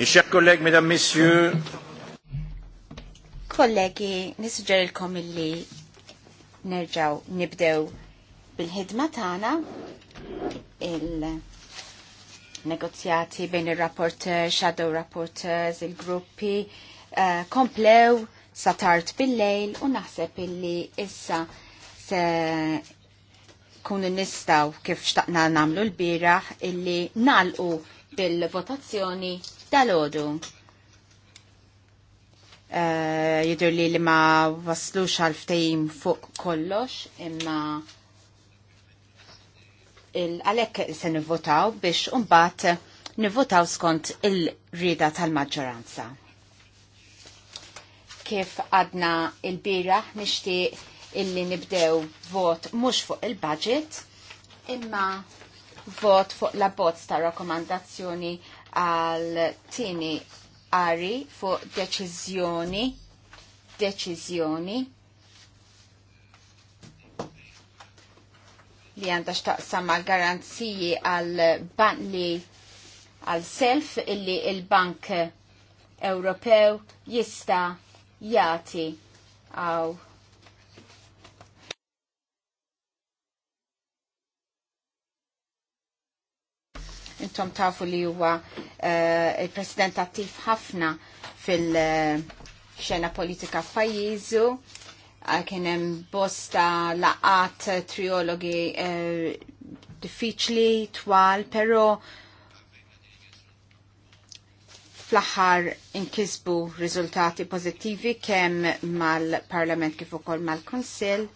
Mes chers collègues, mesdames, messieurs. Kollegi, nisġerilkom illi nerġaw nibdew bil-ħidma tagħna il-negozjati bejn ir rapporteur shadow rapporteurs, il-gruppi uh, komplew sa tard bil-lejl u naħseb illi issa se kunu nistaw kif xtaqna namlu l-biraħ illi nalqu bil-votazzjoni dal-ħodu. Eh, jidur li li ma waslux għal fuq kollox, imma għalek se nivvotaw biex unbat nivvotaw skont il-rida tal-maġġoranza. Kif għadna il-bira nishtiq illi nibdew vot mux fuq il-budget, imma vot fuq la bozz ta' rakomandazzjoni għal tini għari fuq deċizjoni, deċizjoni li għanda xtaqsam għal garanziji għal bank li għal self illi il-Bank Ewropew jista jati għaw Intom tafu li huwa eh, il-president attiv ħafna fil-xena eh, politika f'pajjiżu ah, kien hemm bosta laqat triologi eh, diffiċli, twal, però fl-aħħar inkisbu riżultati pożittivi kemm mal-Parlament kif ukoll mal-Kunsill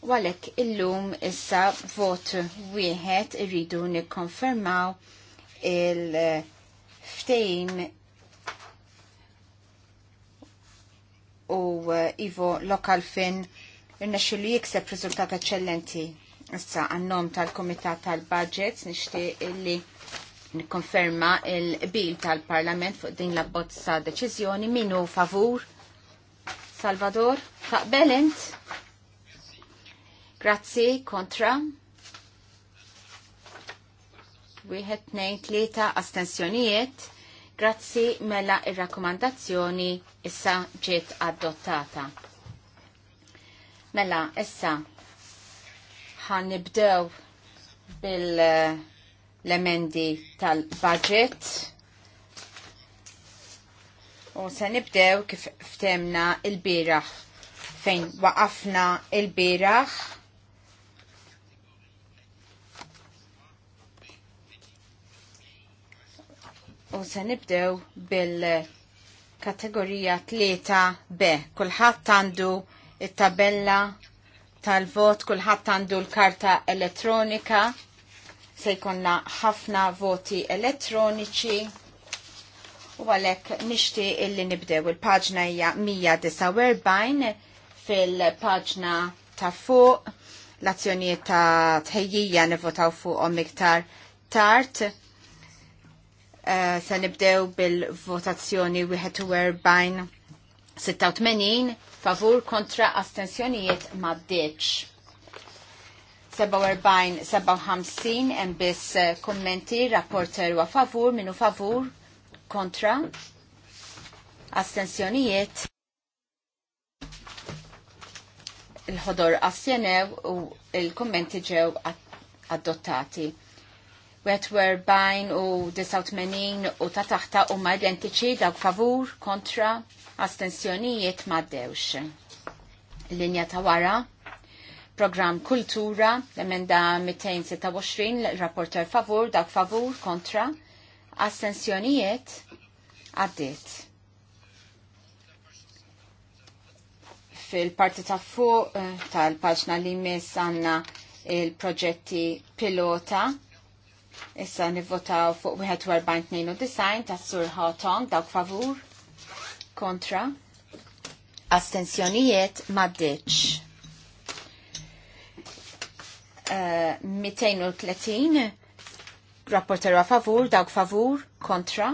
u għalhekk illum issa vot wieħed irridu nikkonfermaw il-ftejn u uh, Ivo Lokalfin irnexxu li jikseb riżultat eċċellenti. Issa għannom tal-Komitat tal-Budgets nixtieq li nikkonferma il-bil tal-Parlament fuq din l-abbozza deċiżjoni minu favur. Salvador, taqbel int? Grazzi, kontra wieħed tnejn tlieta astensjonijiet. Grazzi mela ir-rakkomandazzjoni issa ġiet adottata. Mela issa nibdew bil-emendi tal-budget. U se nibdew kif ftemna il-biraħ fejn waqafna il-biraħ U se nibdew bil-kategorija 3B. Kulħadd għandu it-tabella tal-vot, kulħadd għandu l-karta elettronika. Se jkollna ħafna voti elettroniċi. U għalhekk nixtieq illi nibdew il-paġna hija 149 fil-paġna ta' fuq l-azzjonijiet ta' tħejjija nivotaw fuqhom iktar tard Eh, se nibdew bil-votazzjoni 41 86 favur kontra astensjonijiet ma' ditx. 47-57 biss eh, kommenti rapporter wa favur minu favur kontra astensjonijiet il-ħodor astjenew u il-kommenti ġew adottati. 41 u 89 u ta' taħta u ma' identiċi dawk favur kontra astensjonijiet dewx. Linja ta' wara, program kultura, l-emenda 226, rapporter favur, dawk favur kontra astensjonijiet għaddit. Fil-parti ta' fuq eh, tal-paġna li mis għanna il-proġetti pilota Issa nivvotaw fuq 41-92 ta' Sur Hotong, dawk favur, kontra, astensjonijiet maddiċ. Uh, eh, 230 rapporteru favur, dawk favur, kontra,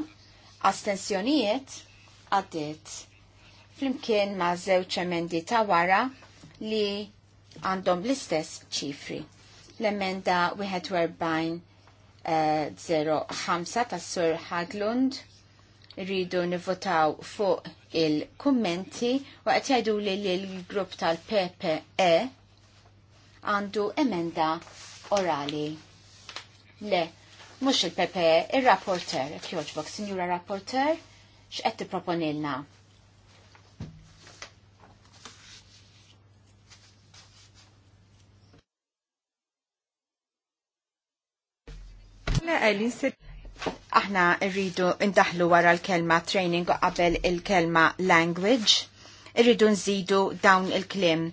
astensjonijiet għaddit. Flimkien ma' zewċ emendi ta' wara li għandhom l-istess ċifri. L-emenda 41 05 ta' Sur Haglund rridu nivotaw fuq il-kummenti waqt jgħidu li l-grupp tal-PPE għandu emenda orali. Le, mux il-PPE, il-rapporter, kjoġbok, signora rapporter, xqed t proponilna Aħna rridu indaħlu wara l-kelma training qabel il-kelma language. Irridu nżidu dawn il-klim.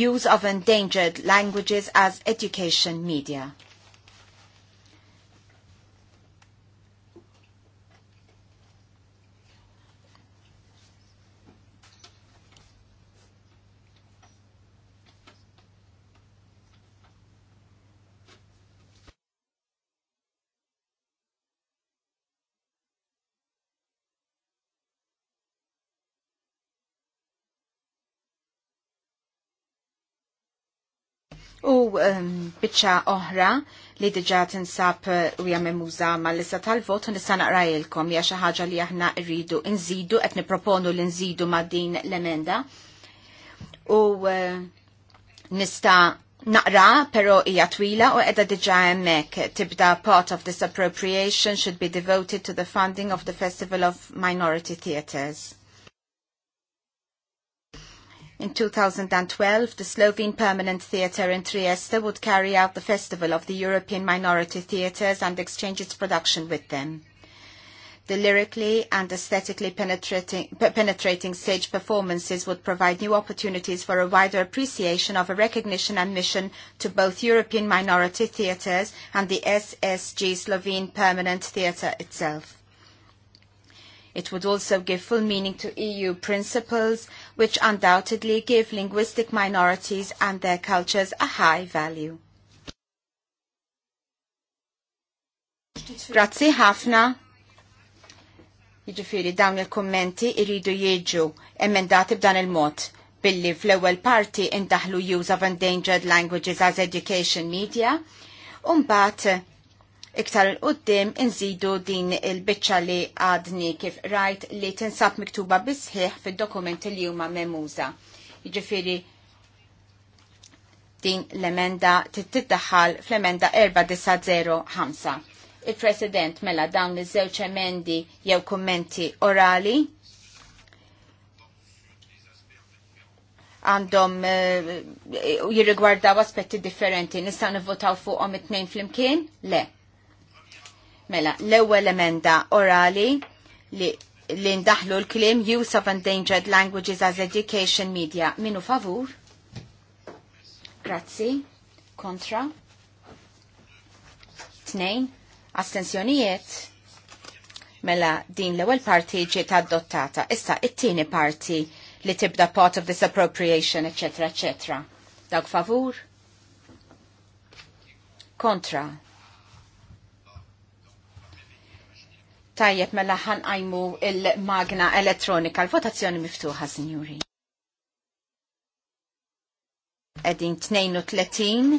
Use of endangered languages as education media. Um, biċċa oħra li diġa tinsab uh, u ma mal-lista tal-vot u nista naqrajilkom hija xi ħaġa li aħna rridu nżidu qed niproponu li nżidu ma' din l-emenda. U uh, nista naqra pero hija twila u qiegħda diġa hemmhekk tibda part of this appropriation should be devoted to the funding of the Festival of Minority Theatres. In 2012, the Slovene Permanent Theatre in Trieste would carry out the Festival of the European Minority Theatres and exchange its production with them. The lyrically and aesthetically penetrating, penetrating stage performances would provide new opportunities for a wider appreciation of a recognition and mission to both European minority theatres and the SSG Slovene Permanent Theatre itself. It would also give full meaning to EU principles, which undoubtedly give linguistic minorities and their cultures a high value. Grazzi ħafna. Jiġifieri dawn il-kummenti jridu jiġu emendati b'dan il-mod billi fl-ewwel parti indaħlu use of endangered languages as education media, u mbagħad iktar il-qoddim inżidu din il-bicċa li għadni kif rajt li tinsab miktuba bisħiħ fil-dokumenti li huma memuża. Jiġifieri din l-emenda tiddaħħal fl-emenda 4905. Il-President mela dawn iż-żewġ emendi jew kummenti orali għandhom eh, jirrigwardaw aspetti differenti. Nistan nivvotaw fuqhom it-tnejn flimkien? Le. Mela, l-ewwel emenda orali li li ndaħlu l-klim Use of Endangered Languages as Education Media. Minu favur? Grazzi. Kontra? Tnejn? Astensjonijiet? Mela, din l-ewwel parti ġiet adottata. Issa, it-tieni parti li tibda part of this appropriation, etc., etc. Dawk favur? Kontra? Tajjeb mela ħanqajmu il-magna elettronika, l-votazzjoni miftuħa, sinjuri. Edin 32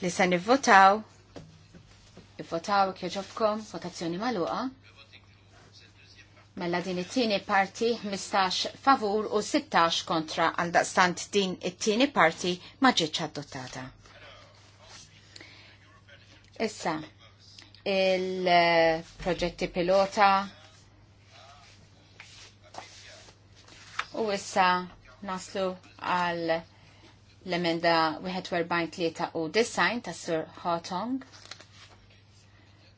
li se nivvotaw. Ivvotaw kjoġobkom, votazzjoni maluqa. Mela din it-tieni parti 15 favur u 16 kontra għal daqstant din it-tieni parti ma ġietx adottata. Issa, il-proġetti pilota u issa naslu għal l-emenda 143 u design ta' Sir Hotong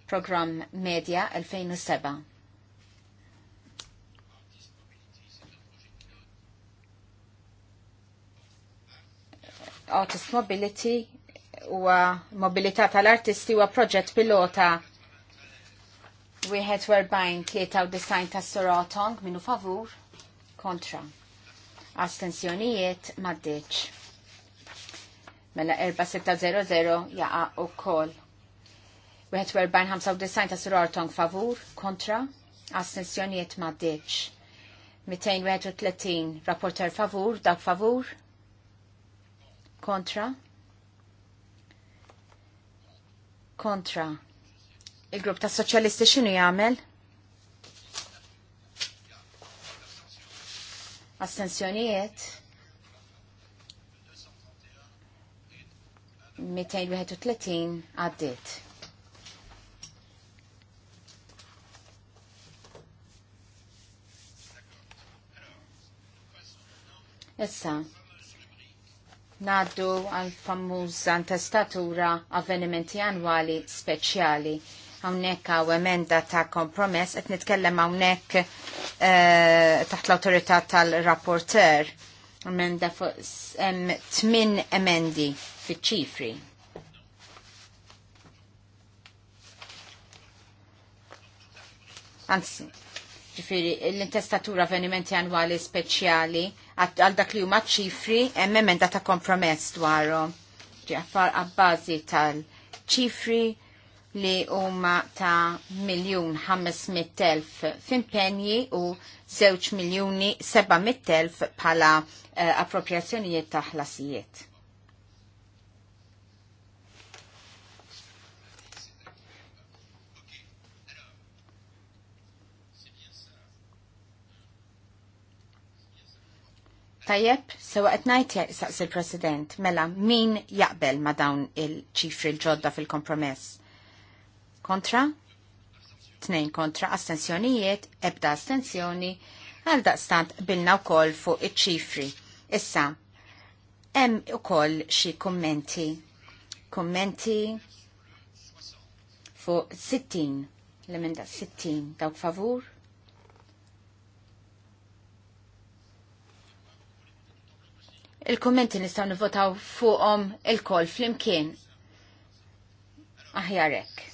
program Media 2007. Artist Mobility huwa mobilità tal-artisti huwa proġett pilota wieħed design ta' Sorotong minu favur kontra. Astensjonijiet maddeċ. Mela 4600 jaqa u kol. 4195 ta' Sorotong favur kontra. Astensjonijiet u 231 rapporter favur, dak favur. Kontra kontra. Il-grupp ta' soċjalisti xinu jagħmel? Astensjonijiet? 231 għaddit. Issa, Naddu għal famuż intestatura avvenimenti annwali speċjali. Hawnhekk għaw emenda ta' kompromess qed nitkellem hawnhekk eh, taħt l-awtorità tal-rapporter. Emenda fuq tmin emendi fiċ-ċifri. Anzi, ġifiri, l-intestatura avvenimenti annwali speċjali għal dak li huma ċifri hemm emenda ta' kompromess dwarhom. Ġifar għabbażi tal-ċifri li huma ta' miljun elf f'impenji u żewġ miljuni 700.000 bħala uh, appropriazzjonijiet ta' ħlasijiet. Tajjeb, sewa qed ngħid saqs il-President, mela min jaqbel ma dawn il-ċifri l-ġodda fil-kompromess? Kontra? Tnejn kontra astensjonijiet, ebda astensjoni, għal daqstant bilna wkoll fuq iċ-ċifri. Issa, hemm ukoll xi kummenti. Kummenti fuq 60, l-emenda 60, dawk favur? il-kommenti nistaw nivotaw fuqom il-kol fl-imkien. Aħjarek.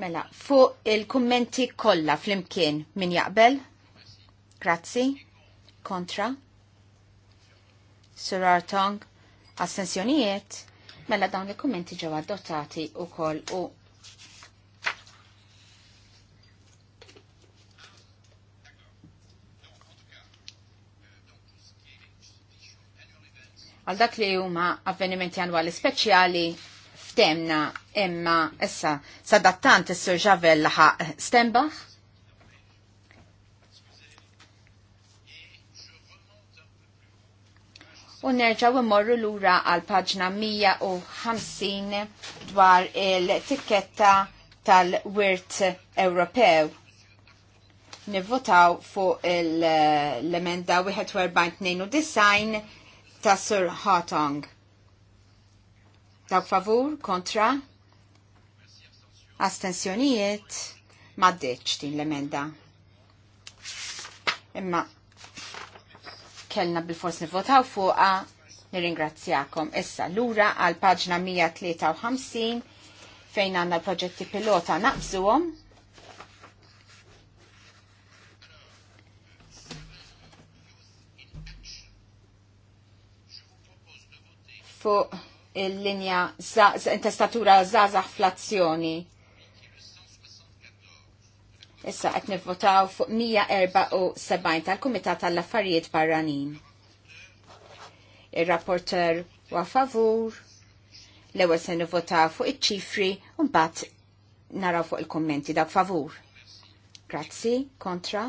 Mela, fuq il-kommenti kolla fl-imkien min jaqbel? Grazzi. Kontra. Surar Artong? Assenzjonijiet. Mela dawn il-kommenti ġew adottati u kol u għal dak li huma avvenimenti annwali speċjali ftemna imma issa sadattant is-Sur Javel laħaq Stembaħ u nerġaw immorru lura għal paġna 150 dwar il-tikketta tal-Wirt Ewropew. Nivvotaw fuq l-emenda 41-92 ta' Sir Hartong. Dawk favur, kontra, astensjonijiet, maddeċ din l-emenda. Imma kellna bil-fors nivvotaw fuqa, Niringrazzjakom. Issa lura għal paġna 153 fejn għanna proġetti pilota naqżuhom. fuq il-linja intestatura zazax flazzjoni. Issa qed nivvotaw fuq 174 tal-Kumitat tal-Affarijiet Barranin. Ir-rapporter wa favur, l-ewwel se nivvotaw fuq iċ-ċifri u mbagħad naraw fuq il-kummenti da favur. Grazzi, kontra.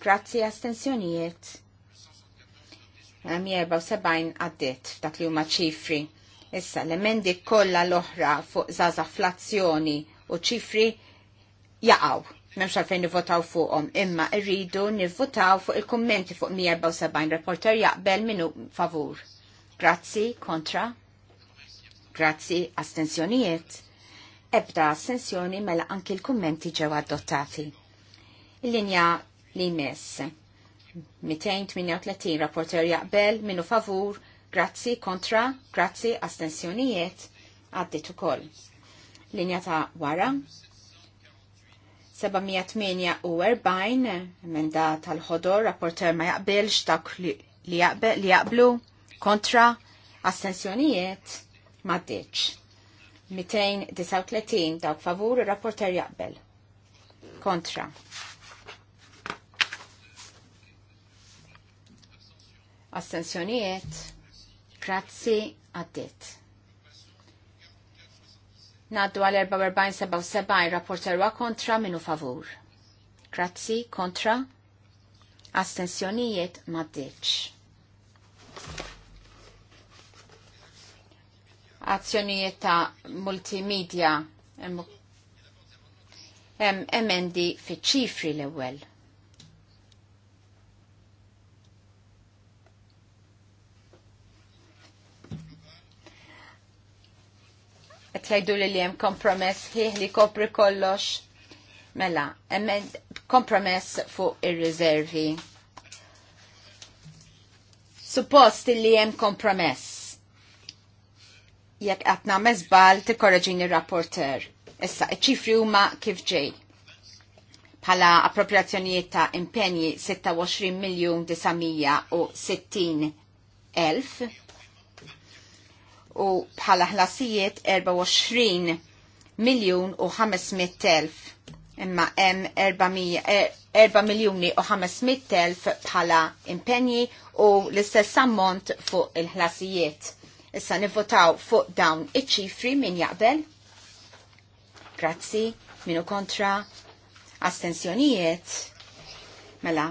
Grazzi, astensjonijiet. 174 għaddit f'dak li huma ċifri. Issa l-emendi kollha l-oħra fuq flazzjoni u ċifri jaqgħu. Memx għalfejn nivvotaw fuqhom, imma rridu nivvotaw fuq il-kummenti fuq 174 reporter jaqbel minnu favur. Grazzi, kontra. Grazzi, astensjonijiet. Ebda astensjoni mela anki l-kummenti ġew adottati. Il-linja li mess 238 rapporter jaqbel minu favur, grazzi kontra, grazzi astensjonijiet għaddit ukoll. Linja ta' wara 748 emenda tal-ħodor rapporter ma jaqbelx dak li, jaqbel, li jaqblu kontra astensjonijiet ma 239 dawk favur, rapporter jaqbel. Kontra. Astenzjonijiet? Grazzi għaddit. Naddu għal 44 rapport erwa kontra minu favur. Grazzi kontra astensjonijiet maddiċ. Azzjonijiet ta' multimedia emendi fiċ ċifri l-ewwel. tajdu li li jem kompromess ħieħ li kopri kollox. Mela, emmen kompromess fuq ir-rizervi. Suppost li jem kompromess. Jek għatna mezbal ti korraġini rapporter. Issa, ċifri huma kif ġej bħala appropriazzjonijiet ta' impenji 26 miljon 960 elf u bħala ħlasijiet 24 miljun u 500.000 imma hemm 4 er-, miljuni u 500.000 bħala impenji u l-istess ammont fuq il-ħlasijiet. Issa nivvotaw fuq dawn iċ-ċifri min jaqbel? Grazzi, minu kontra, astensjonijiet, mela,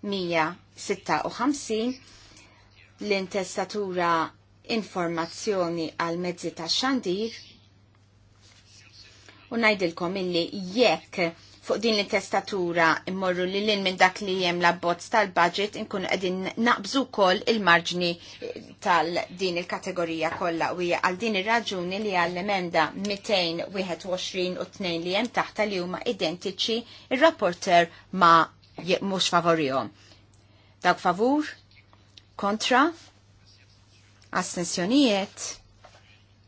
156 l-intestatura informazzjoni għal mezzi ta' xandir u najdilkom illi jekk fuq din l-intestatura immorru li l-in minn dak li jem la bozz tal-budget inkun għedin naqbżu kol il-marġni tal-din il-kategorija kolla u għal din il-raġuni li għall-emenda 221 u 2 li jem taħta li huma identiċi il-rapporter ma' mux favorihom. Dawk favur, kontra, astensjonijiet,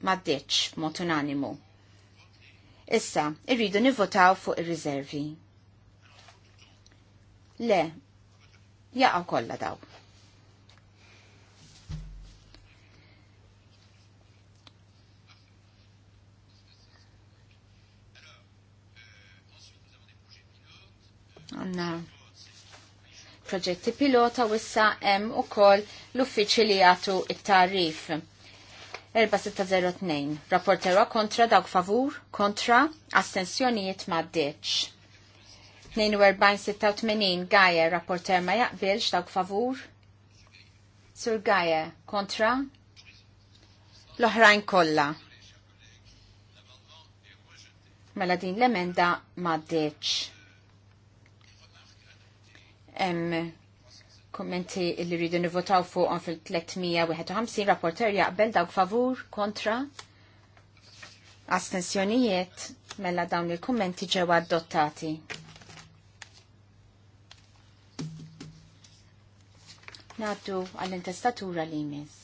maddeċ mod unanimu. Issa, irridu nivvotaw fuq ir rizervi Le, jaqaw kolla daw. no proġetti pilota u issa hemm ukoll l-uffiċċji li jagħtu it-tarif. 4602. Rapporterwa kontra dawk favur, kontra, astensjonijiet ma' deċ. 4286. Gajer, rapporter ma jaqbilx dawk favur. Sur Gajer, kontra. L-oħrajn kolla. Mela din l-emenda ma' deċ. Em, kommenti li rridu nivotaw fuq fil-351 rapporter jaqbel dawk favur kontra astensjonijiet mela dawn il-kommenti ġewa adottati. Naddu għall-intestatura li jmiss.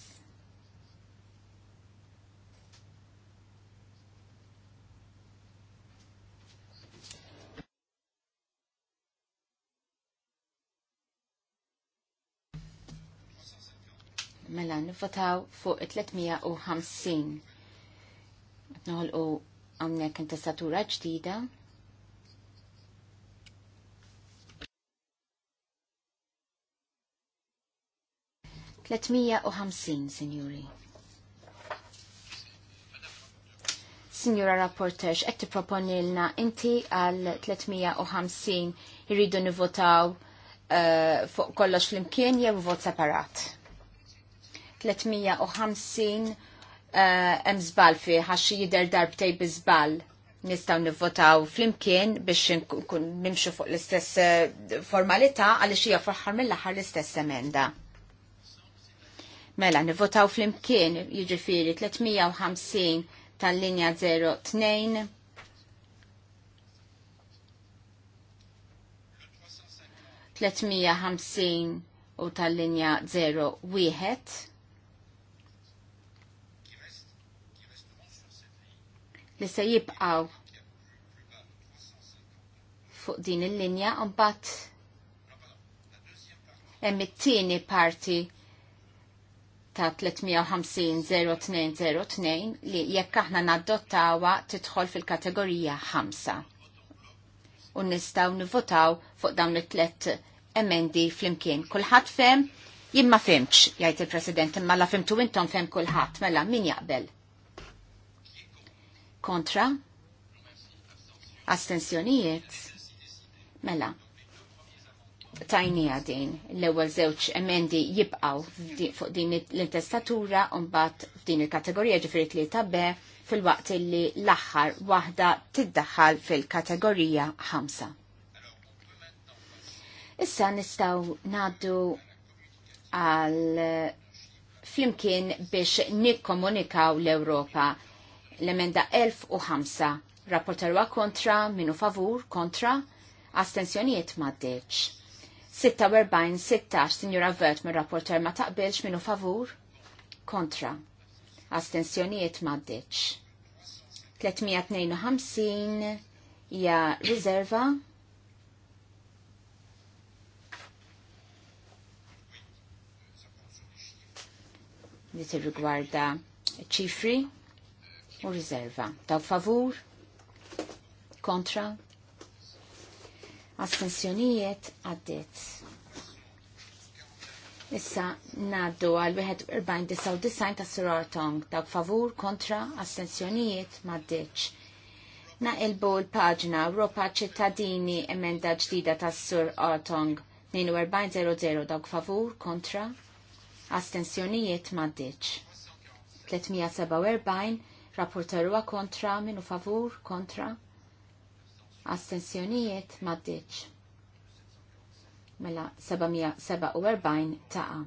mela nifataw fuq 350. u għamnek intestatura ġdida. Tletmija u ħamsin, sinjuri. Signora Rapportex, qed tipproponilna inti għal 350 irridu nivotaw uh, eh, fuq kollox flimkien jew vot separat. 350 emżbal eh, fi ħaxi jider darbtej bizbal nistaw nivvotaw flimkien biex nimxu fuq l-istess eh, formalità għaliex hija fl-aħħar mill-aħħar l-istess emenda. Mela, nivvotaw flimkien jiġifieri 350 tal-linja 02 350 u tal-linja 01 li se jibqaw fuq din il-linja mbagħad hemm it-tieni parti ta' 350-0202 li jekk aħna naddottawa tidħol fil-kategorija 5. U nistgħu nivotaw fuq dawn it-tlet emendi flimkien. Kulħadd fem, jien ma fimx, jgħid il-President, imma la femtu intom fem kulħadd, mela min jaqbel? kontra, astensjonijiet, mela, tajni għadin l-ewel zewċ emendi jibqaw fuq din l-intestatura unbat f'din il-kategorija ġifiri li tabbe fil-waqt li l-axħar wahda tiddaħħal fil-kategorija 5. Issa nistaw naddu għal flimkien biex nikkomunikaw l-Europa L-emenda 1005. Rapporterwa kontra, minu favur, kontra, astensjonijiet maddeċ. 46-16, Signora Vert, mir rapporter ma taqbilx minu favur, kontra. Astensjonijiet maddeċ. 352 hija riserva li riguarda ċifri u riserva. Daw favur, kontra, astensjonijiet għaddit. Issa naddu għal 49 ta' Sir Tong, daw favur, kontra, astensjonijiet maddiċ. Naqilbu l-paġna Europa ċittadini emenda ġdida tas Sur Ortong 4200 dawk favur kontra astensjonijiet maddiċ. 347 Rapporterwa kontra minu favur kontra astensjonijiet maddiċ. Mela 747 taqa.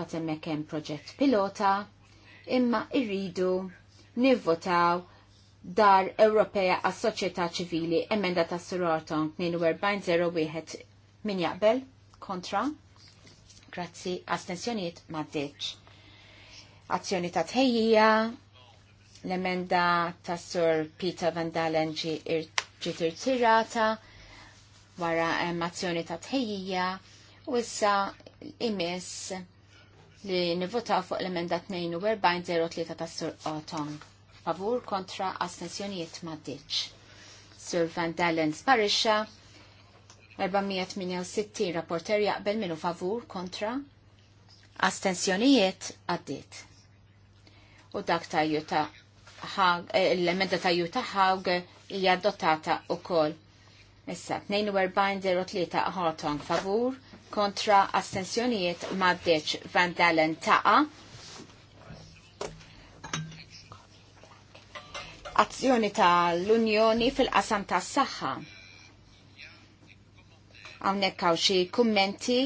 Batemmek hemm proġett pilota imma irridu nivvotaw dar Ewropea għas soċjetà ċivili emenda ta' Surorton 4201 min jaqbel kontra. Grazzi, astensjonijiet ma' azzjoni ta' tħejjija, l-emenda ta' Sur Peter Van Dalen ġiet irtirata, wara azzjoni ta' tħejjija, u issa imis li nivota fuq l-emenda 42.03 ta' Sur Otong. Favur kontra astensjonijiet ma' diċ. Sur Van Dalen sparixxa, 468 rapporter jaqbel minu favur kontra astensjonijiet għaddit u dak ta' juta eh, l-emenda ta' juta ħag hija dotata u kol. Issa, 42.03 ħotong favur kontra astensjonijiet maddeċ Van Dalen taqa. Azzjoni ta' l-Unjoni fil-qasam ta' s-saxħa. Għawnek xie kummenti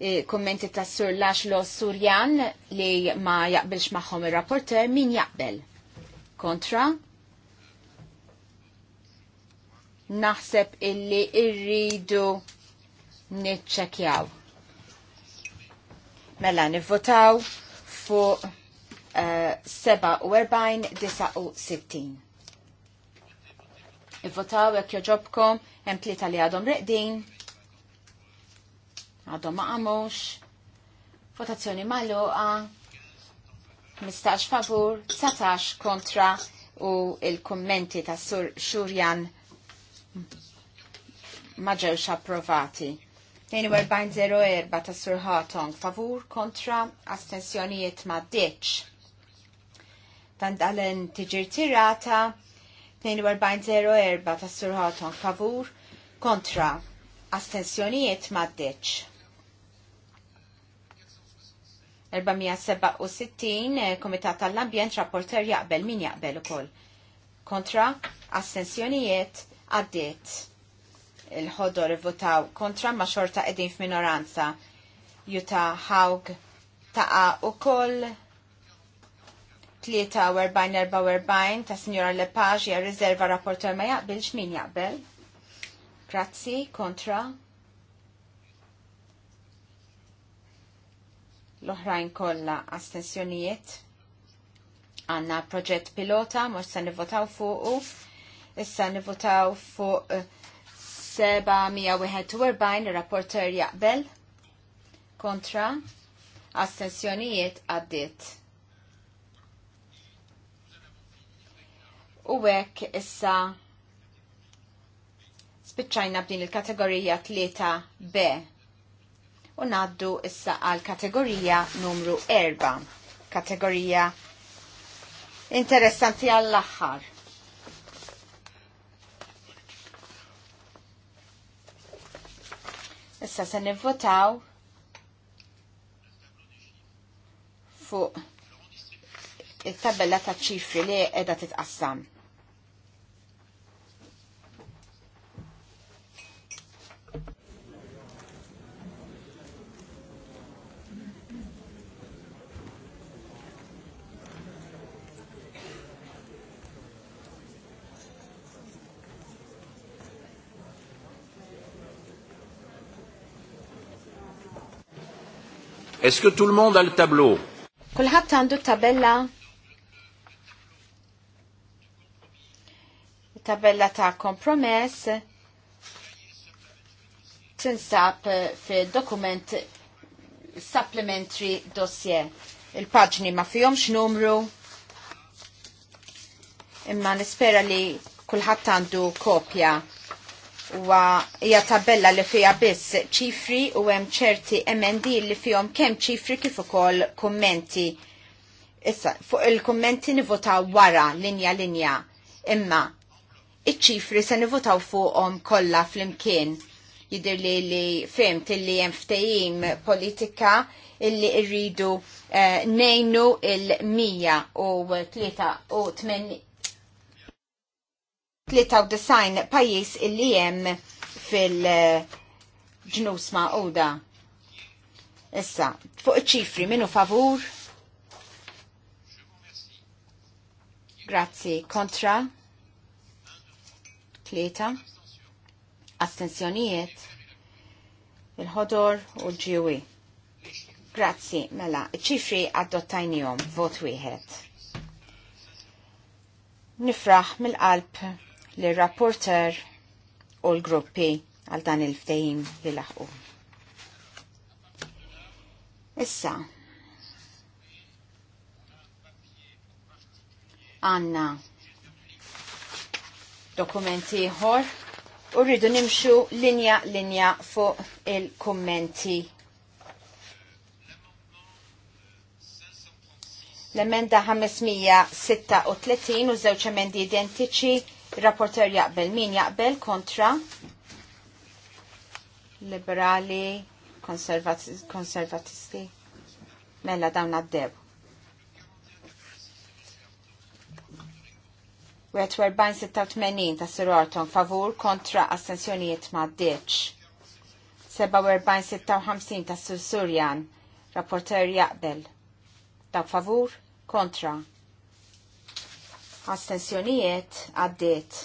Eh, kommenti ta' Sur Laxlo Surjan li ma jaqbilx maħħom il-rapporter, min jaqbel? Kontra? Naħseb illi irridu nitċekjaw. Mela nivvotaw fuq uh, 47-69. Ivvotaw jekk joġobkom, hemm tlieta li għadhom reqdin, għadhom ma għamux, votazzjoni maluqa, 15 favur, 19 kontra u il-kommenti ta' Sur Xurjan maġewx approvati. 42.04 ta' Sur Hatong favur kontra astensjonijiet ma' deċ. Tandalen tiġir tirata 42.04 ta' Sur Hatong favur kontra astensjonijiet ma' deċ. 467 eh, Komitat tal-Ambjent rapporter jaqbel min jaqbel ukoll. Kontra assenzjonijiet għaddiet il-ħodor votaw kontra ma xorta edin f'minoranza. Juta Hawg taqa u koll 43-44 ta' Signora Lepage ja Rizerva rapporter ma jaqbilx min jaqbel. Grazzi, kontra. l-oħrajn kollha astensjonijiet. Għanna proġett pilota, mux se nivvotaw fuqu, issa nivvotaw fuq 741 ir rapporter jaqbel kontra astensjonijiet għaddit. U hekk issa spiċċajna b'din il-kategorija 3B u naddu issa għal kategorija numru 4. Kategorija interessanti għall aħħar Issa se nivvotaw fuq it-tabella ta' ċifri li qiegħda titqassam. Est-ce que tout le monde a le tableau? Kulħadd għandu tabella tabella ta' kompromess tinsab eh, fi dokument supplementary dossier. Il-paġni ma fihomx numru imma nispera li kulħadd għandu kopja huwa hija tabella li fija biss ċifri u hemm ċerti emendi li fihom kemm ċifri kif ukoll kummenti. Issa fuq il-kummenti nivotaw wara linja linja. Imma iċ-ċifri se nivotaw fuqhom kollha flimkien. Jidir li li fimt li hemm ftehim politika illi irridu uh, eh, nejnu il mija u tmeni. 93 pajis illi jem fil-ġnus ma' uda. Issa, fuq ċifri, minu favur? Grazzi, kontra? Tlieta? Astenzjonijiet? Il-ħodor u l-ġiwi. Grazzi, mela, ċifri għaddottajnijom, vot wieħed. Nifraħ mill-qalb l-rapporter u l-gruppi għal dan il-ftejim li laħqu. Issa, għanna dokumenti ħor u rridu nimxu linja linja fuq il-kommenti. L-emenda 536 u żewġ emendi identiċi Il-rapporter jaqbel min jaqbel kontra liberali konservatisti Mela dawn għaddew. 46 ta' Sir Orton favur kontra astensjonijiet ma' deċ. 47-56 ta' Sur Surjan, rapporter jaqbel. Ta' favur kontra għastensjonijiet għaddiet.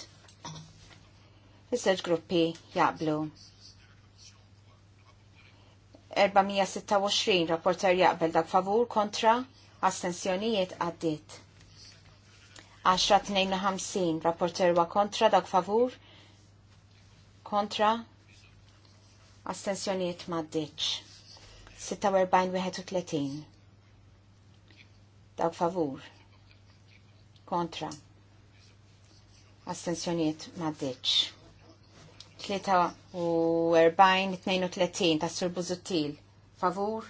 Iż-żewġ gruppi jaqblu. 426 rapporter jaqbel dak favur kontra astensjonijiet għaddit. 10-52 rapporter wa kontra dak favur kontra astensjonijiet maddiċ. 46-31 dak favur kontra astensjoniet maddiċ. 43-32 ta' Sur Buzuttil favur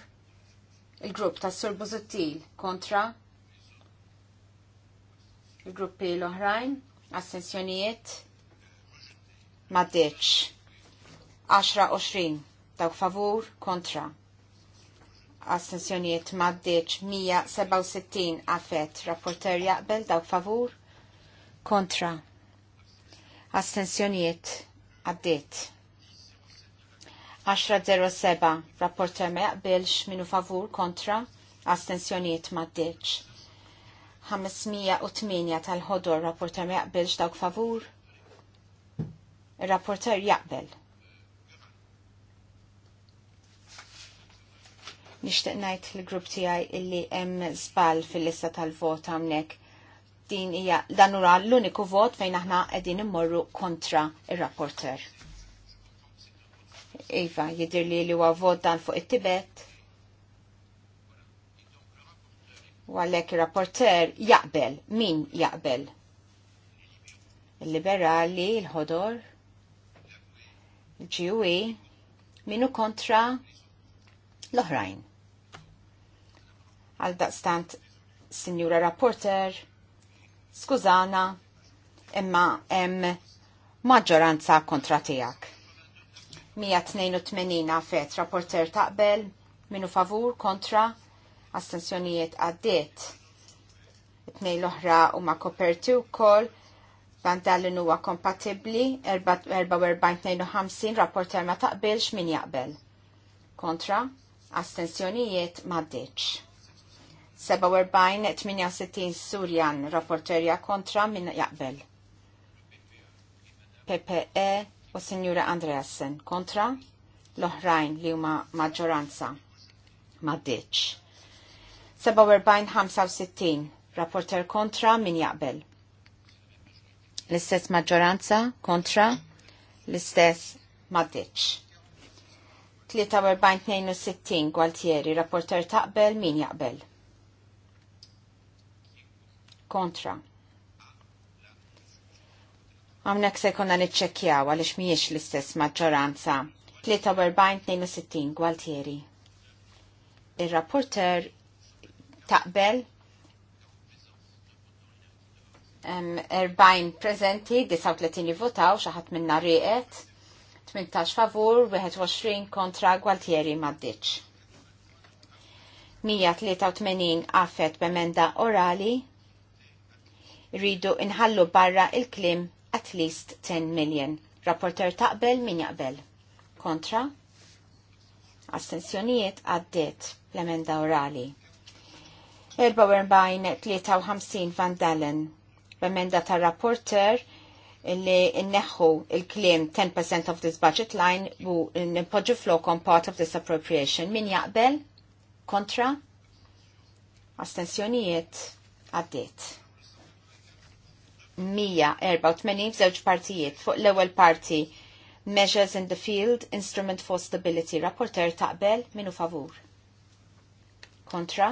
il-grupp ta' Sur Buzuttil kontra il-gruppi l-oħrajn Astenzjoniet? Maddeċ. 10-20 dawk favur kontra astensjonijiet maddeċ 167 għafet rapporter jaqbel dawk favur kontra astensjonijiet għaddit 10.07 rapporter ma jaqbilx minu favur kontra astensjonijiet maddeċ 508 tal-ħodor rapporter ma jaqbilx dawk favur rapporter jaqbel Nixtieq ngħid fil-grupp tiegħi illi hemm żball fil-lista tal-vot hawnhekk. Din hija dan l-uniku vot fejn aħna qegħdin immorru kontra ir-rapporter. Iva, jidir li li huwa vot dan fuq it-Tibet. U għalhekk ir-rapporter jaqbel, min jaqbel? Il-liberali, il-ħodor, il-ġiwi, minu kontra l-oħrajn. Għal daqstant, Signora Rapporter, skużana, imma hemm maġġoranza kontra tiegħek. 182 fet rapporter taqbel, minu favur kontra astensjonijiet għaddiet. Tnej l-oħra u ma koperti kol, bandallin huwa kompatibli, 44-52 rapporter ma taqbilx min jaqbel. Kontra, astensjonijiet ma ddiċ. 47-68 Surjan, rapporterja kontra minna jaqbel. PPE u Signora Andreasen kontra l-oħrajn li huma maġġoranza ma' ditx. 47-65 rapporter kontra min jaqbel. L-istess maġġoranza kontra l-istess ma' ditx. 43-62 Gualtieri, rapporter taqbel min jaqbel kontra. Għamnek se konna nitċekjaw għalix miex l-istess maġġoranza. 43-62 Gualtieri. Il-rapporter taqbel 40 prezenti, 39 votaw, xaħat minna riqet, 18 favur, 21 kontra Gualtieri Maddiċ. 183 għafet b'emenda orali rridu inħallu barra il-klim at least 10 million. Rapporter taqbel min jaqbel. Kontra? Astensjonijiet għaddit l-emenda orali. 44-53 Van Dallen, B'emenda tar rapporter li inneħħu il-klim 10% of this budget line u nipoġu flokom part of this appropriation. Min jaqbel? Kontra? Astensjonijiet għaddiet. 184 f'żewġ partijiet fuq l-ewwel parti Measures in the Field Instrument for Stability Rapporter taqbel minu favur. Kontra?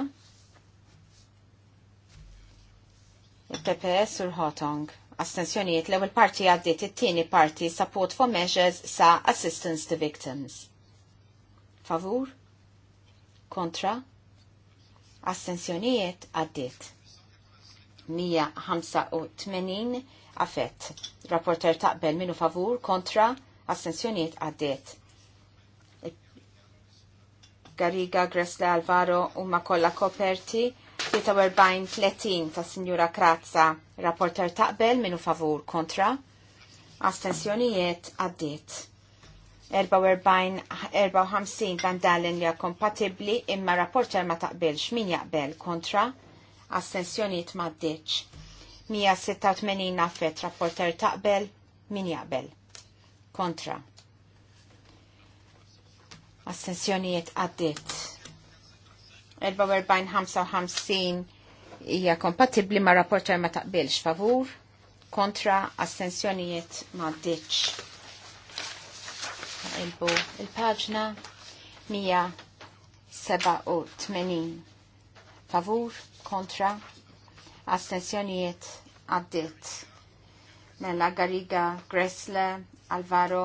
Il-PPS u l-Hotong. l-ewwel parti għaddiet it-tieni parti Support for Measures sa Assistance to Victims. Favur? Kontra? Astenzjonijiet għaddiet. 185 għafet. Rapporter taqbel minu favur kontra assenzjoniet għaddiet. Gariga, Gresla, Alvaro u Makolla koperti 43-30 ta' Signora Krazza. Rapporter taqbel minu favur kontra assenzjoniet għaddiet. 44-54 bandalen li kompatibli imma rapporter ma taqbel min jaqbel kontra assenzjoniet maddeċ. 186 naffet rapporter taqbel, min jaqbel. Kontra. Assenzjoniet għaddit. 45 55 hija kompatibbli ma' rapporter ma taqbilx favur, kontra assenzjonijiet maddeċ. Ilbu il-paġna 187 favur, kontra astensjonijiet għaddit. Mella Gariga, Gressle, Alvaro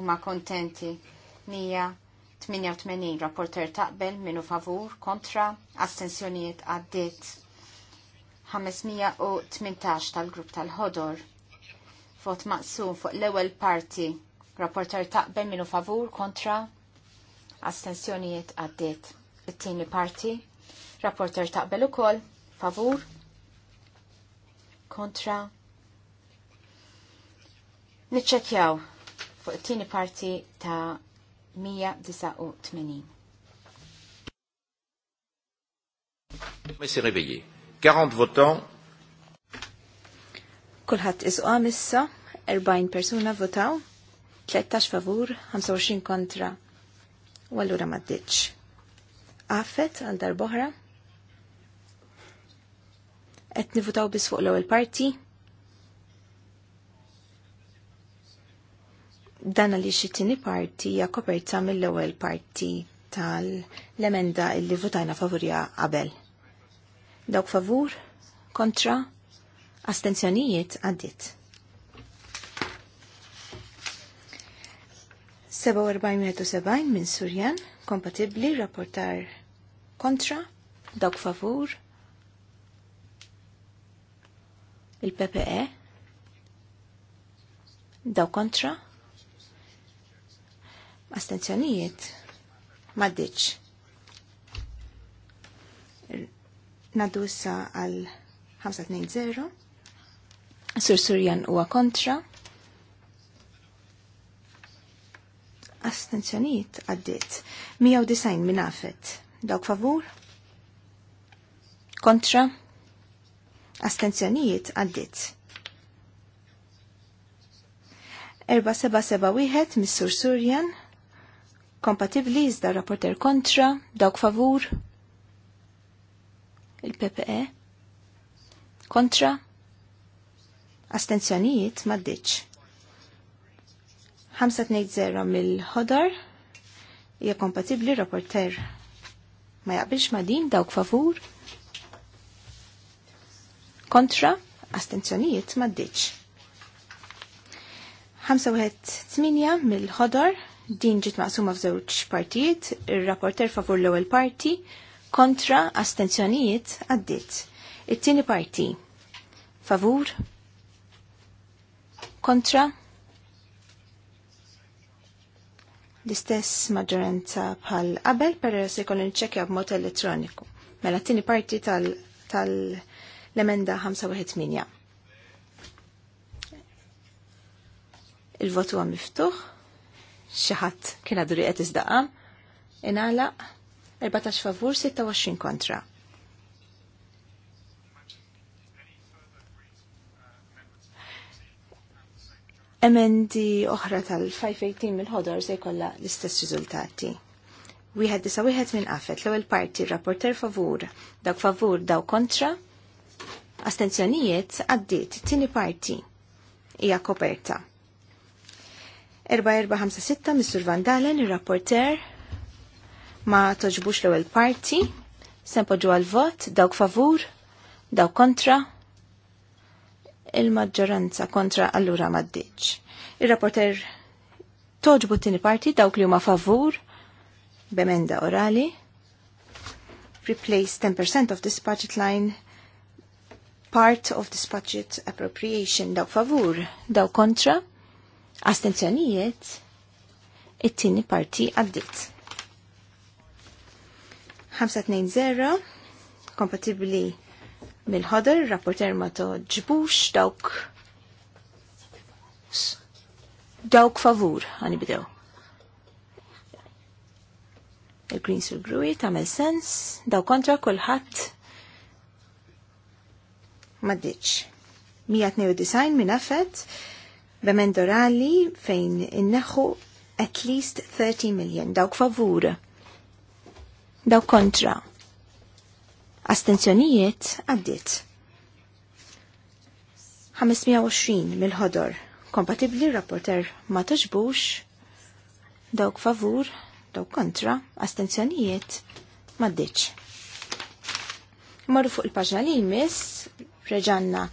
huma kontenti 88 rapporter taqbel minu favur kontra astensjonijiet għaddit. 518 tal-grupp tal-ħodor. Vot maqsum fuq l-ewwel parti. Rapporter taqbel minu favur kontra astensjonijiet għaddit. It-tieni parti Rapporter taqbel ukoll. Favur. Kontra. Niċċekjaw fuq it-tieni parti ta' 189. Mais réveillé. 40 votants. Kulħadd is issa, 40 persuna votaw, 13 favur, 25 kontra. U allura ma ddiċ. Għafet għal darboħra qed nivutaw biss fuq l-ewwel parti. Dan li xi tieni parti hija koperta mill-ewwel parti tal-emenda illi votajna favurja qabel. Dawk favur, kontra, astenzjonijiet għaddit. 47 minn Surjan, kompatibli, rapportar kontra, dawk favur, il-PPE, daw kontra, astenzjonijiet, maddiċ. Naddu issa għal 520, Sur Surjan huwa kontra, astenzjonijiet għaddit, 190 minafet, dawk favur, kontra, Astenzjonijiet għaddit. 4771 Missur Surjan kompatibli iżda rapporter kontra, dawk favur, il-PPE, kontra, astenzjonijiet maddiċ. 520 mill-ħodar hija kompatibli rapporter ma jaqbilx ma din dawk favur kontra astenzjonijiet maddiċ. 5-8 mill-ħodor din ġit maqsuma f'żewġ partijiet, ir-rapporter favur l-ewwel parti kontra astenzjonijiet għaddit. It-tieni parti favur kontra l-istess maġġoranza bħal qabel per se jkollu nċekkja b'mod elettroniku. Mela t-tieni parti tal-, tal l-emenda 518. Il-votu għam miftuħ, xaħat kien duri għet izdaqam, inala 14 favur 26 kontra. Emendi oħra tal-518 mill-ħodor se jkollha l-istess riżultati. Wieħed disa wieħed minn qafet l-ewwel parti rapporter favur, dawk favur, dawk kontra, astenzjonijiet għaddit tini parti hija koperta. 4456 Mr. Van Dalen, il-rapporter, ma toġbux l-ewel parti, sempoġu għal-vot, dawk favur, dawk kontra, il-maġġoranza kontra allura maddiċ. Il-rapporter toġbu tini parti, dawk li huma favur, bemenda orali, replace 10% of this budget line part of this budget appropriation. Daw favur, daw kontra, astenzjonijiet, it-tini parti għaddit. 520, kompatibli mill ħodr rapporter ma ġbux, dawk dawk favur, għani bidew. Il-Greens u l-Gruwi sens, daw kontra kullħat maddiċ. 192 min affet b'emendorali fejn inneħu at least 30 million. Dawk favur. Dawk kontra. Astenzjonijiet għaddit. 520 mill-ħodor. Kompatibli rapporter ma toġbux. Dawk favur. Dawk kontra. Astenzjonijiet maddiċ. Marru fuq il-paġna li jmiss preġanna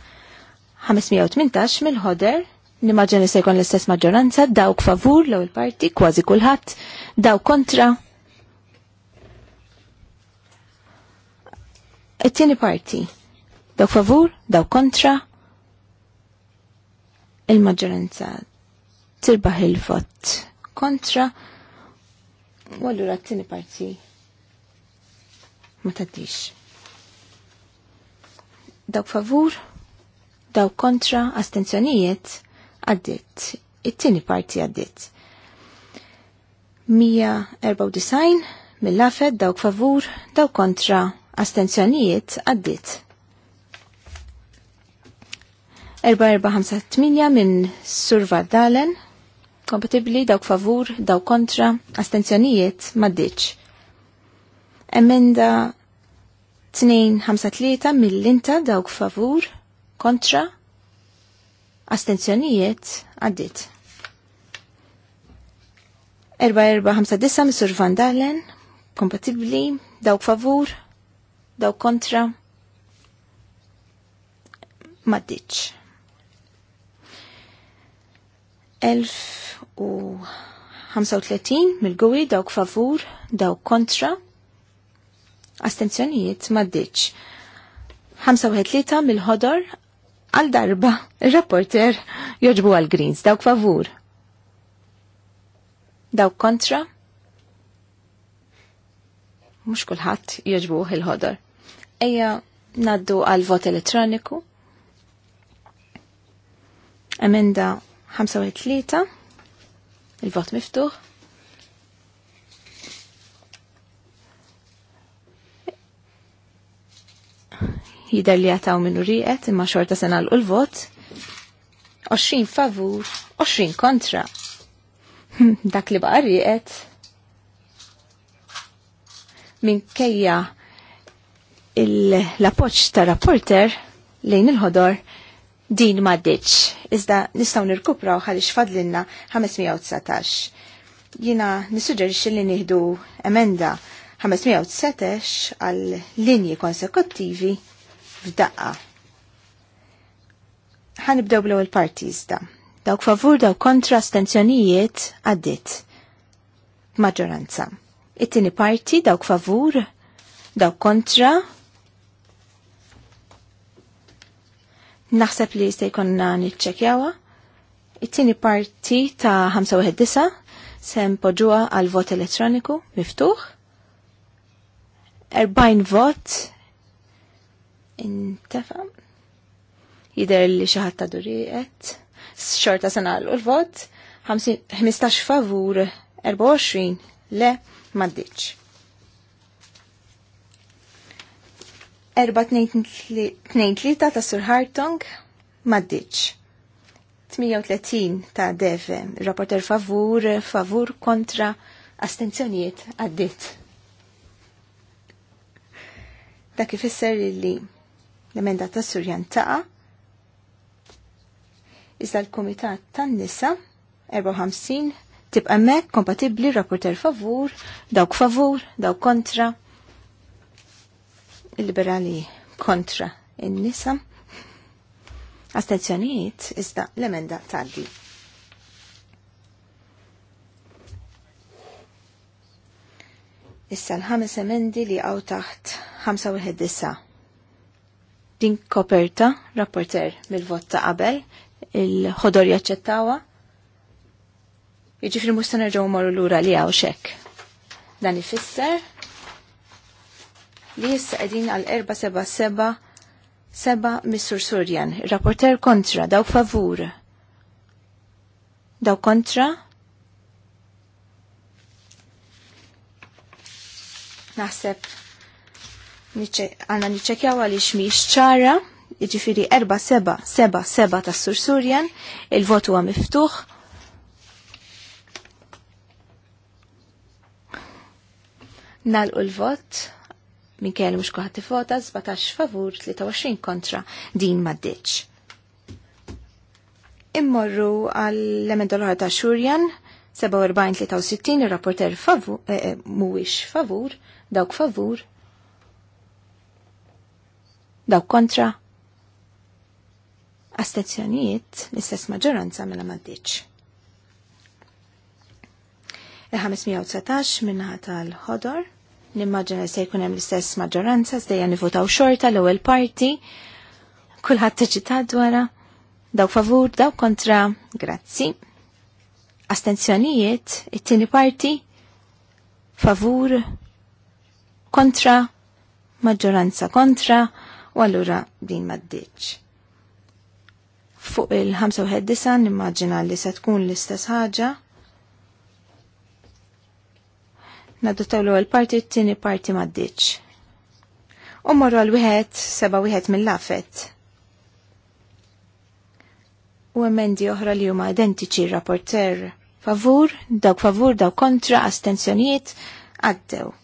518 mill-ħoder nimmaġen li se jkun l-istess maġġoranza dawk favur l-ewwel parti kważi kulħadd dawk kontra it-tieni parti dawk favur dawk kontra il-maġġoranza tirbaħ il-vot kontra u allura t-tieni parti ma tadix dawk favur, dawk kontra, astenzjonijiet, għaddit. It-tini parti għaddit. 194 mill-lafed dawk favur, dawk kontra, astenzjonijiet, għaddit. 4458 minn Surva Dalen, kompatibli dawk favur, dawk kontra, astenzjonijiet, maddiċ. Emenda 253 mill-inta dawk favur kontra astenzjonijiet għaddit. 4459 Mr. Van Dalen, kompatibli, dawk favur, dawk kontra, maddiċ. 1035 mill gwi dawk favur, dawk kontra, Astenzjonijiet maddiċ. 53 3 mill-ħodor għal darba il-rapporter joġbu għal Greens dawk favur. Dawk kontra? Mux kullħat joġbu il-ħodor. Eja naddu għal vot elettroniku. Emenda 53 il-vot miftuħ. jider li għataw minnu riqet imma xorta sena l-vot 20 favur, 20 kontra. Dak li baqa riqet Min kejja l-appoċ ta' rapporter lejn il-ħodor din maddiċ. Iżda nistaw nirkupraw għalix fadlinna 519. Jina nisuġerix li nieħdu emenda 519 għal linji konsekuttivi f'daqqa. nibdew bl il partiz da. Dawk favur daw kontra stenzjonijiet għaddit. Maġġoranza. It-tieni parti dawk favur, dawk kontra. Naħseb li jista' jkunna niċċekjawha. It-tieni parti ta' 519 se mpoġuha għal vot elettroniku miftuħ erbajn vot intefa jider li xaħat ta' duriqet xorta sena l-vot 15 favur 24 le maddiċ 4-2-3 ta' Sur Hartong maddiċ 38 ta' Deve, rapporter favur, favur kontra astenzjonijiet għaddit dak ifisser li l-emenda ta' Surjan taqa. Iżda l-Komitat tan-Nisa 54 tibqa' mek kompatibbli rapporter favur, dawk favur, dawk kontra. Il-liberali kontra in-nisa. Astenzjonijiet iżda l-emenda tgħaddi. Issa l-ħames emendi li għaw taħt 5 Din koperta, rapporter mill-vot ta' qabel, il-ħodor jaċċettawa. Jiġifieri mhux se nerġgħu l lura li għaw xek. Dan ifisser li issa qegħdin għal 477 seba Missur Surjan, rapporter kontra, daw favur. Daw kontra, Naħseb għanna niċċekjaw għaliex mhix ċara, jiġifieri erba' seba' seba' seba' tas sursurjan, il-vot huwa miftuħ. Nalqu l-vot minn kellu mux kuħat t-vota, 17 favur 23 kontra din maddiċ. Immorru għall-emenda l-ħar ta' Xurjan 47-63 il-rapporter eh, eh muwix favur dawk favur, dawk kontra, astezzjonijiet l-istess maġġoranza mela maddiċ. Il-519 minnaħa tal-ħodor, li se jkun hemm l-istess maġġoranza żdejja nivutaw xorta l-ewwel parti, kulħadd tiġitad wara, dawk favur, dawk kontra, grazzi. Astenzjonijiet, it-tieni parti, favur, kontra, maġġoranza kontra, u allura din maddiċ. Fuq il-95 nimmaġina li se tkun l-istess ħaġa. Nadottaw l parti, t-tieni parti maddiċ. U morru għal wieħed seba' wieħed mill-lafet. U emendi oħra li huma identiċi rapporter favur, dawk favur, dawk kontra, astenzjonijiet, għaddew.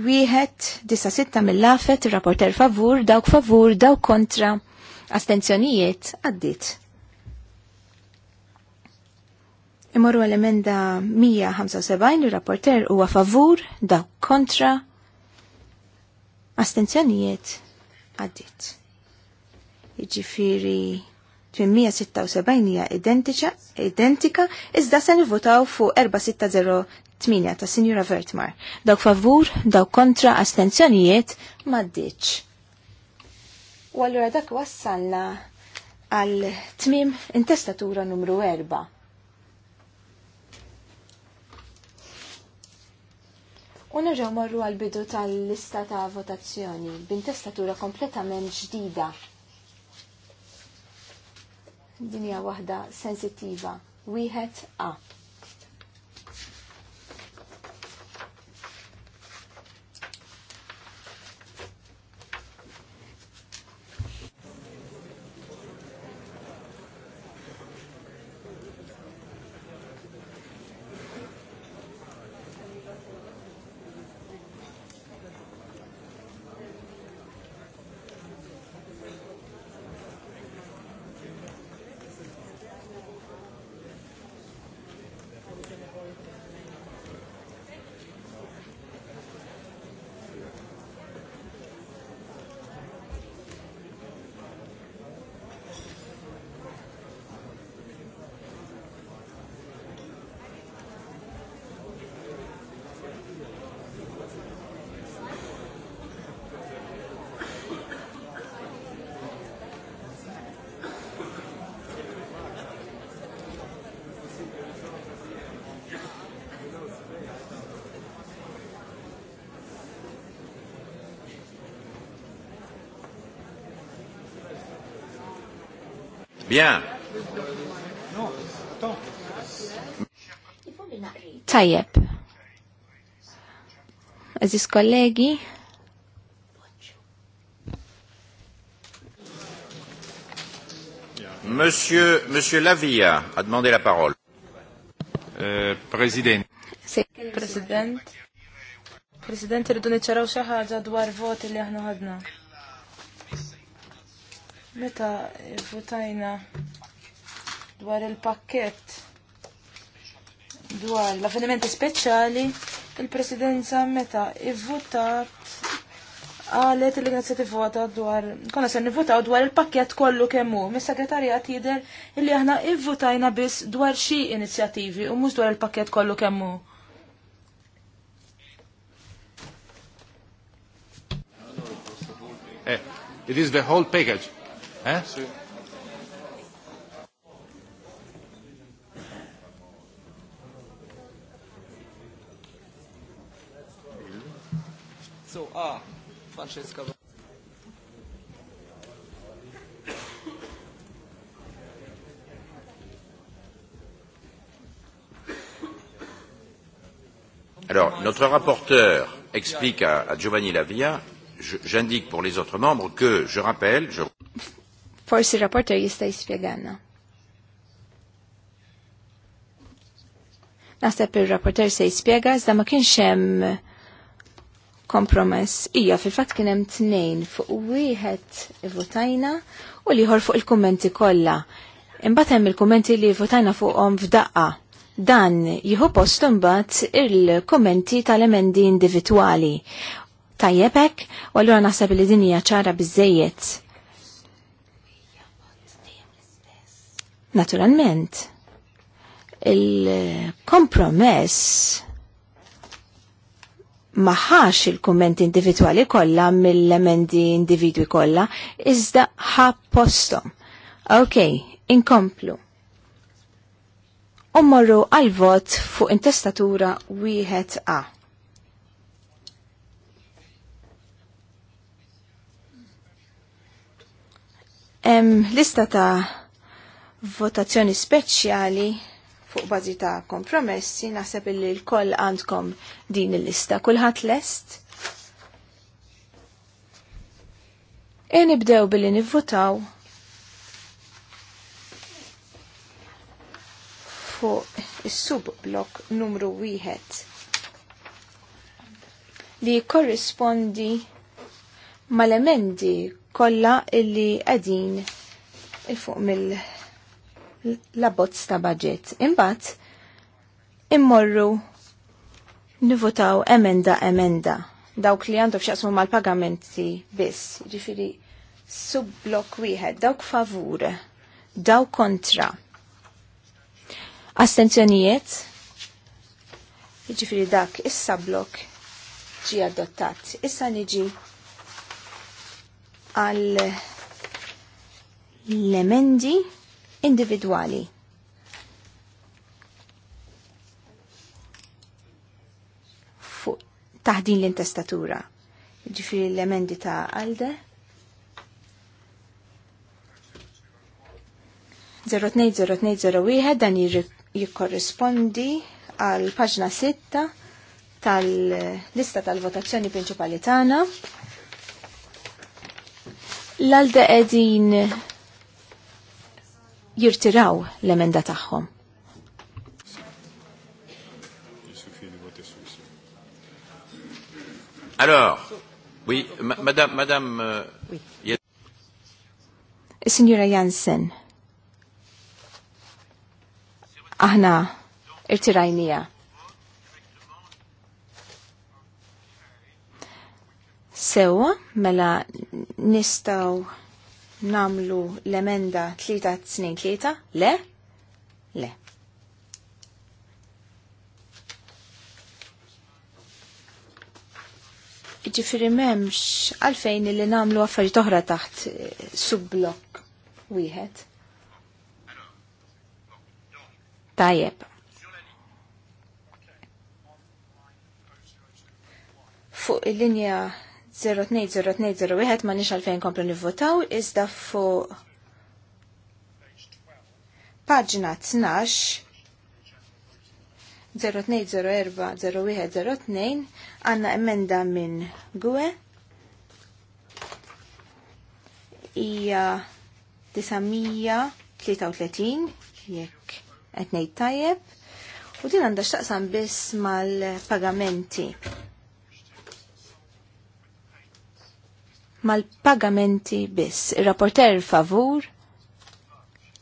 Wieħed disa sitta mill-lafet, rapporter favur, dawk favur, dawk kontra, astenzjonijiet għaddit. Imorru għal-emenda 175, il-rapporter huwa favur, dawk kontra, astenzjonijiet għaddit. Iġifiri 876 hija identika, iżda se nivvotaw fuq 4606 8 ta' Sinjura Vertmar. Dawk favur, dawk kontra, astenzjonijiet, maddiċ. U għallura dak wassalna għal tmim intestatura numru 4. Unerġaw nerġaw marru għal bidu tal-lista ta' votazzjoni b'intestatura kompletament ġdida. Dinja waħda sensittiva, wieħed A. Bien. Tajjeb. Aziz kollegi. Monsieur, Monsieur Lavia a demandé la parole. Euh, President. President. President, irridu niċċaraw xi ħaġa dwar voti li aħna ħadna. Meta votajna dwar il-pakket dwar l-avvenimenti speċjali, il-presidenza meta ivvutat għalet li kienet se tivvota dwar, konna se nivvotaw dwar il-pakket kollu kemmu. Mis-segretarjat jider illi aħna ivvutajna biss dwar xi inizjattivi u mhux dwar il-pakket kollu kemmu. Eh, it is the whole package. Eh? Sì. So, ah, Francesca. Alors, notre rapporteur explique à, à Giovanni Lavia, j'indique pour les autres membres que, je rappelle, je Forsi rapporter jista' jispjegalna. Naħseb ir-rapporter se jispjega iżda ma kienx hemm kompromess. Ija fil-fatt kien hemm tnejn fuq wieħed votajna u liħor fuq il-kummenti kollha. Imbagħad hemm il-kummenti li votajna fuqhom f'daqqa. Dan jieħu post imbagħad il kommenti tal-emendi individwali. Tajjeb u allura naħseb li din hija ċara bizzejiet Naturalment, il-kompromess maħax il kumment individuali kollha mill-emendi individwi kollha, iżda ħa postom. Ok, inkomplu. Ummorru għal-vot fuq intestatura wieħed A. Em, lista ta' votazzjoni speċjali fuq bażi ta' kompromessi, naħseb illi l-koll għandkom din il-lista. Kulħadd lest. E nibdew billi nivvotaw fuq is-subblok numru wieħed li korrispondi mal-emendi kollha illi qegħdin il fuq mill- l-abbozz ta' budget. Imbagħad immorru nivutaw emenda emenda dawk li għandhom xaqsmu mal-pagamenti biss, ġifiri sub-blok wieħed, dawk favur, dawk kontra. Astenzjonijiet, ġifiri dak issa blok ġi adottat. Issa niġi għal l-emendi individwali. taħdin l-intestatura. Ġifiri l-emendi ta' għalde. 020201 dan jikkorrispondi għal paġna 6 tal-lista tal-votazzjoni prinċipali tagħna. L-għalde edin jirtiraw l-emenda taħħom. Alors, oui, madame, madame... Euh, oui. Signora Jansen, aħna irtirajnija. Sewa, mela nistaw namlu l-emenda 3 snin 3? Le? Le. Ġifiri memx għalfejn li namlu għaffari toħra taħt eh, sub-blok wieħed. Tajjeb. Fuq il-linja 0-2-0-2-0-1 ma nix għalfejn komplu nivvotaw, iżda fuq paġna 12 0 2 għanna emenda minn Gwe ija 933 jekk etnej tajjeb u din għandha xtaqsam biss mal-pagamenti mal-pagamenti biss. Il-rapporter favur?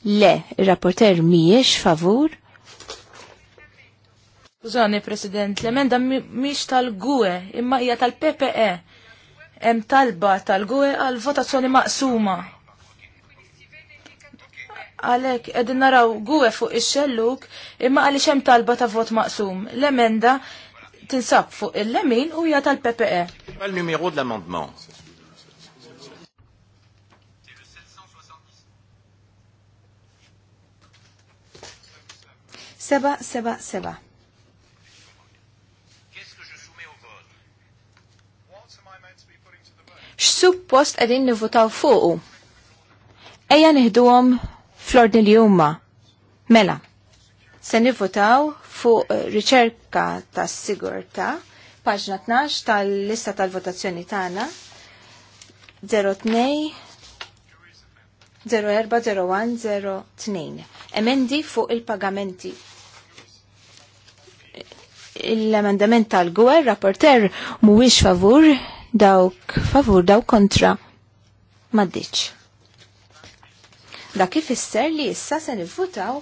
Le, il-rapporter miex favur? Użani, President, l-emenda miex tal-GUE, imma hija tal-PPE. Hemm talba tal-GUE għal votazzjoni maqsuma. Għalek, edin naraw GUE fuq ix-xelluk, imma għaliex hemm talba ta' vot maqsum. L-emenda tinsab fuq il-lemin u hija tal-PPE. Għal numeru l-amendment. Seba, seba, seba. X-suppost għedin nivutaw fuqu. Eja nihduhom fl-ordni li jumma. Mela, se nivutaw fuq eh, riċerka tas sigurta paġna 12 tal-lista tal-votazzjoni tagħna 02 0401 02 emendi fuq il-pagamenti l-emendament tal-gwer, rapporter mhuwiex favur, dawk favur, dawk kontra maddiċ. Dak ifisser li issa se nivvutaw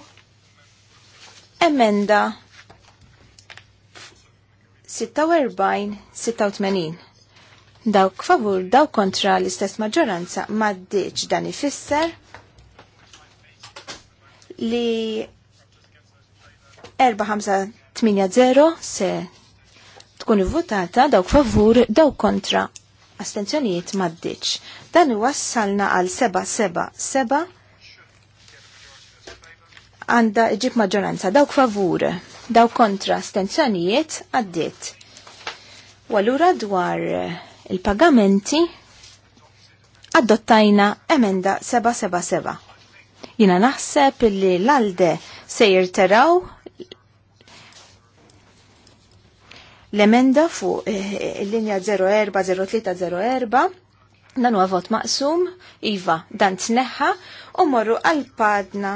emenda 46-86. Dawk favur, dawk kontra l-istess maġġoranza maddiċ dan ifisser li 8-0 se tkun votata dawk favur dawk kontra astenzjonijiet maddiċ. Dan wassalna għal 7-7-7 għanda ġib maġġoranza dawk favur dawk kontra astenzjonijiet għaddit. Walura dwar il-pagamenti għaddottajna emenda 7- Jina naħseb li l-alde sejr teraw l-emenda fuq eh, il-linja 040304 dan huwa vot maqsum, iva dan tneħħa u morru għal padna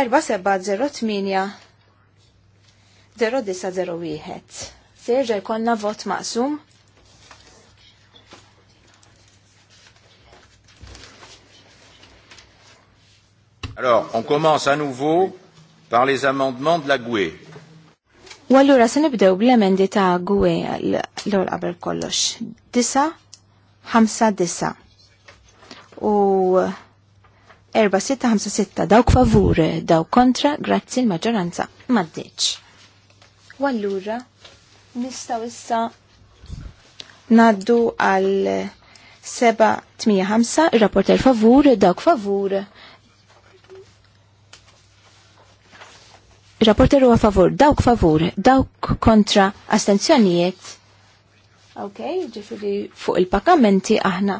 4708-0901. Serġa jkollna vot maqsum. Alors, on commence à nouveau par les amendements de la GUE. U allura se nibdew bl-emendi ta' GUE l-ewwel qabel kollox. Disa, ħamsa disa. U erba sitta ħamsa sitta dawk favur, dawk kontra, grazzi l-maġġoranza m'għaddiċ. U allura nistgħu issa naddu għal 785 rapporter favur, dawk favur, Rapporter huwa favur, dawk favur, dawk kontra astenzjonijiet. Ok, ġifiri fuq il pakamenti aħna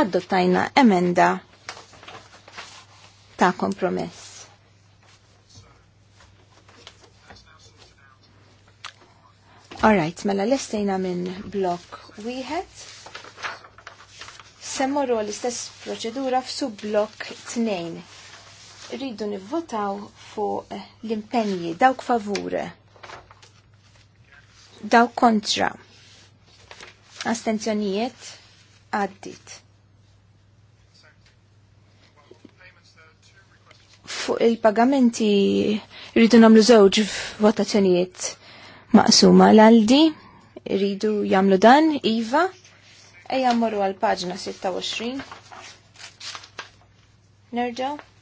adottajna emenda ta' kompromess. Alright, mela lestejna minn blok wieħed. Semmorru l-istess proċedura f'sub blok 2 rridu nivvotaw fuq l-impenji dawk favure, dawk kontra, astenzjonijiet għaddit. Fuq il-pagamenti rridu namlu żewġ votazzjonijiet maqsuma l-aldi, rridu jamlu dan, Iva, e morru għal-paġna 26. Nerġaw.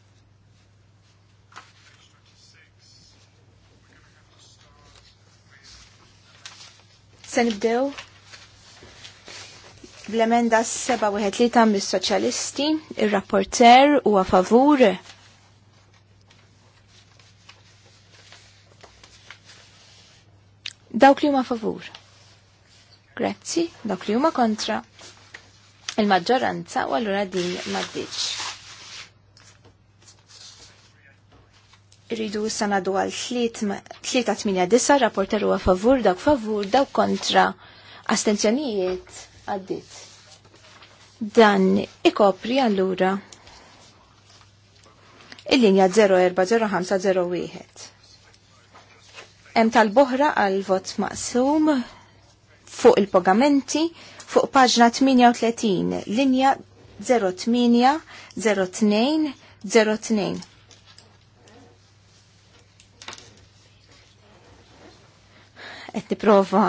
Se nibdew bl-emenda 713 mis-soċjalisti, ir-rapporter huwa favur Dawk li huma favur. Grazzi, dawk li huma kontra. Il-maġġoranza u allura din m'għaddiċ. Irridu sanadu għal 3-8-9 rapporteru għa favur, dawk favur, dawk kontra astenzjonijiet għaddit. Dan ikopri allura il-linja 040501. Hemm tal-boħra għal vot maqsum fuq il-pogamenti fuq paġna 38, linja 08 02 02. qed tipprova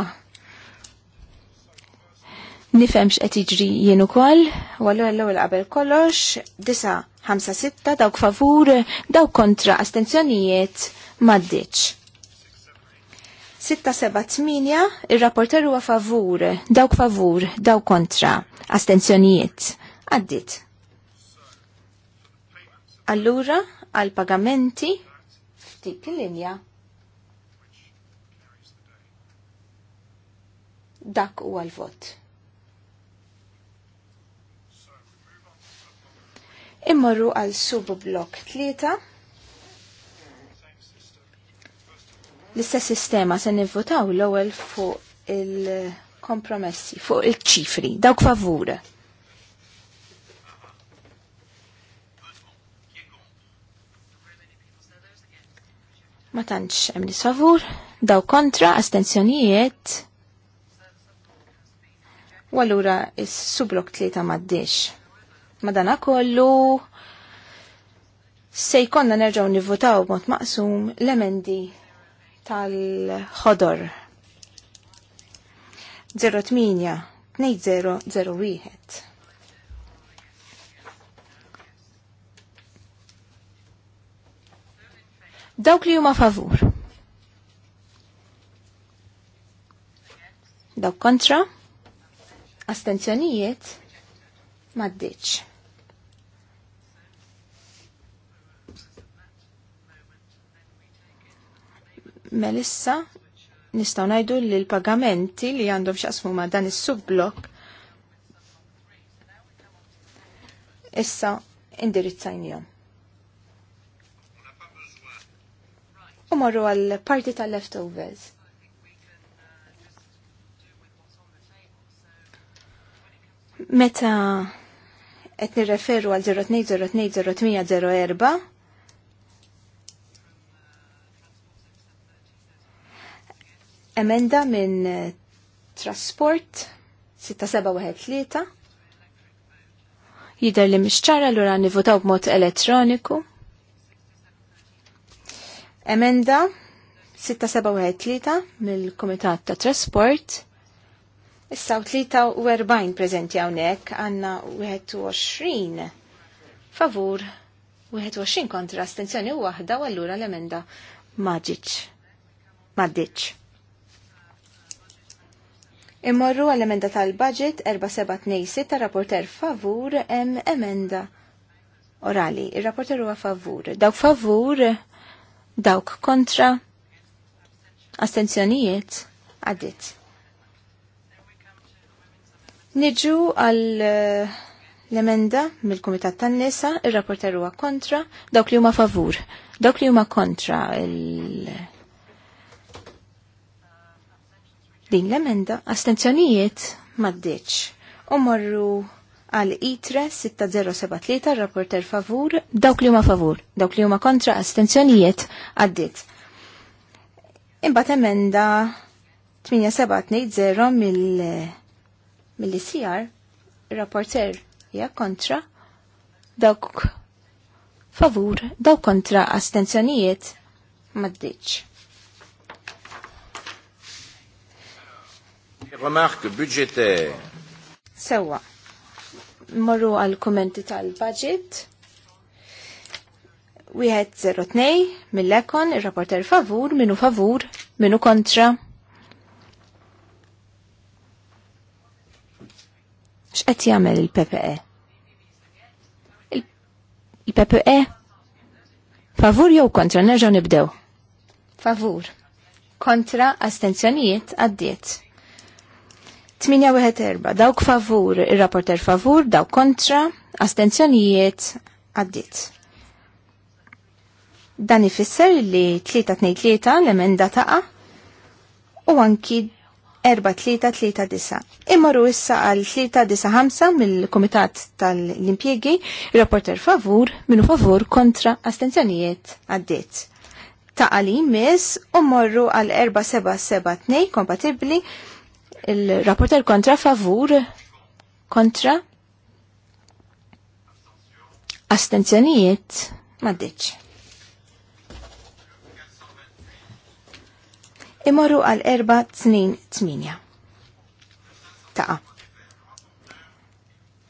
nifemx qed jiġri jien ukoll, u allura l-ewwel qabel kollox disa' ħamsa sitta dawk favur, dawk kontra astenzjonijiet m'għaddiċ. Sitta seba' tminja, ir-rapporter huwa favur, dawk favur, dawk kontra astenzjonijiet. Għaddit. Allura għal pagamenti ftit il-linja dak huwa l-vot. Immorru għal subu blok tlieta. L-istess sistema se nivvotaw l-ewwel fuq il-kompromessi, fuq il-ċifri, dawk favur. Ma tantx hemm favur, daw kontra, astenzjonijiet u għallura is-sublok tlieta maddiex. Madana kollu se jkonna nerġaw nivvotaw b'mod maqsum l-emendi tal-ħodor. 08 2001 Dawk li huma favur. Dawk kontra? Astenzjonijiet maddiċ. Melissa, nistaw najdu li l-pagamenti li għandhom xaqsmu ma dan is subblok issa indirizzajnijom. U morru għal parti tal-leftovers. Meta qed nirreferu għal 0202-0804 emenda minn trasport 6713 jider li mixċara l-ura nivotaw b'mod elettroniku. Emenda 6713 mill-Komitat ta' Transport. Issa u 43 prezenti hawnhekk għandna 21 favur 21 kontra astenzjoni u waħda u allura l-emenda maġiċ. Maddiċ. Immorru għall-emenda tal-budget 4726 rapporter favur em emenda orali. Il-rapporter huwa favur. Dawk favur, dawk kontra, astenzjonijiet, għaddit. Niġu għal eh, l-emenda mill-Kumitat tan-Nisa, ir-rapporter huwa kontra, dawk li huma favur, dawk li huma kontra il- din l-emenda astenzjonijiet maddiċ. U morru għal e ITRE 6073 rapporter favur, dawk li huma favur, dawk li huma kontra astenzjonijiet għaddit. Imbat emenda 8720 mill- Milli sijar, rapporter ja kontra, dawk favur, dawk kontra astenzjonijiet maddiċ. Remarque budgétaire. Sewa. Morru għal kommenti tal-budget. 02 mill-ekon, ir rapporter favur, minu favur, minu kontra. Qed jagħmel il-PPE? Il-PPE favur jew kontra nerġgħu nibdew. Favur. Kontra astenzjonijiet għaddiet. 8-1-4, dawk favur, il-rapporter favur, dawk kontra, astenzjonijiet, għaddiet. Dan ifisser li 3-2-3 l-emenda taqa u anki 4339. Imorru issa għal 395 mill-Komitat tal-Impjegi, rapporter favur, minu favur kontra astenzjonijiet għaddit. Ta' għali mis, umorru għal 4772 kompatibli, il-rapporter kontra favur kontra astenzjonijiet għaddit. imorru għal erba snin tminja. Taqa.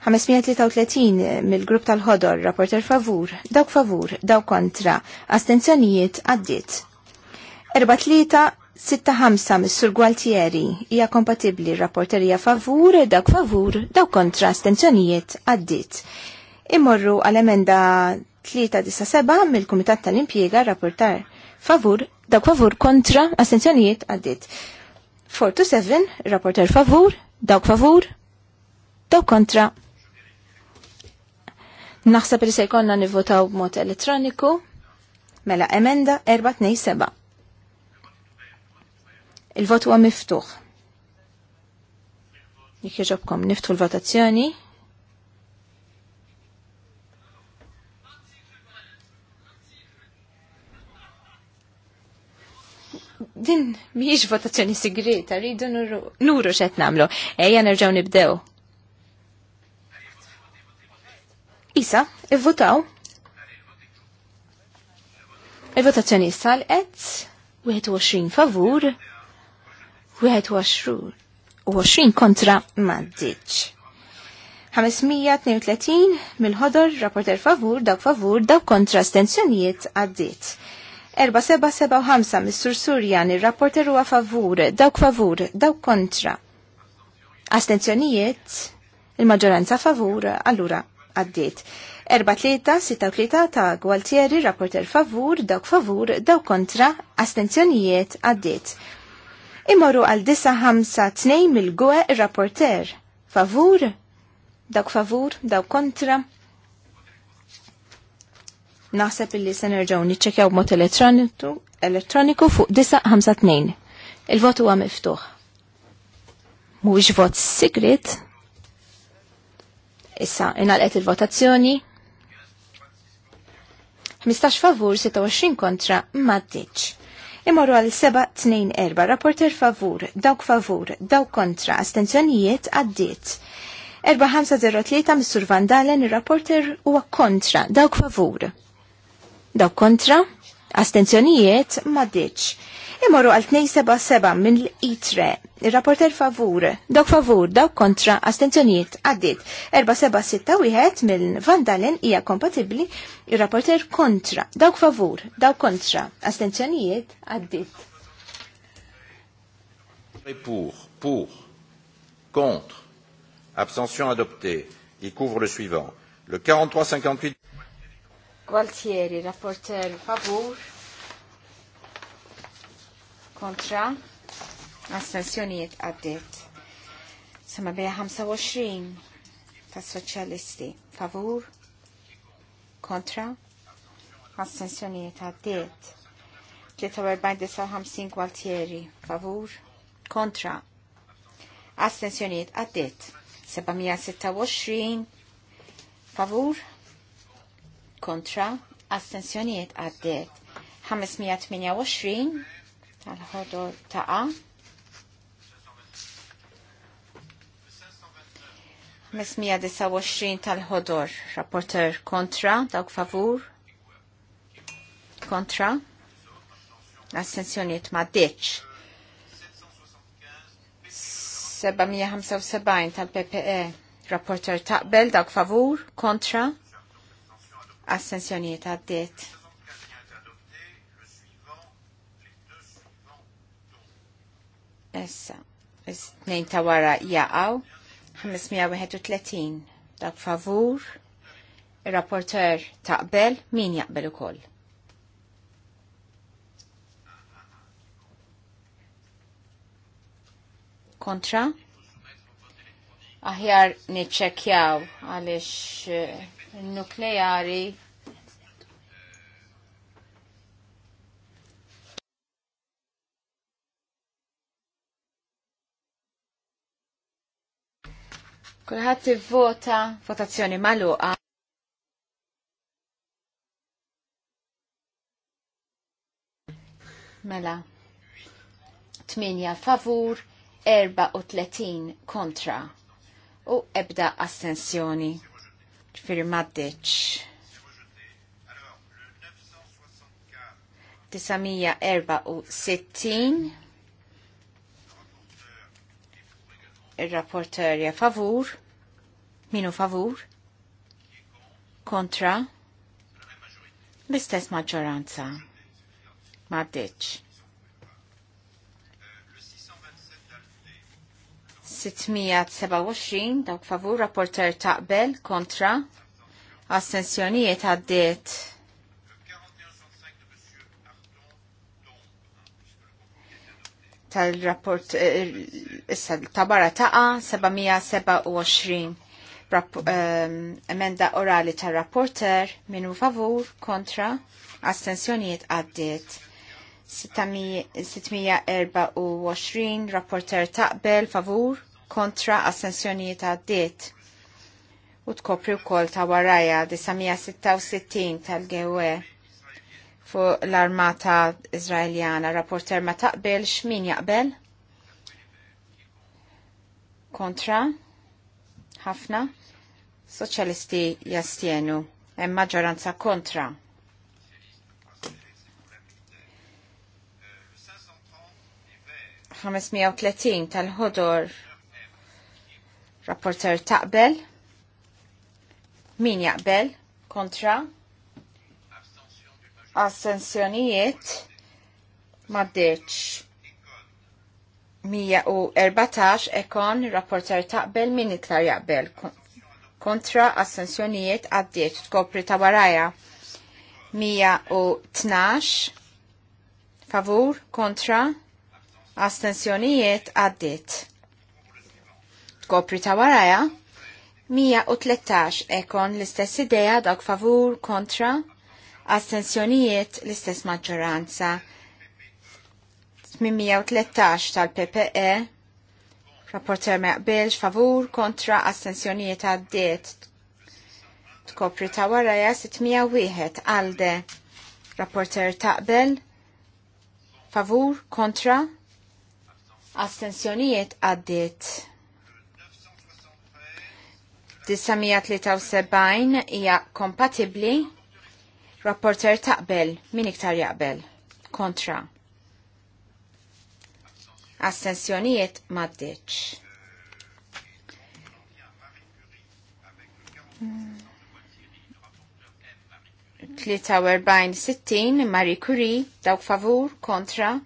533 mill-grupp tal-ħodor, rapporter favur, dawk favur, dawk kontra, astenzjonijiet għaddit. 4365 mis-sur Gualtieri hija kompatibbli rapporterija favur, dawk favur, dawk kontra, astenzjonijiet għaddit. Imorru għal-emenda 397 mill-Kumitat tal-Impjega, rapporter favur, Dak favur kontra astenzjonijiet għaddit. 7, rapporter favur, dawk favur, dawk kontra. Naħseb li se jkollna nivvotaw b'mod elettroniku. Mela emenda 427. Il-vot huwa miftuħ. Jekk jogħġobkom niftu l-votazzjoni. din mhijiex votazzjoni segreta, rridu nuru xet nagħmlu. Ejja nerġgħu nibdew. Isa, ivvotaw. Il-votazzjoni salqet 21 favur, 21 kontra maddiċ. 532 mill-ħodor rapporter favur, dak favur, dak kontra stenzjonijiet għaddit. 4775 Mr. Surjan, il-rapporter huwa favur, dawk favur, dawk kontra. Astenzjonijiet, il-maġġoranza favur, allura għaddiet. 4-3-6-3 ta' Gualtieri, rapporter favur, dawk favur, dawk kontra, astenzjonijiet, għaddiet. Imorru għal 9-5-2 mill-gwe rapporter Favur, dawk favur, dawk kontra, Naħseb illi se nerġgħu niċċekjaw b'mod elettroniku fuq 952. Il-vot huwa miftuħ. Mhuwiex vot sigrit. Issa inqalqet il-votazzjoni. 15 favur, 26 kontra, maddiċ. Imorru għal seba' tnejn erba' rapporter favur, dawk favur, dawk kontra, astenzjonijiet għaddiet. 4503, Mr. Van Dalen, rapporter huwa kontra, dawk favur, daw kontra, astenzjonijiet maddiċ. Imorru għal 277 minn l-ITRE, il-rapporter favur, dawk favur, dawk kontra, astenzjonijiet għaddit. 476 minn Vandalen ija kompatibli, rapporter kontra, dawk favur, dawk kontra, astenzjonijiet għaddit. Pour, pour, contre, abstention adoptée, il couvre le suivant. Le 4358. Gualtieri, rapporter favor? kontra, astensjoniet għaddit. Sama beja 25 ta' soċjalisti, favur, kontra, astensjonijiet għaddit. 43 55 Gualtieri, favur, kontra, astensjonijiet għaddit. 726 favur, kontra astensjonijiet għaddiet 528 tal-ħodor taqa 529 tal-ħodor rapporter kontra dawk favur kontra astensjonijiet ma deċ 775 tal-PPE rapporter taqbel dawk favur kontra assenzjonijiet għaddiet. Issa, is-tnejn ta' wara jaqaw, 531 dak favur, il-rapporter taqbel, min jaqbel ukoll? Kontra? Aħjar niċċekjaw għaliex eh, nukleari Kulħadd ivvota votazzjoni magħluqa. Mela. 8 favur, 34 kontra u ebda astensjoni ġifiri maddiċ. 964 il-rapporterja favur minu favur kontra l-istess maġġoranza maddeċ. 627 dawk favur rapporter taqbel kontra assenzjonijiet għaddiet. tal-rapport issa tabara taqa 727 emenda orali tal-rapporter minu favur kontra astensjoniet għaddiet 624 rapporter taqbel favur kontra assenzjonijiet għaddiet u tkopri wkoll ta' waraja 966 tal-GUE fuq l-armata Izraeljana. Rapporter ma taqbel x'min jaqbel? Kontra? Ħafna? Soċjalisti jastienu. Hemm maġġoranza kontra. 530 tal-ħodor Rapporter taqbel. Min jaqbel? Kontra? Assenzjonijiet? Maddeċ. 114 ekon rapporter taqbel min iktar jaqbel. Kontra assenzjonijiet għaddiet tkopri ta' waraja. 112 favur kontra astensjonijiet għaddiet skopri ta' waraja, 113 ekon l-istess idea dak favur kontra astensjonijiet l-istess maġġoranza. 813 tal-PPE rapporter ma jaqbilx favur kontra astensjonijiet għaddiet tkopri ta' waraja 601 għalde rapporter taqbel favur kontra astensjonijiet għaddiet. 1973 hija kompatibbli. Rapporter taqbel, min iktar jaqbel? Kontra. Astensjonijiet maddiċ. Tlita werbajn sittin, Marie Curie, dawk favur, kontra.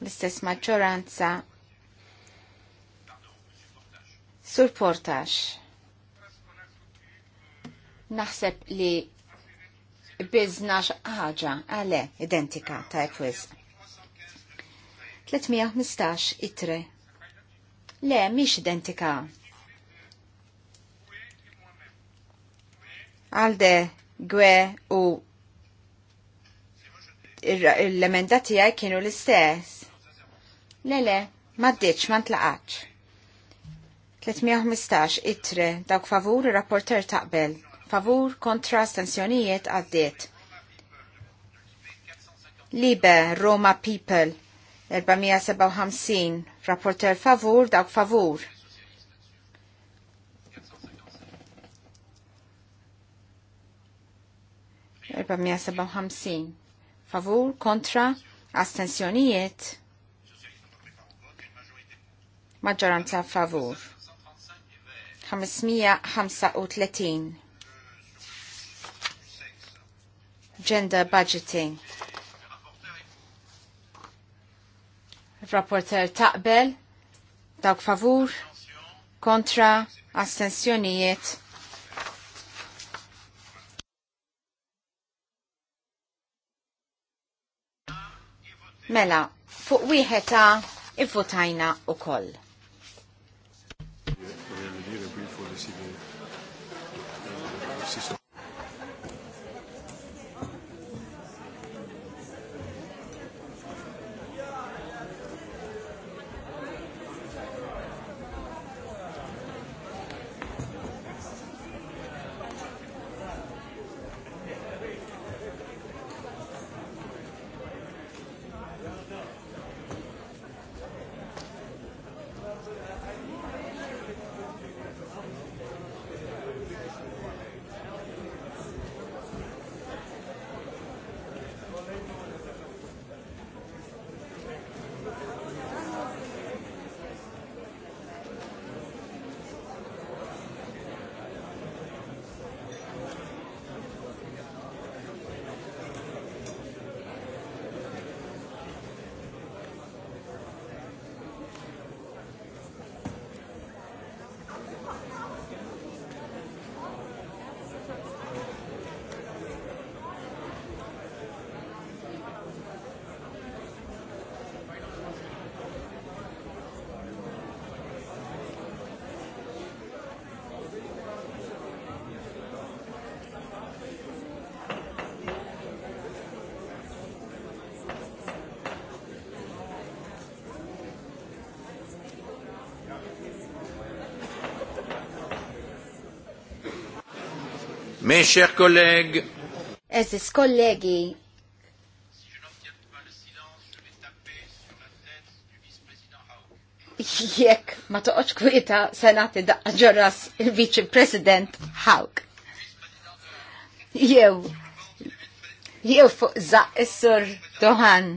L-istess maġġoranza Sur Portax. Naħseb li biznax ħaġa għale identika ta' ekwiz. 315 itre. Le, miex identika. Għalde, gwe u l emendati għaj kienu l-istess. Le, le, maddiċ, ma 315 itre dawk favur il-rapporter taqbel. Favur kontra stanzjonijiet għaddiet. Libe Roma People 457 rapporter favur dawk favur. Erba' favur kontra astensjonijiet maġġoranza favur 535. Gender budgeting. Rapporteur taqbel, dawk favur, kontra, astensjonijiet. Mela, fuq wieħed ta' ivvotajna wkoll. Mes chers collègues. Eżis kollegi. Jekk ma toqgħodx kwieta se nagħti daqqa ġorras il-Viċi President Hawk. Jew jew fuq żaq is-sur Dohan.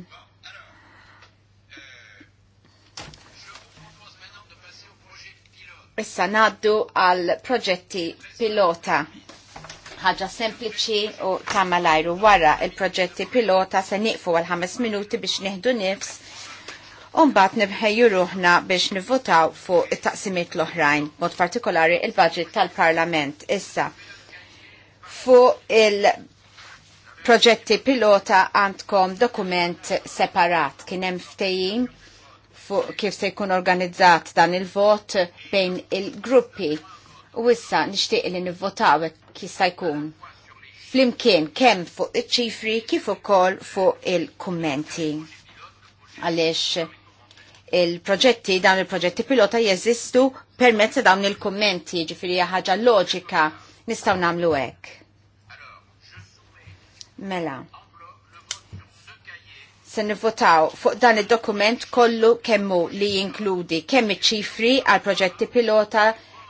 Issa naddu għal proġetti pilota ħaġa sempliċi u tamma lajru wara il-proġetti pilota se niqfu għal ħames minuti biex neħdu nifs bat nibħejju ruħna biex nivvotaw fuq it-taqsimiet l-oħrajn, mod partikolari il-budget tal-Parlament. Issa, fuq il-proġetti pilota għandkom dokument separat, kien hemm ftejjin fuq kif se jkun organizzat dan il-vot bejn il-gruppi U issa nixtieq li nivvotaw kisa jkun flimkien kemm fuq iċ-ċifri kif ukoll fuq il-kummenti. Għaliex il-proġetti, dawn il-proġetti pilota jeżistu permezz dawn il-kummenti, ġifiri ħaġa loġika nistgħu nagħmlu hekk. Mela. Se nivvotaw fuq dan id-dokument kollu kemmu li jinkludi kemm iċ-ċifri għal proġetti pilota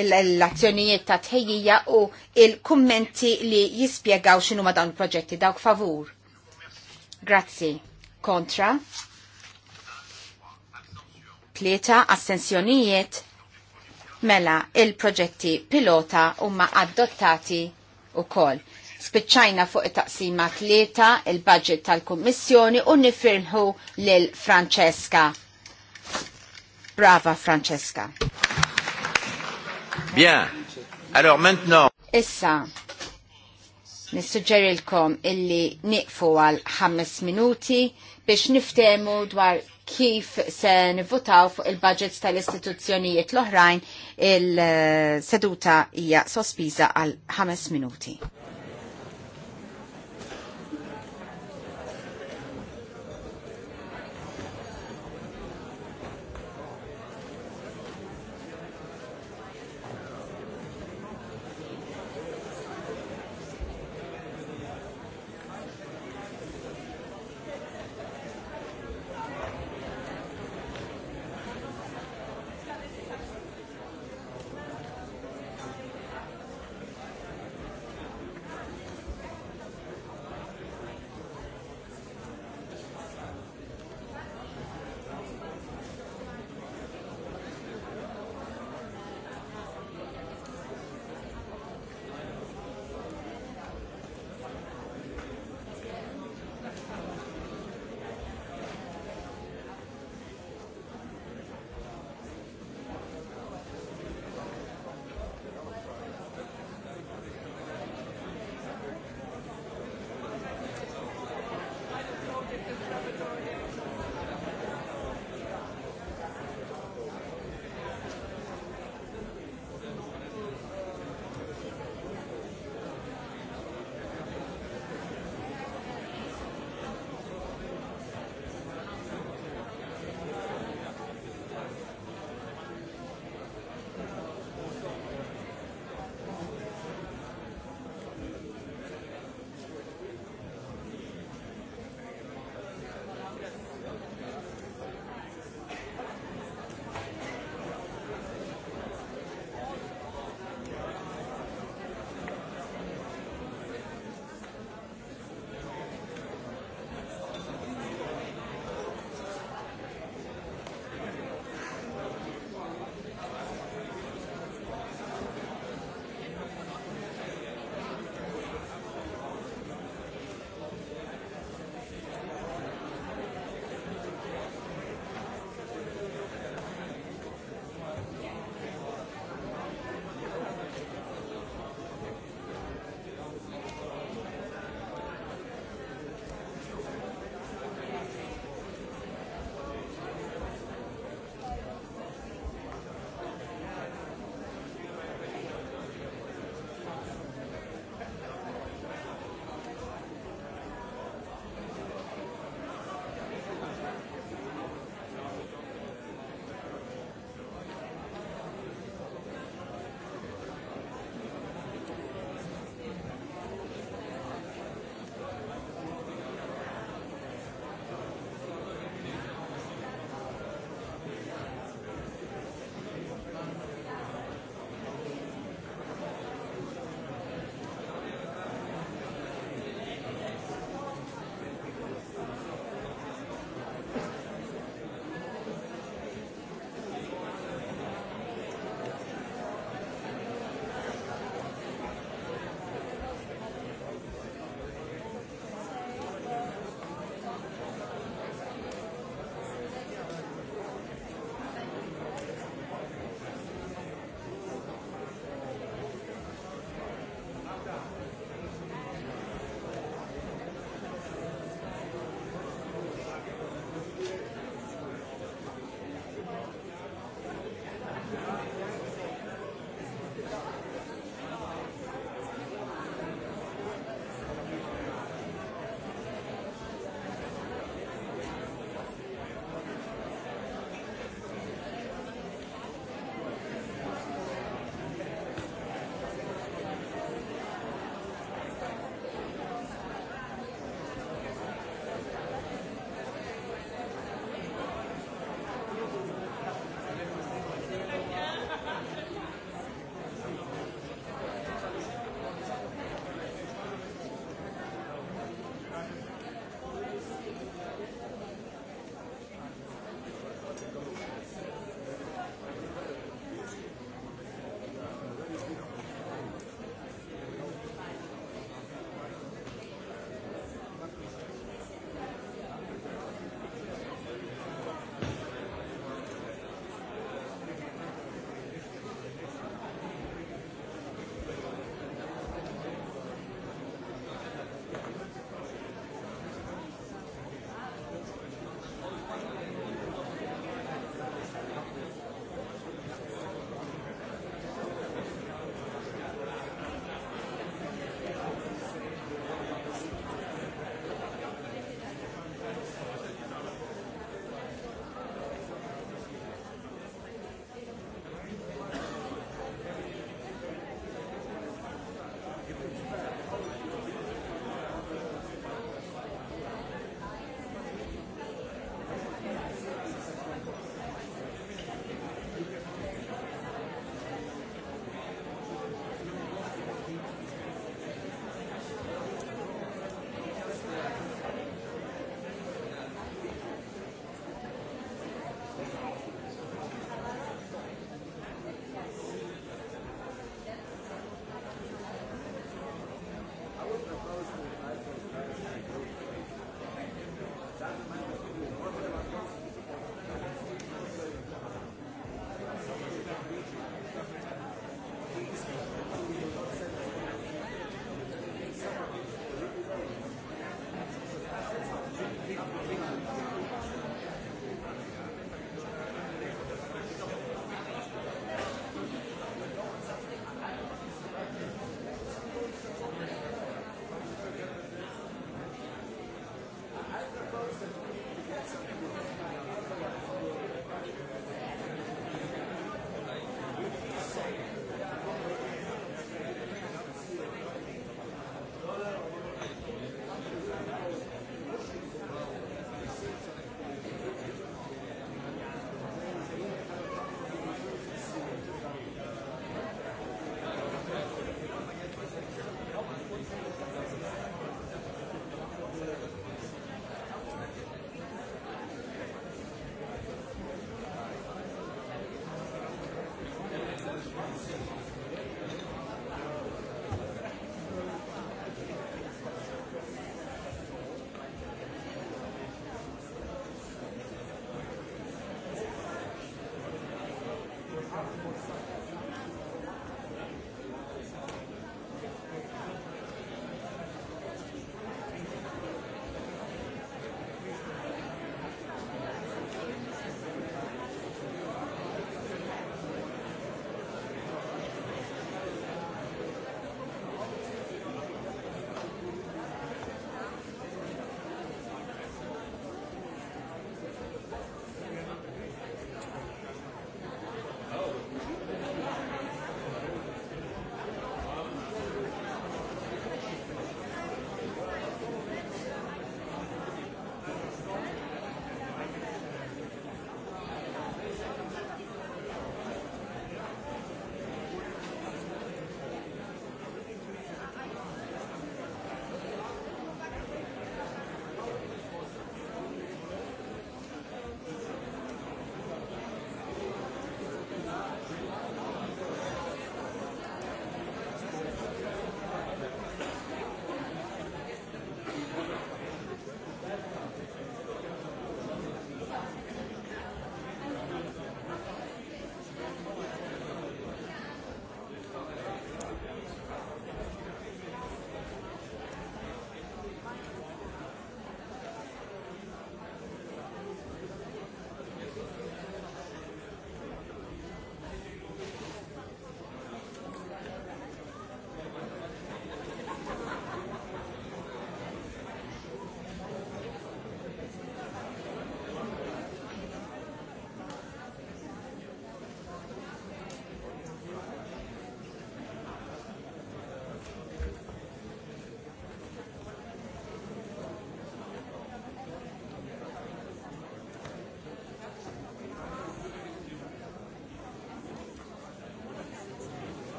l-azzjonijiet ta' tħejjija u il-kummenti li jispjegaw xinu ma' dawn il-proġetti dawk favur. Grazzi. Kontra. Tlieta assenzjonijiet mela il-proġetti pilota huma adottati u wkoll spiċċajna fuq it-taqsima tlieta il-budget tal-Kummissjoni u nifirħu lil Francesca. Brava Francesca. Bien. Alors maintenant. Issa, nissuġġerilkom illi niqfu għal 5 minuti biex niftemu dwar kif se nivvutaw fuq il-budgets tal-istituzzjonijiet l-oħrajn il-seduta eh, hija sospiża għal 5 minuti.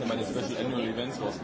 some of the special annual events was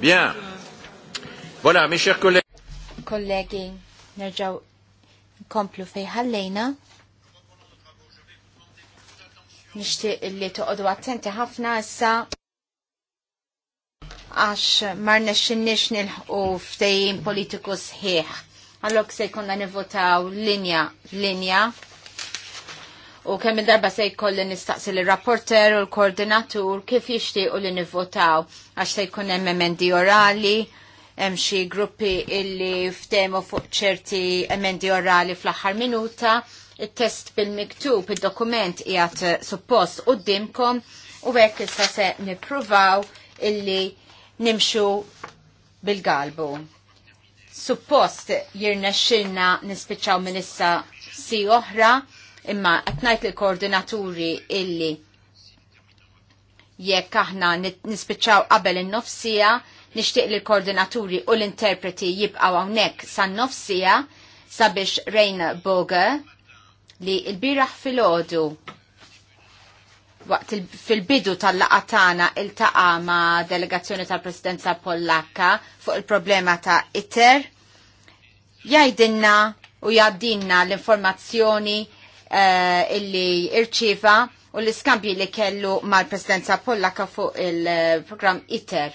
Bien. Voilà, mes chers collègues. Kollegi, nerġaw komplu fej ħallejna. Nishti illi toqodu attenti ħafna issa għax marna xinnix nilħu ftejn politiku sħiħ. Għallok se jkonna nivotaw linja, linja kemm il-darba se jkolli nistaqsi l-rapporter u l-koordinatur kif jixtiequ li nivvotaw għax se jkun hemm emendi orali, hemm xi gruppi illi ftehmu fuq ċerti emendi orali fl-aħħar minuta, it-test bil-miktub, id-dokument qiegħed suppost qudiemkom u hekk issa se nippruvaw illi nimxu bil-galbu. Suppost jirnexxilna nispiċċaw minn issa si oħra, Imma għatnajt l-koordinaturi illi jekk aħna nispiċċaw qabel in-nofsija, nixtieq li l-koordinaturi u l-interpreti jibqgħu hawnhekk san-nofsija sabiex Rejna Boga li l-biraħ fil-ħodu waqt fil-bidu tal-laqatana il-taqa ma delegazzjoni tal-presidenza Pollakka fuq il-problema ta' ITER jajdinna u jaddinna l-informazzjoni Eh, illi irċiva u l-iskambji li kellu mal-presidenza pollaka fuq il-program ITER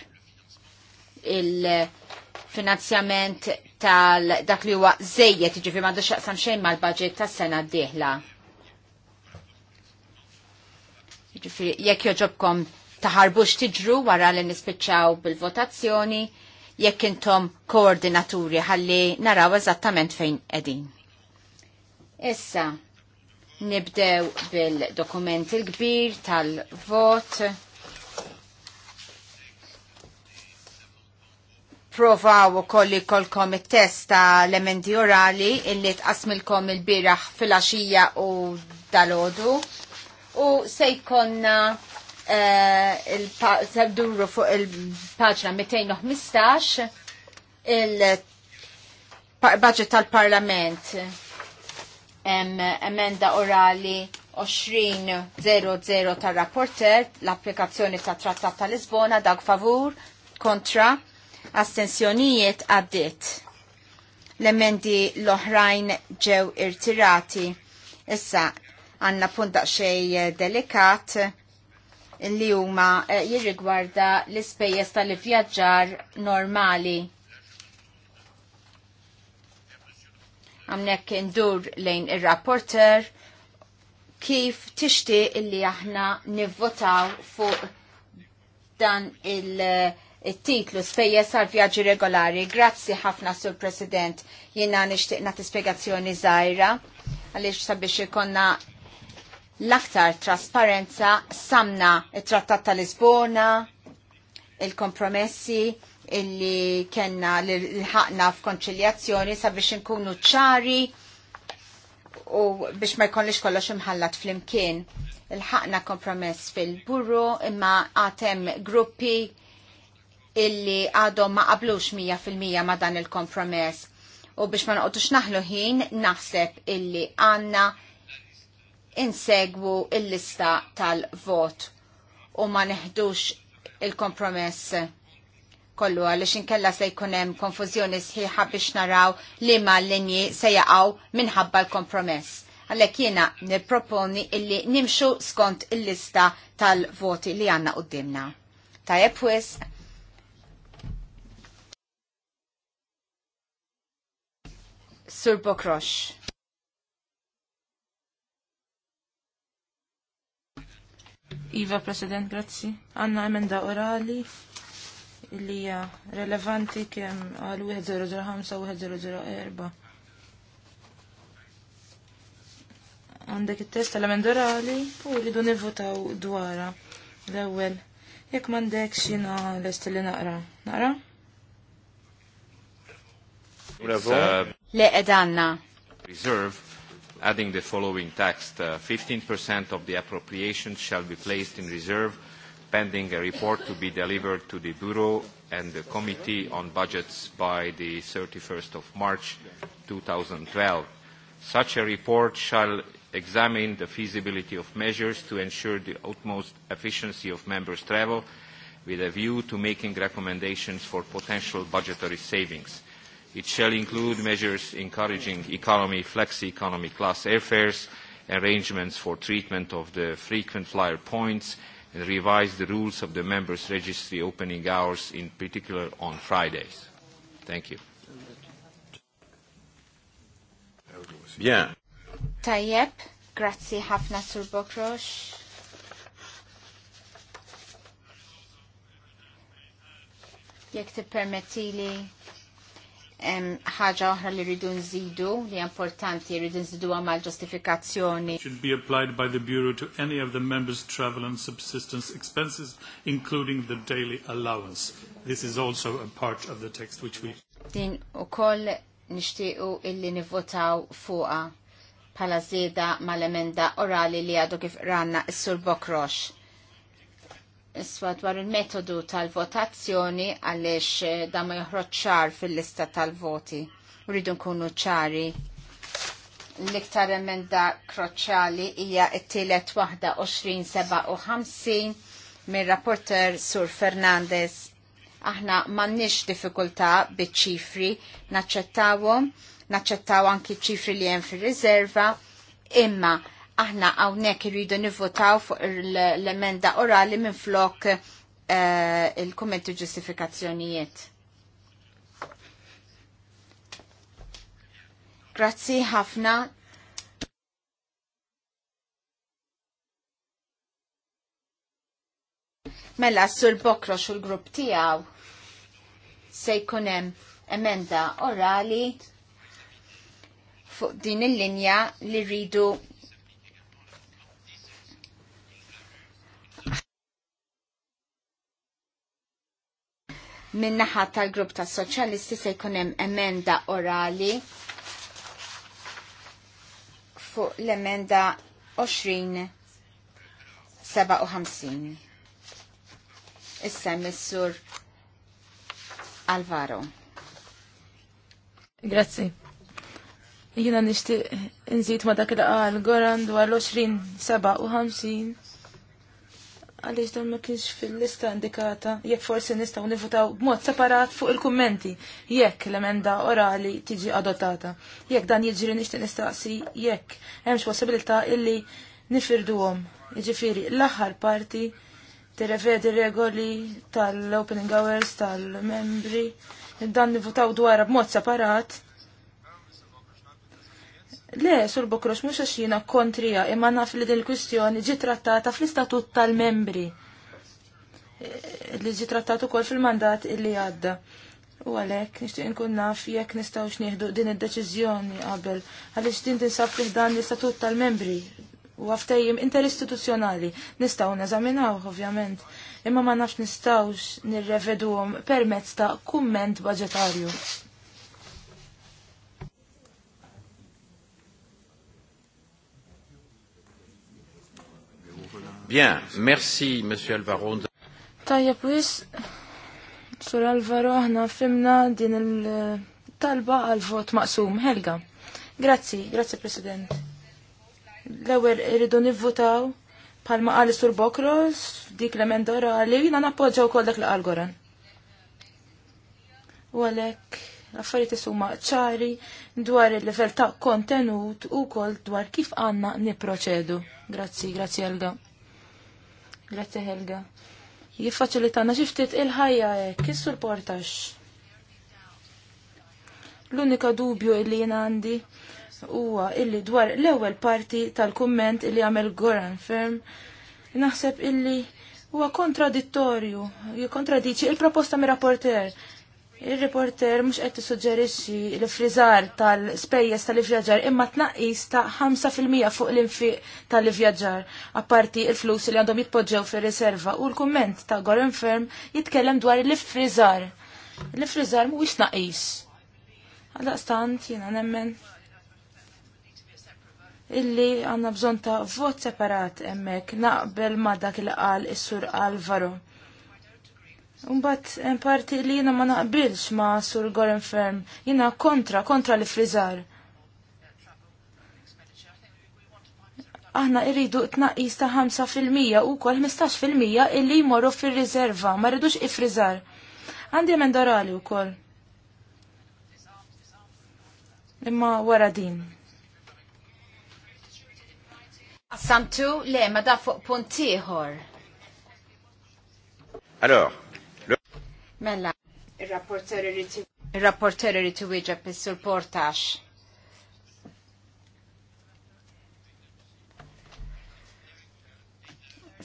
il-finanzjament tal-dak li huwa zejjed jiġifieri m'għandu xaqsam xejn mal budget tas-sena d-dieħla. Jiġifieri jekk joġobkom taħarbux tiġru wara li nispiċċaw bil-votazzjoni jekk intom koordinaturi ħalli naraw eżattament fejn qegħdin. Issa, Nibdew bil-dokument il-kbir tal-vot. Provaw u kolli kolkom il-test tal-emendi orali illi tqasmilkom il-biraħ fil-axija u dal-ħodu. U sejkonna eh, il-sabduru fuq il-paġna 215 il-budget tal-parlament emenda orali 20.00 tar rapporter l-applikazzjoni ta' trattat ta' Lisbona dag favur kontra astensjonijiet għaddit. L-emendi l-oħrajn ġew irtirati. Issa għanna punta xej delikat li huma eh, jirrigwarda l-ispejjeż tal-ivvjaġġar normali Għamnek indur lejn il-rapporter kif tixti illi aħna nivvotaw fuq dan il-titlu spejjeż għal vjaġġi regolari. Grazzi ħafna sur President jiena nixtieq nagħti spjegazzjoni żgħira għaliex sabiex ikonna l-aktar trasparenza samna it-Trattat tal-Lisbona, il-kompromessi, illi kena l-ħakna f'konċiljazzjoni sabiex nkunu ċari u biex ma jkollix kollox imħallat fl-imkien. Il-ħakna kompromess fil-burru imma għatem gruppi illi għadhom ma qablux 100% ma dan il-kompromess. U biex ma nqodux naħlu ħin naħseb illi għanna insegwu il-lista tal-vot u ma neħdux il-kompromess kollu għaliex inkella se jkun hemm konfużjoni sħiħa biex naraw li ma linji se jaqgħu minħabba l-kompromess. Għalhekk jiena nipproponi illi nimxu skont il-lista tal-voti li għandna dimna. Ta' jepwis. Sur Bokrox. Iva, President, grazzi. Għanna emenda orali li hija relevanti kemm għal 1005 u 1004. Għandek it-test tal u rridu nivvotaw dwara l-ewwel. Jekk m'għandek xina lest li naqra. Naqra? Le Reserve adding the following text, uh, 15% of the appropriations shall be placed in reserve pending a report to be delivered to the Bureau and the Committee on Budgets by the 31st of March 2012. Such a report shall examine the feasibility of measures to ensure the utmost efficiency of members' travel with a view to making recommendations for potential budgetary savings. It shall include measures encouraging economy, flexi-economy class airfares, arrangements for treatment of the frequent flyer points, and revise the rules of the members' registry opening hours, in particular on Fridays. Thank you. Bien. Tajjeb, grazie Hafna sur Bokrox. Jek ti permettili ħaġa oħra li rridu nżidu li importanti rridu nżidu għamal ġustifikazzjoni. Should be applied by the Bureau to any of the members' travel and subsistence expenses, including the daily allowance. This is also a part of the text which we... Din u koll nishtiqu illi nivvotaw fuqa pala zeda mal-emenda orali li għadu kif ranna s-sur Bokrox. Iswa dwar il-metodu tal-votazzjoni għaliex eh, da ma joħroġ ċar fil-lista tal-voti. Rridu nkunu ċari. L-iktar emenda kroċali hija t-tielet waħda 2057 mir rapporter Sur Fernandez. Aħna m'għandniex diffikultà biċ-ċifri, naċċettawhom, naċċettaw anki ċifri li hemm fir-riserva, imma aħna hawnhekk irridu nivvotaw fuq l-emenda orali minn flok eh, il-kummenti ġustifikazzjonijiet. Grazzi ħafna Mela, sur bokro xul grupp tijaw se jkunem emenda orali fuq din il-linja li rridu Min naħa tal-grupp tas soċjalisti se jkun hemm emenda orali fuq l-emenda 2057. Issa missur Alvaro. Grazzi. Jina nixtieq nżid ma dak il-qal Goran dwar l-20 57 għaliex dan ma kienx fil-lista indikata jekk forsi nistgħu nivutaw b'mod separat fuq il-kummenti jekk l-emenda orali tiġi adottata. Jekk dan jiġri nixtieq nistaqsi jekk hemmx possibilità illi nifirduhom. Jiġifieri l-aħħar parti tirrevedi regoli tal-opening hours tal-membri dan nivutaw dwar b'mod separat Le, sur Bokrox, mux xina kontrija, imma naf li din il-kwistjoni ġi trattata fl-istatut tal-membri. Eh, li ġi trattatu kol fil-mandat illi għadda. U għalek, nishtiq nkun naf jekk nistaw xnieħdu din id-deċizjoni qabel, għalix din tinsab fih dan l-istatut tal-membri. U għaftajim interistituzjonali, nistaw nazaminaw, ovvjament, imma ma nafx nistawx nirrevedu permezz ta' kumment budgetarju. Bien, merci, Monsieur Alvaro. Tajja wis, Sur Alvaro, aħna fimna din il-talba għal-vot maqsum. Helga. Grazzi, grazzi, President. L-ewel irridu nivvotaw palma għal sur Bokros, dik l-emenda orali, jina nappoġġaw kol dak l għal U għalek, affarijiet huma ċari dwar il-level ta' kontenut u kol dwar kif għanna niproċedu. Grazzi, grazzi Elga. Grazzi Helga. Jiffaċilitana xiftit il-ħajja hekk, kissu l-portax. L-unika dubju illi jien għandi huwa illi dwar l-ewwel parti tal-kumment illi għamel Goran Ferm naħseb illi huwa kontradittorju, kontradiċi il-proposta mir rapporter Il-reporter mux għed suġġerixi l-frizar tal-spejjes tal-ivjaġġar imma tnaqis ta' 5% fuq l-infiq tal-ivjaġġar, apparti il-flus li għandhom jitpoġġew fir riserva u l-komment ta' Goran Ferm jitkellem dwar l-frizar. L-frizar mux naqis. stant jina nemmen. Illi għanna bżon ta' vot separat emmek naqbel ma dak il-qal is-sur Alvaro. Umbat, en parti li jiena ma naqbilx ma sur Goren Ferm. Jiena kontra, kontra li frizar. Aħna irridu tnaqqis ta' 5% u kol 15% illi jmorru fil-riserva, ma rridux ifrizar. Għandi emenda orali u kol. Imma wara din. Samtu le ma da fuq puntiħor. Alors, Mela, il-rapporter li iwieġeb is-sur portax.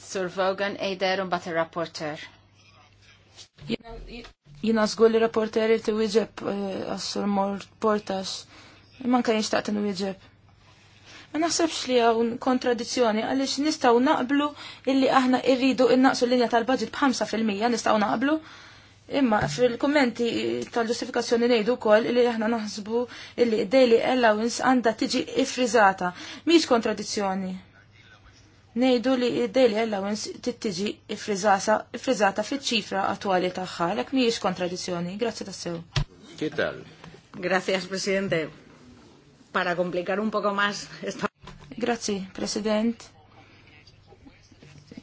Sur Vogan ejder un bat il-rapporter. Jina rapporteri li rapporter irrit eh, għas-sur portax. Man kan jishtaqt n-wieġeb. Ma naħsebx li hawn kontradizzjoni għaliex nistgħu naqblu illi aħna rridu innaqsu l-linja tal-budget b'5 fil-mija nistgħu naqblu. Imma fil-kommenti tal-ġustifikazzjoni ngħidu wkoll li aħna naħsbu li daily allowance għandha tiġi ifrizata. Mhix kontradizzjoni. Ngħidu li daily allowance tiġi ifrizata, ifriżata fiċ-ċifra attwali tagħha, lek mhijiex kontradizzjoni. Grazzi tassew. Kital. Grazie Presidente. Para komplikar un poco más Grazie, President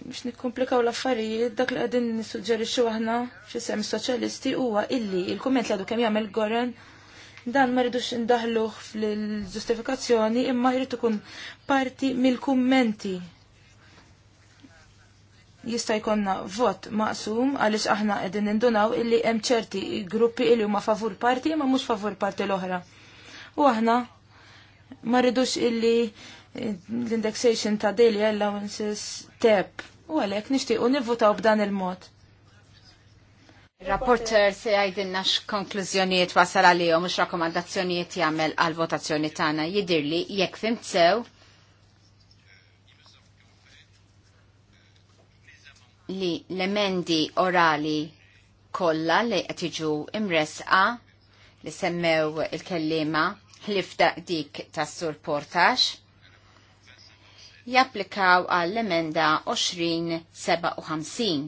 biex nikkomplikaw l-affarijiet dak li qegħdin nissuġġerixxu aħna fis sem soċjalisti huwa illi il-kumment li għadu kemm jagħmel Goren dan ma rridux indaħluh fil-ġustifikazzjoni imma jrid ikun parti mill-kummenti. Jista' jkollna vot maqsum għaliex aħna qegħdin nindunaw illi hemm ċerti gruppi illi huma favur parti imma mhux favur parti l-oħra. U aħna ma rridux illi l-indexation ta' daily allowances tep U għalek nishtiqu nivvutaw b'dan il-mod. Rapporter se għajdinna x-konklużjonijiet wasal għalihom u x-rakkomandazzjonijiet jagħmel għal-votazzjoni tagħna jidirli jekk fimtsew li l-emendi orali kollha li qed jiġu imresqa li semmew il-kellima ħlifda dik tas-sur Portax japplikaw għall-emenda 2057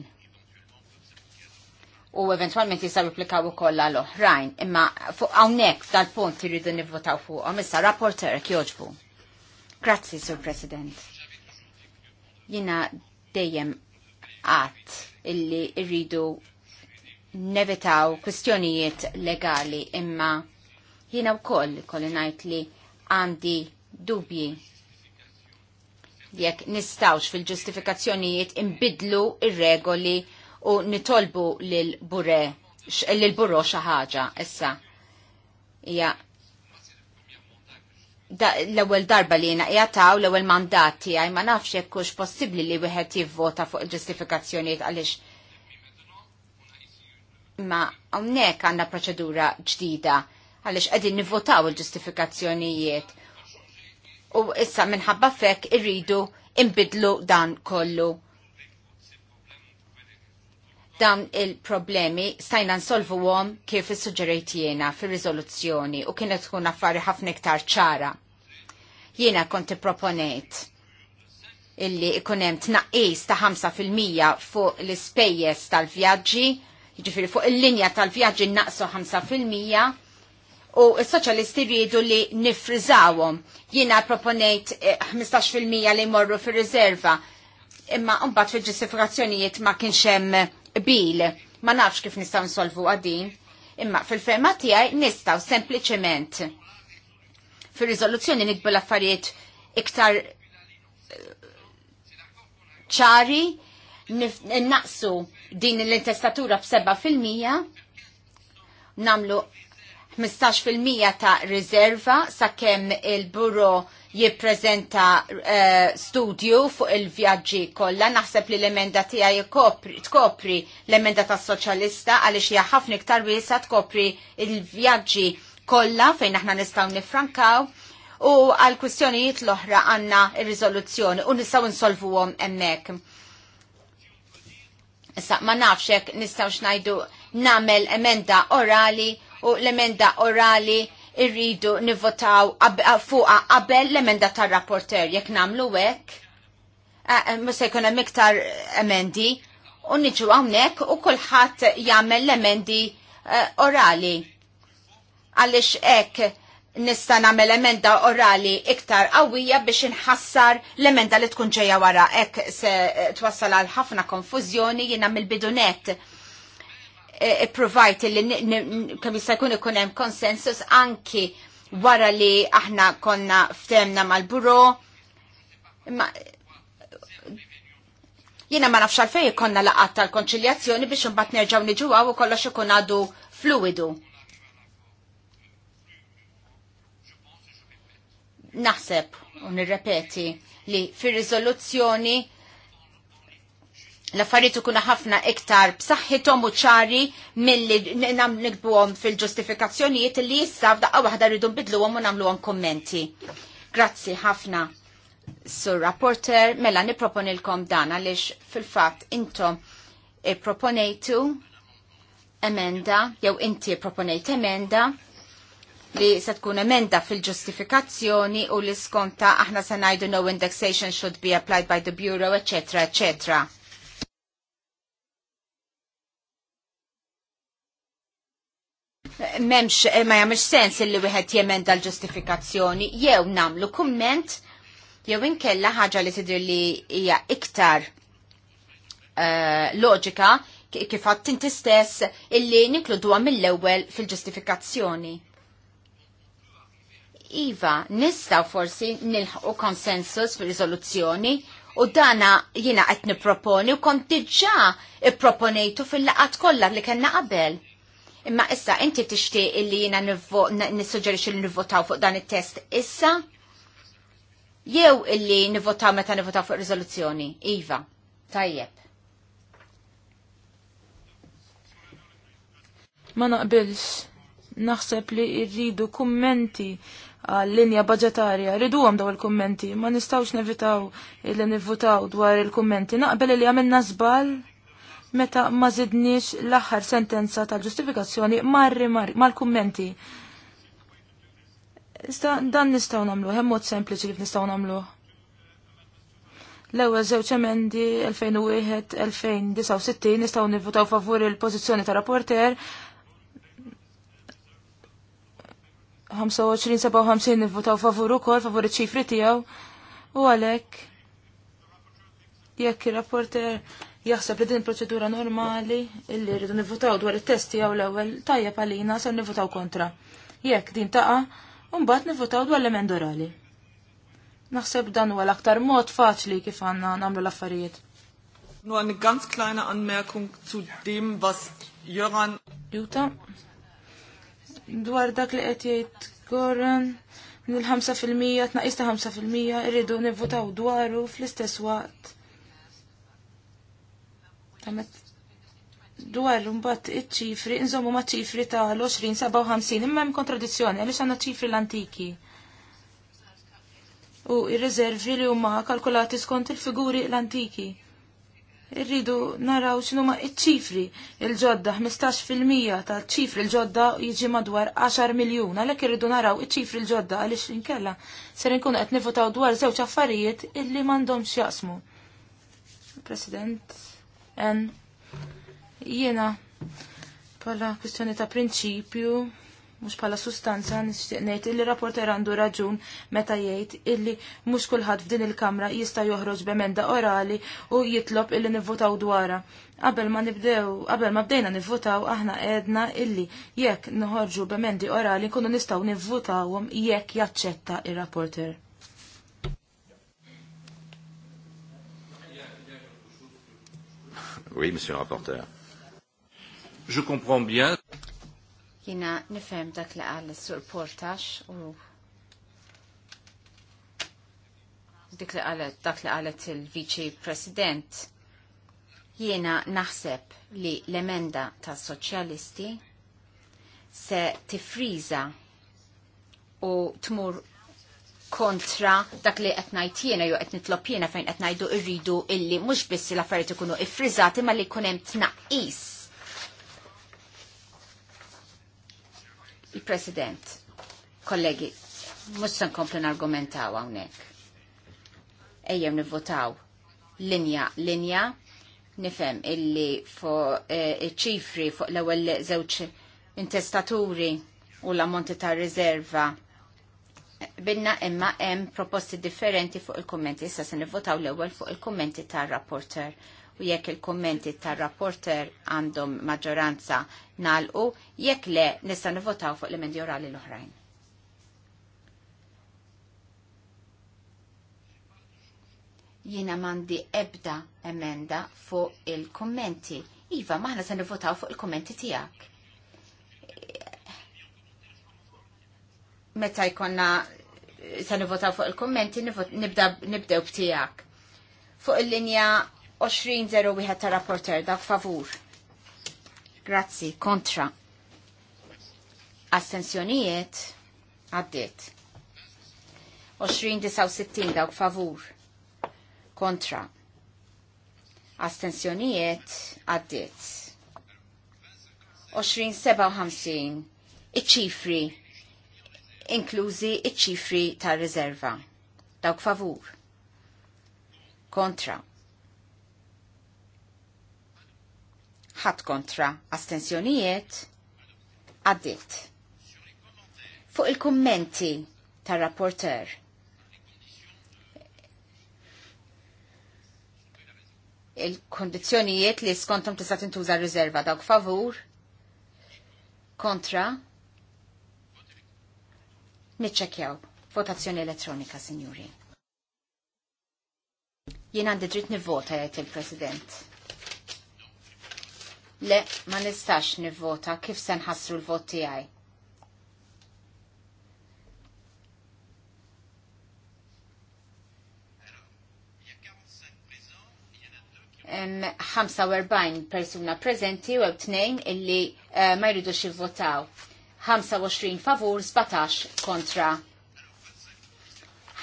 u eventualment jistaw applikaw u kolla l-oħrajn. Imma fuq għawnek dal-punt jiridu nivvotaw fuq. Issa, rapporter, kjoġbu. Grazzi, Sur President. Jina dejjem għat illi rridu nevitaw kwestjonijiet legali imma jina u koll kollinajt li għandi dubji jekk nistawx fil-ġustifikazzjonijiet imbidlu ir-regoli u nitolbu lil-bure lil-buro xi ħaġa issa. Ja. Da, l-ewwel darba li jiena jataw l-ewwel mandat tiegħi ma nafx jekk hux possibbli li wieħed jivvota fuq il-ġustifikazzjonijiet għaliex ma hawnhekk għandna proċedura ġdida għaliex qegħdin nivvotaw il-ġustifikazzjonijiet u issa minħabba fekk irridu imbidlu dan kollu. Dan il-problemi stajna nsolvu għom kif il-sugġerejt jena fil-rizoluzzjoni u kienet tkun affari ħafna iktar ċara. Jena konti proponet illi ikunem tnaqqis ta' 5% fuq l-spejjes tal-vjaġġi, ġifiri fuq il-linja tal-vjaġġi naqsu 5% u s-soċjalisti rridu li nifriżawhom. Jina proponejt 15% eh, li morru fir-riserva, imma unbat fil-ġustifikazzjonijiet ma kienx hemm bil. Ma nafx kif nistgħu nsolvu għadin, imma fil-ferma tiegħi nistgħu sempliċement fir rizoluzzjoni nikbu l-affarijiet iktar eh, ċari naqsu din l-intestatura b-7% namlu 15% ta' riserva sakemm il-buro jipprezenta uh, eh, studju fuq il-vjaġġi kollha. Naħseb li l-emenda tiegħi tkopri l-emenda tas-soċjalista għaliex hija ħafna iktar wiesa tkopri il-vjaġġi kollha fejn aħna nistgħu nifrankaw u għal kwistjonijiet l-oħra għandna ir-riżoluzzjoni u nistgħu nsolvuhom hemmhekk. Issa ma nafx hekk nistgħu ngħidu nagħmel emenda orali u l-emenda orali irridu nivvotaw fuqa qabel l-emenda tar-rapporter jekk namlu hekk. Musa jkun hemm iktar emendi u niġu hawnhekk u kulħadd jagħmel l-emendi e, orali. Għaliex hekk nista nagħmel emenda orali iktar qawwija biex inħassar l-emenda li tkun ġejja wara hekk se e, twassal għal ħafna konfużjoni jiena mill-bidunet Eh, eh, provajt li kemm jista' jkun ikun hemm konsensus anki wara li aħna konna ftemna mal-buro. Jiena ma nafx għalfej konna laqat tal-konċiljazzjoni biex imbagħad nerġgħu għaw u kollox ikun għadu fluidu. Naħseb u nirrepeti li fir-riżoluzzjoni l-affarijiet ikunu ħafna iktar b'saħħithom u ċari milli nam nikbuhom fil-ġustifikazzjonijiet li issa f'daqqa waħda rridu nbidluhom u nagħmluhom kommenti. Grazzi ħafna sur rapporter mela niproponilkom dan għaliex fil-fatt intom proponejtu emenda jew inti proponejt emenda li se tkun emenda fil-ġustifikazzjoni u li skonta aħna se ngħidu no indexation should be applied by the Bureau, etc. etc. memx eh, ma jagħmilx sens illi wieħed jemenda l-ġustifikazzjoni jew namlu kumment jew inkella ħaġa li tidir li hija iktar eh, loġika kif għat tinti stess illi nikludu mill-ewwel fil-ġustifikazzjoni. Iva, nistaw forsi nilħu konsensus fil-rizoluzzjoni u dana jina qed niproponi u kont diġà ipproponejtu fil-laqat kollha li kellna qabel. Imma issa inti tixtieq illi jiena nissuġġerixxi li nivvotaw fuq dan it-test issa jew illi nivvotaw meta nivvotaw fuq rizoluzzjoni? Iva, tajjeb. Ma naqbilx. Naħseb li rridu kummenti għal-linja budgetarja, rridu għam daw il-kommenti, ma nistawx nevitaw il nivvotaw dwar il-kommenti. Naqbel li għamilna zbal meta ma zidnix l-aħħar sentenza tal-ġustifikazzjoni marri marri mal-kummenti. dan nistgħu namlu, hemm mod sempliċi kif nistgħu namlu. L-ewwel żewġ emendi 2001-2069 nistgħu nivvutaw favur il-pożizzjoni ta' rapporter 25-57 nivvutaw favur ukoll favur iċ-ċifri tiegħu u għalhekk jekk ir-rapporter jaħseb li din proċedura normali illi rridu nivvotaw dwar it-testi jew l-ewwel tajjeb għalina se nivvotaw kontra. Jekk din taqa, mbagħad nivvotaw dwar l-emend orali. Naħseb dan huwa l-aktar mod faċli kif għandna nagħmlu l-affarijiet. Nur eine ganz kleine Anmerkung zu dim was Joran Juta dwar dak li qed jgħid Goran nil 5 tnaqis ta' 5% irridu nivvotaw dwaru fl-istess waqt dwar mbagħad iċ-ċifri, inżommu ma' ċifri ta' l-20, 57, imma hemm kontradizzjoni għaliex għandna ċifri l-antiki. U il-rezervi li huma kalkulati skont il-figuri l-antiki. Irridu naraw xinu ma' iċ-ċifri il-ġodda 15% ta' ċifri l-ġodda jiġi madwar 10 miljon, għalhekk irridu naraw iċ-ċifri l-ġodda għaliex inkella ser inkunu qed nivotaw dwar żewġ affarijiet illi m'għandhomx jaqsmu. President. N. Jiena pala kwistjoni ta' prinċipju mux pala sustanza nishtiq ngħid illi rapporter għandu raġun meta jgħid illi mhux kulħadd f'din il-kamra jista' joħroġ b'emenda orali u jitlob illi nivvutaw dwara. Qabel ma nibdew, qabel ma bdejna nivvutaw aħna qedna illi jekk noħorġu b'emendi orali nkunu nistgħu nivvutawhom jekk jaċċetta ir-rapporter. Oui, monsieur le rapporteur. Je comprends bien. Jina nifhem dak li qal is-sur u dik li qalet dak li qalet il-Viċi President. Jiena naħseb li l-emenda tas soċjalisti se tifriża u tmur kontra dak li qed ngħid jiena jew qed nitlob jiena fejn qed ngħidu rridu illi mhux biss l-affarijiet ikunu iffriżati ma li jkun hemm tnaqqis. Il-President, kollegi, mhux se nkomplu nargumentaw hawnhekk. Ejjew nivvotaw linja linja nifhem illi fuq eh, ċifri fuq l-ewwel żewġ intestaturi u l-ammonti tar riserva binna imma hemm proposti differenti fuq il-kommenti. Issa se nivvotaw l-ewwel fuq il-kommenti tar-rapporter. U jekk il-kommenti tar-rapporter għandhom maġġoranza nalqu, jekk le nista' nivvotaw fuq l-emendi orali l-oħrajn. Jiena mandi ebda emenda fuq il-kommenti. Iva, maħna se nivvotaw fuq il-kommenti tiegħek. Meta jkonna sa nivotaw fuq il-kommenti, nibdew b'tijak. Fuq il-linja 20.01 ta' rapporter, dak favur. Grazzi, kontra. Astensjonijiet, għaddit. 20.69 da' favur. Kontra. Astensjonijiet, għaddit. 20.57 iċ-ċifri inklużi iċ-ċifri tar-riserva. Dawk favur. Kontra. ħat kontra astensjonijiet għaddit. Fuq il-kummenti tar rapporter il-kondizjonijiet li skontom tista' tintuża r riserva dawk favur kontra Niċċekjaw. Votazzjoni elettronika, signori. Jien għandi dritt nivvota, jgħid il-President. Le, ma nistax nivvota kif se nħassru l-vot tiegħi. Um, 45 persuna prezenti u tnejn illi uh, ma jridux jivvotaw. 25 favur 17 kontra.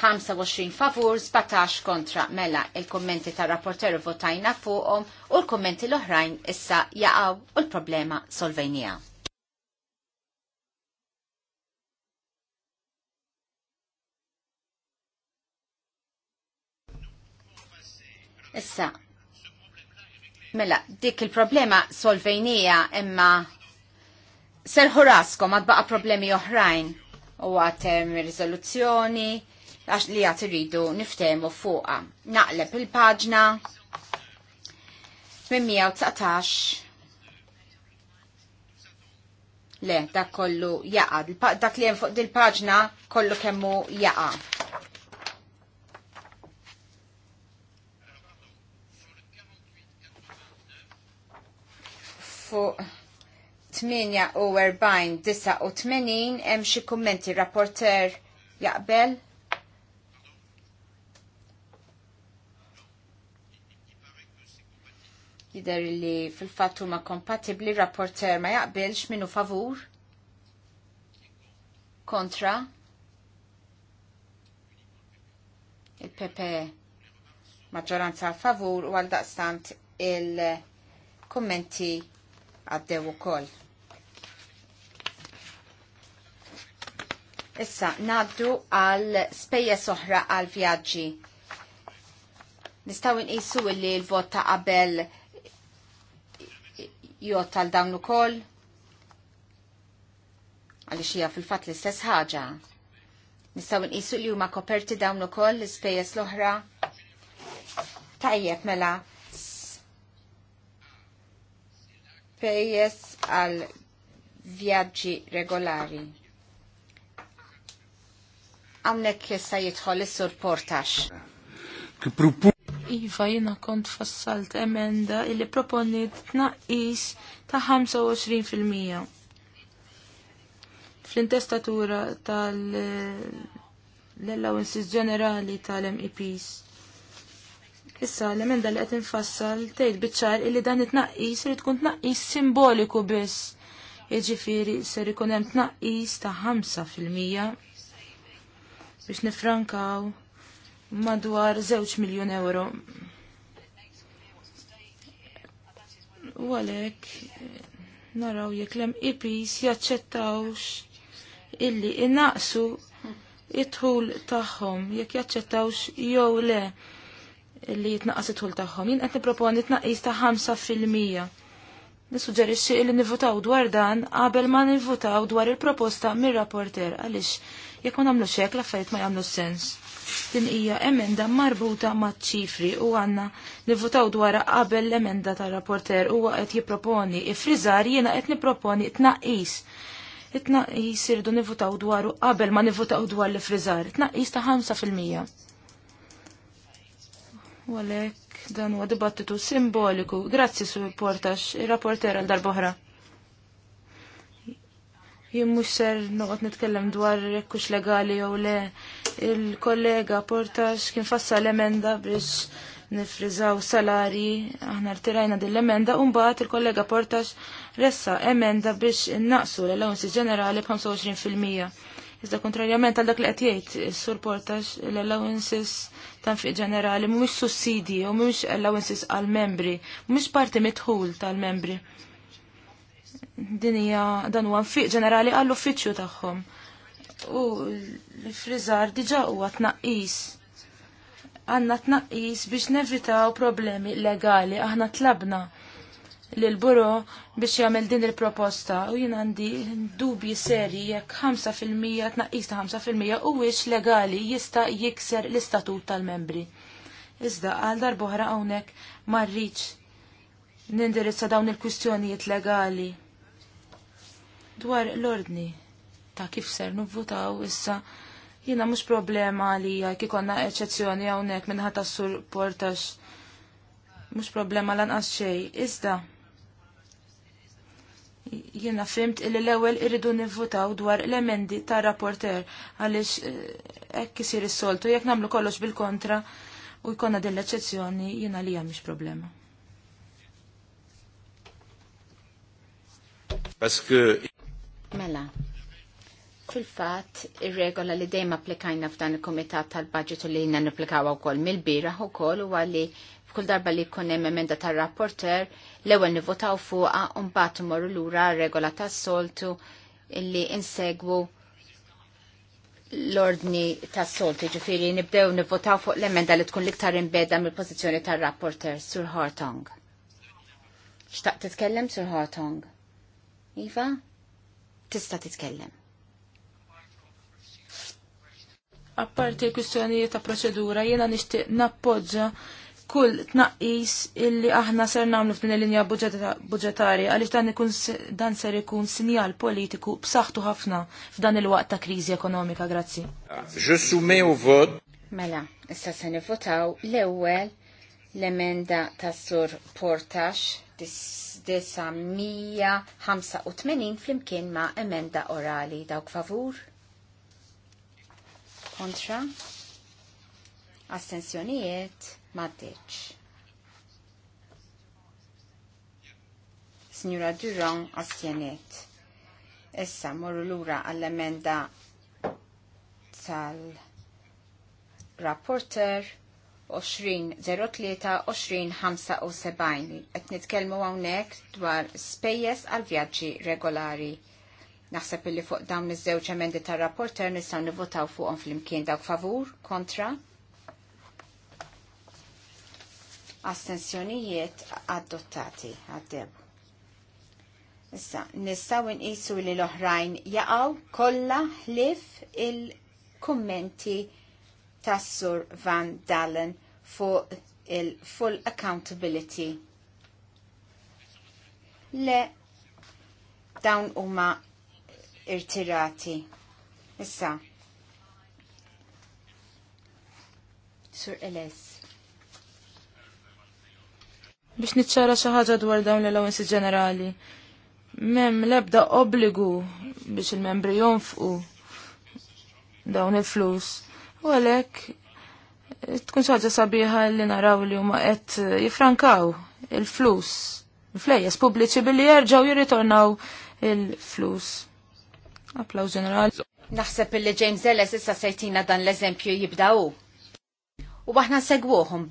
25 favur, 17 kontra mela il-kommenti ta' rapporter votajna fuqhom u l-kommenti l-oħrajn issa jaqaw u l-problema solvenija. Issa, mela dik il-problema solvenija imma serħu raskom għad baqa problemi oħrajn u għatem rizoluzzjoni għax li għat rridu niftemu fuqa. Naqleb il-pagġna 819 Le, dak kollu jaqa. Dak li jenfuq fuq dil-pagġna kollu kemmu jaqa. Fuq 48-89 hemm xi kummenti rapporter jaqbel. Jider li fil-fattu ma kompatibli rapporter ma jaqbilx minu favur. Kontra. Il-PP maġġoranza favur u għal daqstant il-kommenti għaddew ukoll. Issa naddu għal spejjeż oħra għal vjaġġi. Nistgħu nqisu li l-vot ta' qabel jgħod tal dawn ukoll għaliex hija fil-fatt l-istess ħaġa. Nistgħu nqisu li huma koperti dawn ukoll l-ispejjeż l-oħra. Tajjeb mela spejjeż għal vjaġġi regolari. Għamnek jessa jitħol is-sur portax. Iva, jina kont fassalt emenda illi proponit tnaqqis ta' 25%. Fl-intestatura tal-allowances ġenerali tal-MEPs. Issa, l-emenda li qed infassal tgħid biċċar illi dan it-tnaqqis irid tkun tnaqqis simboliku biss. Jiġifieri ser ikun hemm tnaqqis ta' 5 fil-mija biex nifrankaw madwar 0 miljon euro. U għalek naraw jekk lem ipis jaċċettawx illi innaqsu it-tħul tagħhom jekk jaċċettawx jew le illi jitnaqqas it-tħul tagħhom. Jien qed nipproponi tnaqqis ta' 5 fil-mija. Nissuġġerixxi li nivvutaw dwar dan qabel ma nivvutaw dwar il-proposta mir-rapporter għaliex jekk ma nagħmlux hekk l-affarijiet ma jagħmlu sens. Din hija emenda marbuta maċ-ċifri u għandna nivutaw dwar qabel l-emenda tar-rapporter huwa qed jipproponi ifriżar jiena qed nipproponi tnaqqis it tnaqqis irridu nivutaw dwar qabel ma nivvutaw dwar l-ifriżar. Tnaqqis ta' 5%. Walek, Dan huwa dibattitu simboliku. Grazzi sur portax, ir-rapporter għal darboħra. Jien mhux ser noqgħod nitkellem dwar jekkux legali jew le. Il-kollega portax kien fassa l-emenda biex nifriżaw salari, aħna rtirajna din l-emenda, u mbagħad il-kollega portax ressa emenda biex innaqsu l-allowances ġenerali b'25%. Iżda kontrarjament għal dak li qed jgħid is supportax l-allowances tanfiq ġenerali mhumiex sussidji u mhumiex allowances għal membri, mhumiex parti mitħul tal-membri. Din hija dan huwa nfiq ġenerali għall-uffiċċju tagħhom. U l-friżar diġà huwa tnaqqis għanna tnaqqis biex nevitaw problemi legali aħna tlabna l-buro biex jagħmel din il-proposta u jien għandi dubji seri jekk 5% tnaqqis ta' 5% huwiex legali jista' jikser l-istatut tal-membri. Iżda għal darbohra hawnhekk ma rridx nindirizza dawn il-kwistjonijiet legali dwar l-ordni ta' kif ser nuvvutaw issa jiena mhux problema li kik konna eċezzjoni għawnek s sur portax mhux problema lanqas xejn. Iżda, Jiena fimt illi l-ewwel irridu nivvutaw dwar l-emendi ta' rapporter għaliex eh, hekk isir is-soltu jekk nagħmlu kollox bil-kontra u jkollna din l-eċċezzjoni jiena li mhix problema. Paske... Mela, fil-fat, ir-regola li dejjem applikajna f'dan il-Komitat tal baġitu li jina nipplikaw wkoll mill-bieraħ ukoll u għalli kull darba li jkun hemm emenda tar-rapporter l-ewwel nivvotaw fuqha u mbagħad imorru lura regola tas-soltu illi insegwu l-ordni tas-soltu, ġifieri nibdew nivvotaw fuq l-emenda li tkun liktar imbeda mill-pożizzjoni tar-rapporter sur Hartong. Xtaqt titkellem sur Hartong? Iva? Tista' titkellem. apparti l-kwistjonijiet ta' proċedura jiena nixtieq nappoġġa kull tnaqqis illi aħna ser nagħmlu f'din il-linja budġetarja għaliex dan ikun dan ser ikun sinjal politiku b'saħħtu ħafna f'dan il-waqt ta' kriżi ekonomika, grazzi. Je soumets Mela, issa se nivvotaw l-ewwel l-emenda tas sur Portax 985 flimkien ma' emenda orali dawk favur. Kontra. Astensjonijiet Matic. Signora Duron astjenet. Issa morru lura għall-emenda tal-rapporter 75 Et nitkelmu għawnek dwar spejjes għal-vjaġġi regolari. Naħseb illi fuq dawn iż-żewġ emendi tar-rapporter nistgħu nivvotaw fuqhom flimkien dawk favur, kontra, astensjonijiet adottati għaddeb. Issa, nistaw nqisu li l-oħrajn jaqaw kollha ħlif il-kummenti tas-sur Van Dalen fuq il-full accountability. Le dawn huma irtirati. Issa, Sur Elis biex niċċara xi ħaġa dwar dawn l allowance ġenerali. Mem lebda obbligu biex il-membri jonfqu dawn il-flus. U għalhekk eh, tkun ħaġa sabiħa li naraw li huma qed eh, jifrankaw il-flus, flejjes pubbliċi billi jerġgħu jirritornaw il-flus. Applaw ġenerali. Naħseb illi James Ellis issa sejtina dan l-eżempju jibdaw. U aħna segwuhom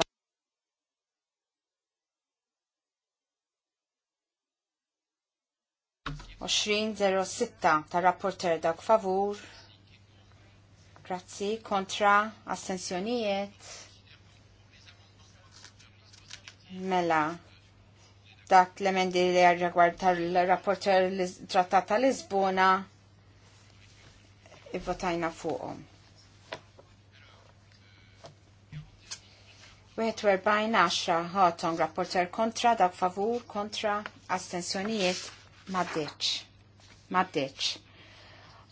2006 ta' rapporter dawk favur. Grazzi. Kontra. Astensjonijiet. Mela. Dak l-emendi li għarregwar tal-rapporter trattat tal-Lisbona i-votajna fuqom. 41-10 ħaton rapporter kontra, dak favur, kontra, astensjonijiet, maddeċ. Maddeċ.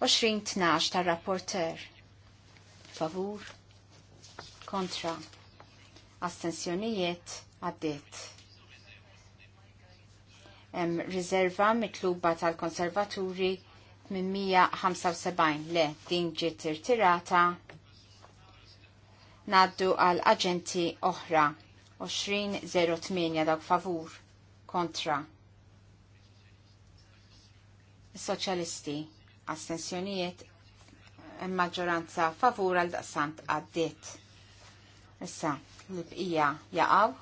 20-12 tar rapporter Favur. Kontra. Astensjonijiet Addet. Em, riserva mitluba tal-konservaturi 175 le din ġiet irtirata naddu għal aġenti oħra 2008 dak favur kontra soċjalisti astensjonijiet eh, maġġoranza favur għal daqsant għaddit. Issa, l-bqija jaqaw.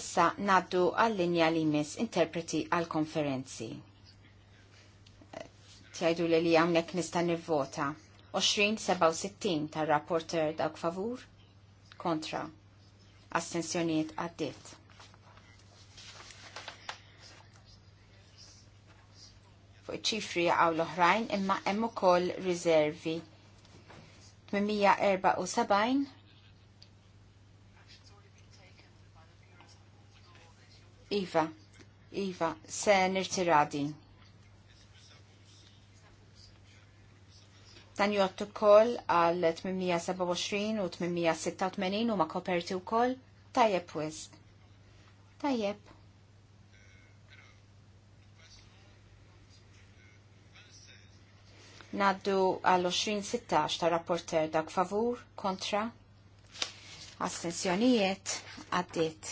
Issa naddu għall-linja li mis interpreti għal-konferenzi. Eh, tjajdu li li għamnek nista nivvota. 20-67 tal-rapporter dawk favur, kontra, astensjonijiet għaddit. fuq ċifri għaw l-oħrajn imma hemm ukoll riservi. 874 Iva, Iva, se nirtiradi. Dan jottu kol għal 827 u 886 u ma koperti u kol tajjeb wisq. Tajjeb. Naddu għall-2016 ta' rapporter dak favur, kontra, astensjonijiet, għaddit.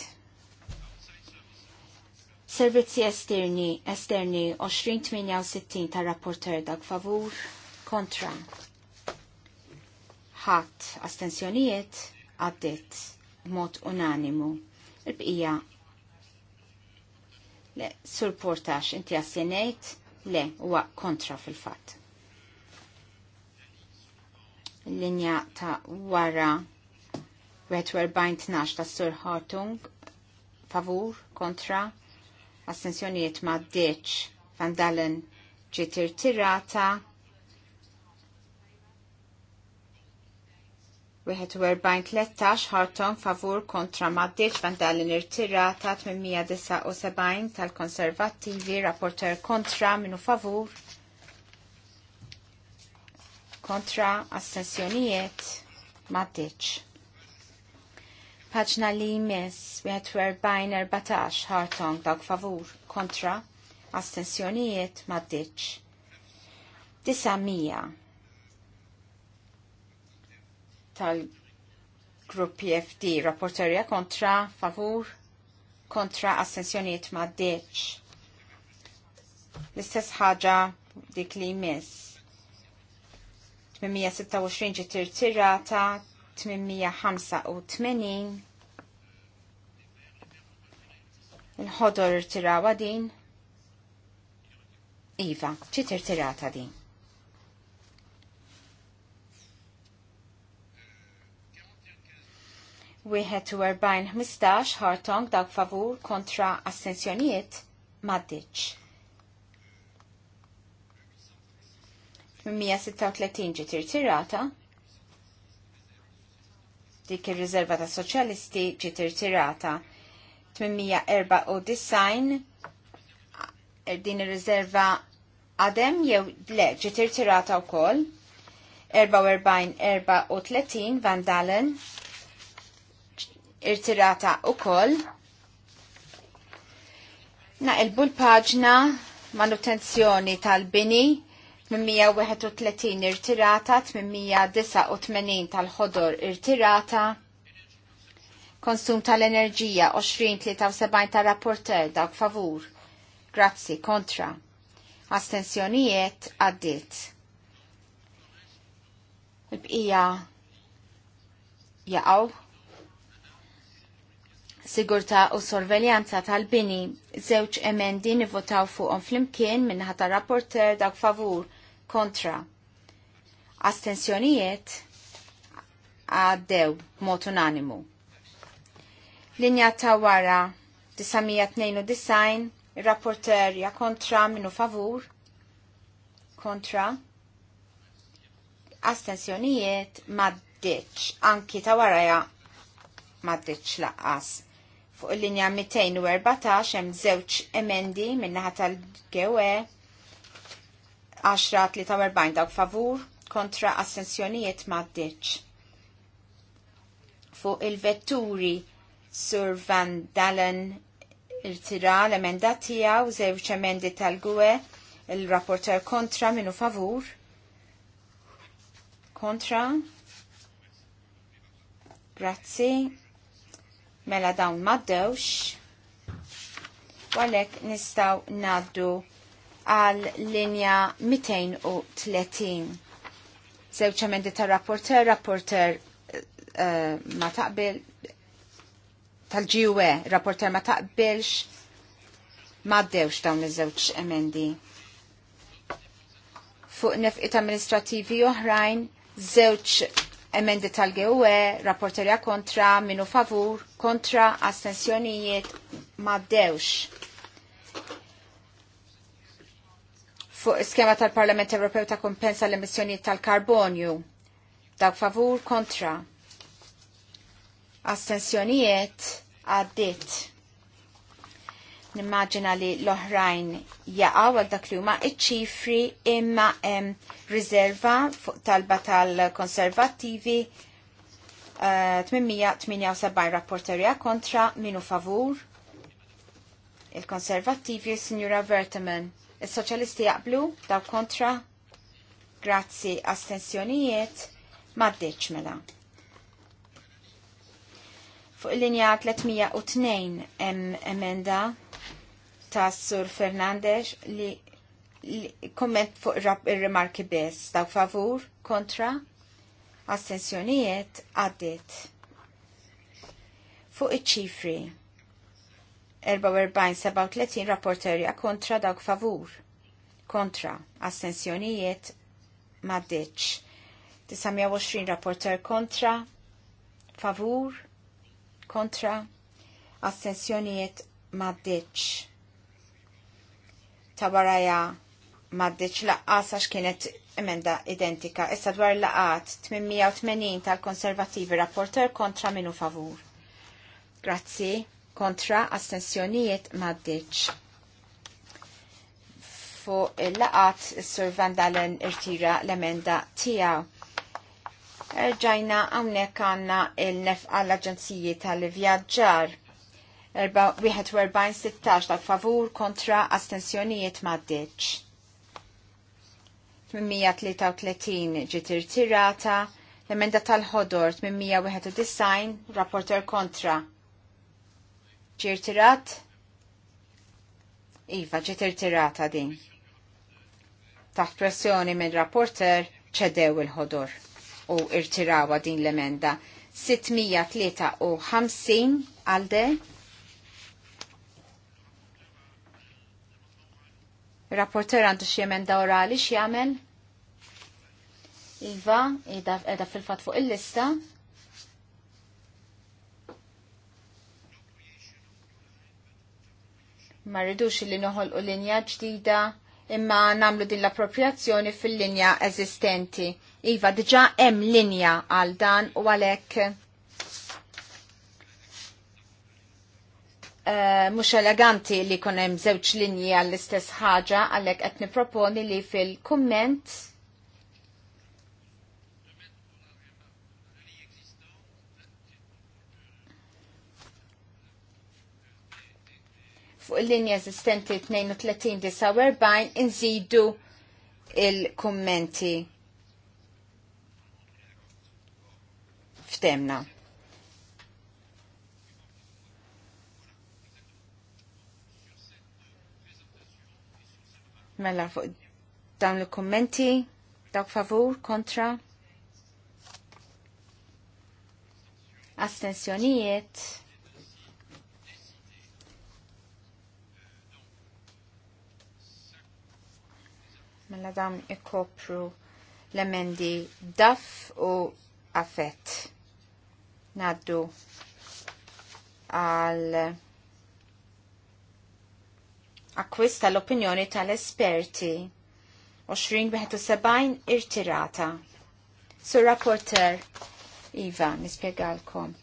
Servizzi esterni, esterni 2068 ta' rapporter dak favur, kontra, ħat astensjonijiet, għaddit mod unanimu. Il-bqija, le, surportax, inti assenejt, le, huwa kontra fil-fat linja ta' wara 42-12 ta' Sur Hartung, favur, kontra, assenzjoniet ma' deċ, Van Dalen ġitir tirata, 41-13 Hartung, favur, kontra, ma' deċ, Van Dalen irtirata, 879 tal-konservativi, rapporter kontra, minu favur, kontra astensjonijiet maddiċ. Paġna li jmiss 14 ħartong dawk favur kontra astensjonijiet Disa mija tal-grupp PFD rapporterja kontra favur kontra astensjonijiet maddiċ. L-istess ħaġa dik li jmiss 826 ġiet tirata, 885 il-ħodor irtirawa din. Iva, ġiet tirata din. Wieħed u ħmistax ħartong dawk favur kontra assenzjonijiet maddiċ. 136 ġiet tirata Dik ir rizerva ta' soċjalisti ġiet irtirata. 894 din ir-riserva għadem jew le ġiet u wkoll. 44-34 Van Dalen irtirata wkoll. il l-paġna manutenzjoni tal-bini 831 irtirata, 889 tal-ħodor irtirata, konsum tal-enerġija 20-73 tal-rapporter dawk favur, grazzi kontra, astensjonijiet għaddit. Il-bqija jaqaw sigurta u sorveljanza tal-bini, zewċ emendi nivotaw fuqom fl-imkien minnaħat rapporter dak favur kontra astensjonijiet għaddew mod unanimu. Linja ta' wara 992 rapporter ja kontra minu favur kontra astensjonijiet maddeċ, anki ta' wara ja maddeċ laqqas fuq il-linja 214 hemm żewġ emendi min-naħa tal-GWE 10-43 dawk favur kontra assenzjonijiet maddiċ. Fuq il-vetturi Sur Van Dalen irtira l-emenda tijaw zewċ emendi tal-gwe il-rapporter kontra minu favur. Kontra. Grazzi. Mela dawn maddewx. Walek nistaw naddu għal linja 230. Zewċa emendi ta' rapporter, rapporter uh, ma taqbel tal-GUE, rapporter ma taqbilx ma ddewx dawn iż-żewġ emendi. Fuq nefqit amministrativi oħrajn, żewġ emendi tal-GUE, rapporterja kontra, minu favur, kontra, astensjonijiet ma ddewx fuq skema tal-Parlament Ewropew ta' kompensa l-emissjonijiet tal-karbonju. Dawk favur kontra. Astensjonijiet għaddit. Nimmaġina li l-oħrajn jaqaw għal dak li huma iċ-ċifri imma hemm riserva fuq talba tal-konservattivi uh, 878 rapporterja kontra minu favur il-konservattivi Signora Verteman Is-soċjalisti jaqblu daw kontra grazzi astensjonijiet d-deċ mela. Fuq il-linja 302 hemm emenda ta' Sur Fernandez li, li komment fuq ir-rimarki biss daw favur kontra astensjonijiet għaddit. Fuq iċ-ċifri 44-37 rapporterja kontra dawk favur. Kontra, assenzjonijiet maddiċ. 29 rapporter kontra, favur, kontra, assenzjonijiet maddiċ. Tabaraja maddiċ laqqas għax kienet emenda identika. Issa dwar laqqat 880 tal-konservativi rapporter kontra minu favur. Grazzi kontra astensjonijiet maddiċ. Fu il-laqat Sir Van Dalen irtira l-emenda tijaw. Erġajna għamnek għanna il nef għall aġenziji tal-Vjaġġar. 41-16 tal favur kontra astensjonijiet maddiċ. 833 ġiet irtirata, l-emenda tal-ħodor 891 rapporter kontra ċirtirat? Iva, ċirtirata din. Taħt pressjoni minn rapporter ċedew il-ħodor u irtirawa din l-emenda. 653 għalde. Rapporter għandu xie emenda orali xie għamel? Iva, edha fil-fat fuq il-lista. Ma rridux li noħolqu linja ġdida imma namlu din l-appropriazzjoni fil-linja eżistenti. Iva, diġa hemm linja għal dan u għalhekk Uh, eh, mux eleganti li kunem zewċ linji għall-istess ħaġa għalhekk qed proponi li fil-komment fuq il-linja esistenti 32-49 inżidu il-kummenti f'temna. Mela fuq dawn il-kummenti, dawk favur, kontra. Astensjonijiet. mela dam ikopru l-emendi daf u affett. Naddu għal akwista l opinjoni tal-esperti 20-71 irtirata. Sur rapporter Iva, nispiegalkom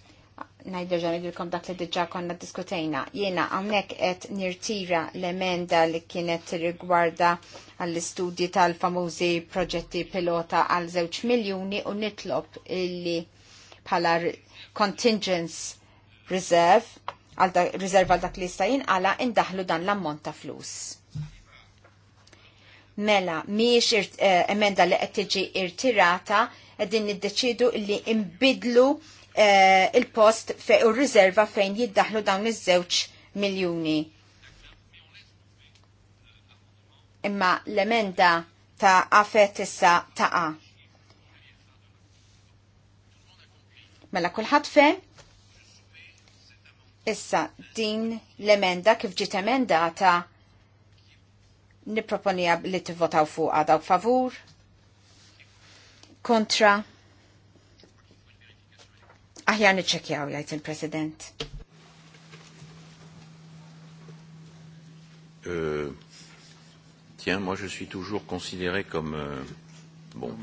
najderġa nidilkom dak li diġa konna diskutejna. Jena għamnek et nirtira l-emenda li kienet rigwarda għall-istudji tal-famużi proġetti pilota għal zewċ miljoni u nitlob illi bħala contingence reserve għal riserva għal dak li stajin għala indaħlu dan l-ammont ta' flus. Mela, miex eh, emenda li qed tiġi irtirata qegħdin niddeċidu li imbidlu Eh, il-post fe u riserva fejn jiddaħlu dawn iż-żewġ miljuni. Imma l-emenda ta' għafet issa taqa. Mela kulħadd fe? Issa din l-emenda kif ġiet emendata niproponija li tivvotaw fuqha dawk favur kontra Aħjar niċċekjaw jajt il-President. Euh, tiens, moi je suis toujours considéré comme euh, bon.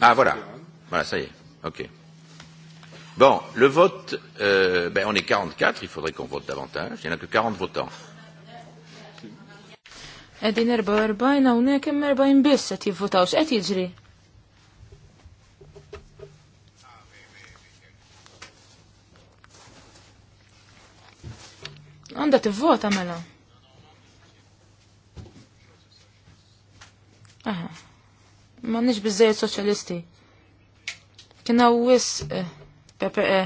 ah voilà, voilà ça y est, ok. Bon, le vote, euh, ben on est 44, il faudrait qu'on vote davantage. Il n'y en a que 40 votants. Għedin 44 hawnhekk hemm 40 biss għet jivvotaw, għet jiġri. Għanda t-vota mela. Aha. Ma nix bizzejiet soċjalisti. Kien wis eh, PPE.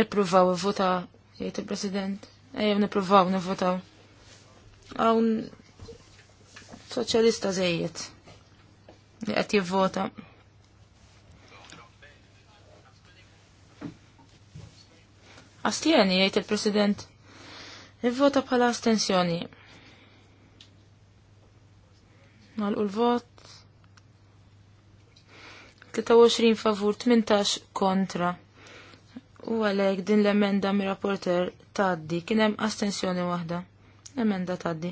Ippruvaw vota jgħid il-President. Ejjew nippruvaw nivvotaw. Għawn soċjalista zejiet li qed jivvota. Astjeni jgħid il-President. Ivvota bħala astensjoni. Nalqu l-vot. 23 favur, 18 kontra. U għalek din l-emenda mir-rapporter taddi, kienem astensjoni wahda. Emenda taddi.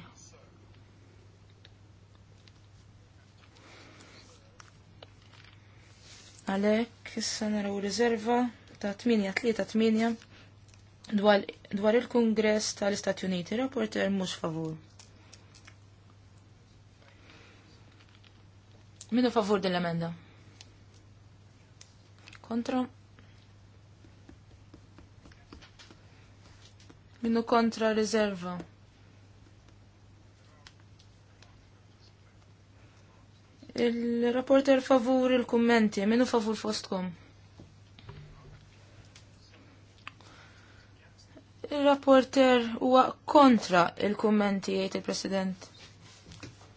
Għalek, issa naraw riserva ta' 8-3-8 dwar il-Kongress tal-Istati Uniti. Rapporter mux favur. Minu favur din l-emenda? Kontra? Minu kontra riserva? Il-rapporter favur il-kummenti, minnu favur fostkom. Il-rapporter huwa kontra il-kummenti, jgħid il-President.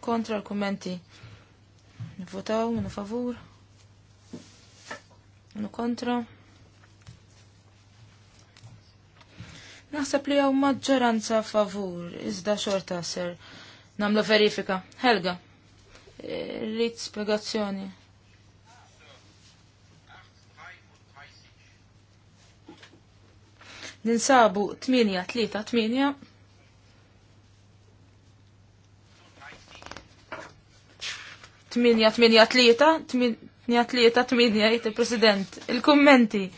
Kontra il-kummenti. Votaw, minnu favur. Minnu kontra. Naħseb li għaw maġġoranza favur, iżda xorta ser. Namlu verifika. Helga rrit spiegazzjoni. Ninsabu 8-3-8 tlieta, 8 jitt il president Il-kommenti.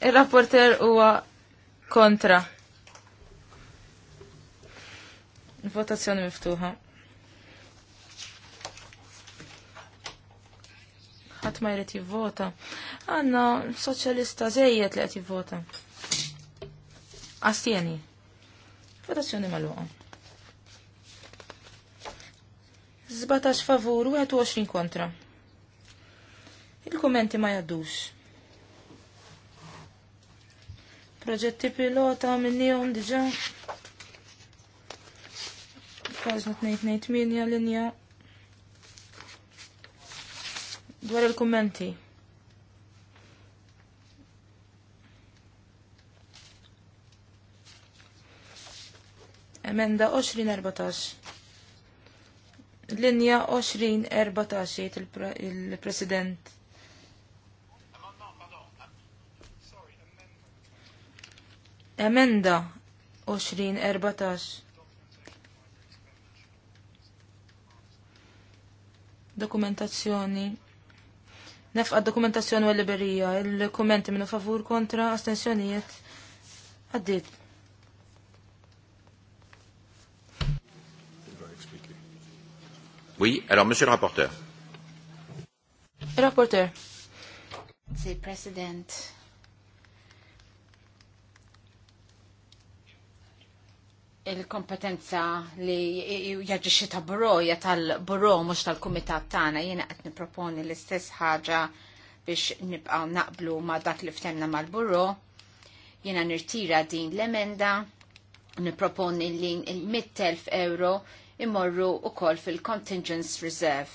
Il-rapporter huwa kontra. Votazzjoni miftuħa. ħadd ma jrid jivvota. Għandna soċjalista żejjed li qed jivvota. Astieni. Votazzjoni magħluqa. 17 favur u 21 kontra. Il-kummenti ma jaddux. Proġetti pilota minnihom diġà. nejt minja linja Dwar il-kummenti. Emenda 2014. Linja 2014 jgħid il-President. Emenda 2014. dokumentazzjoni Nefqa dokumentazzjoni u l-liberija, il-kommenti minnu favur kontra astensjonijiet għaddit. Oui, alors, monsieur le rapporteur. Le Rapporteur. Monsieur le Président. il-kompetenza li jaġġixxi xita' buroja tal-buro mhux tal-kumitat tagħna jiena qed niproponi l-istess ħaġa biex nibqgħu naqblu ma' dak li ftemna mal-buro. Jiena nirtira din l-emenda niproponi li il-100,000 euro imorru wkoll fil-contingence reserve.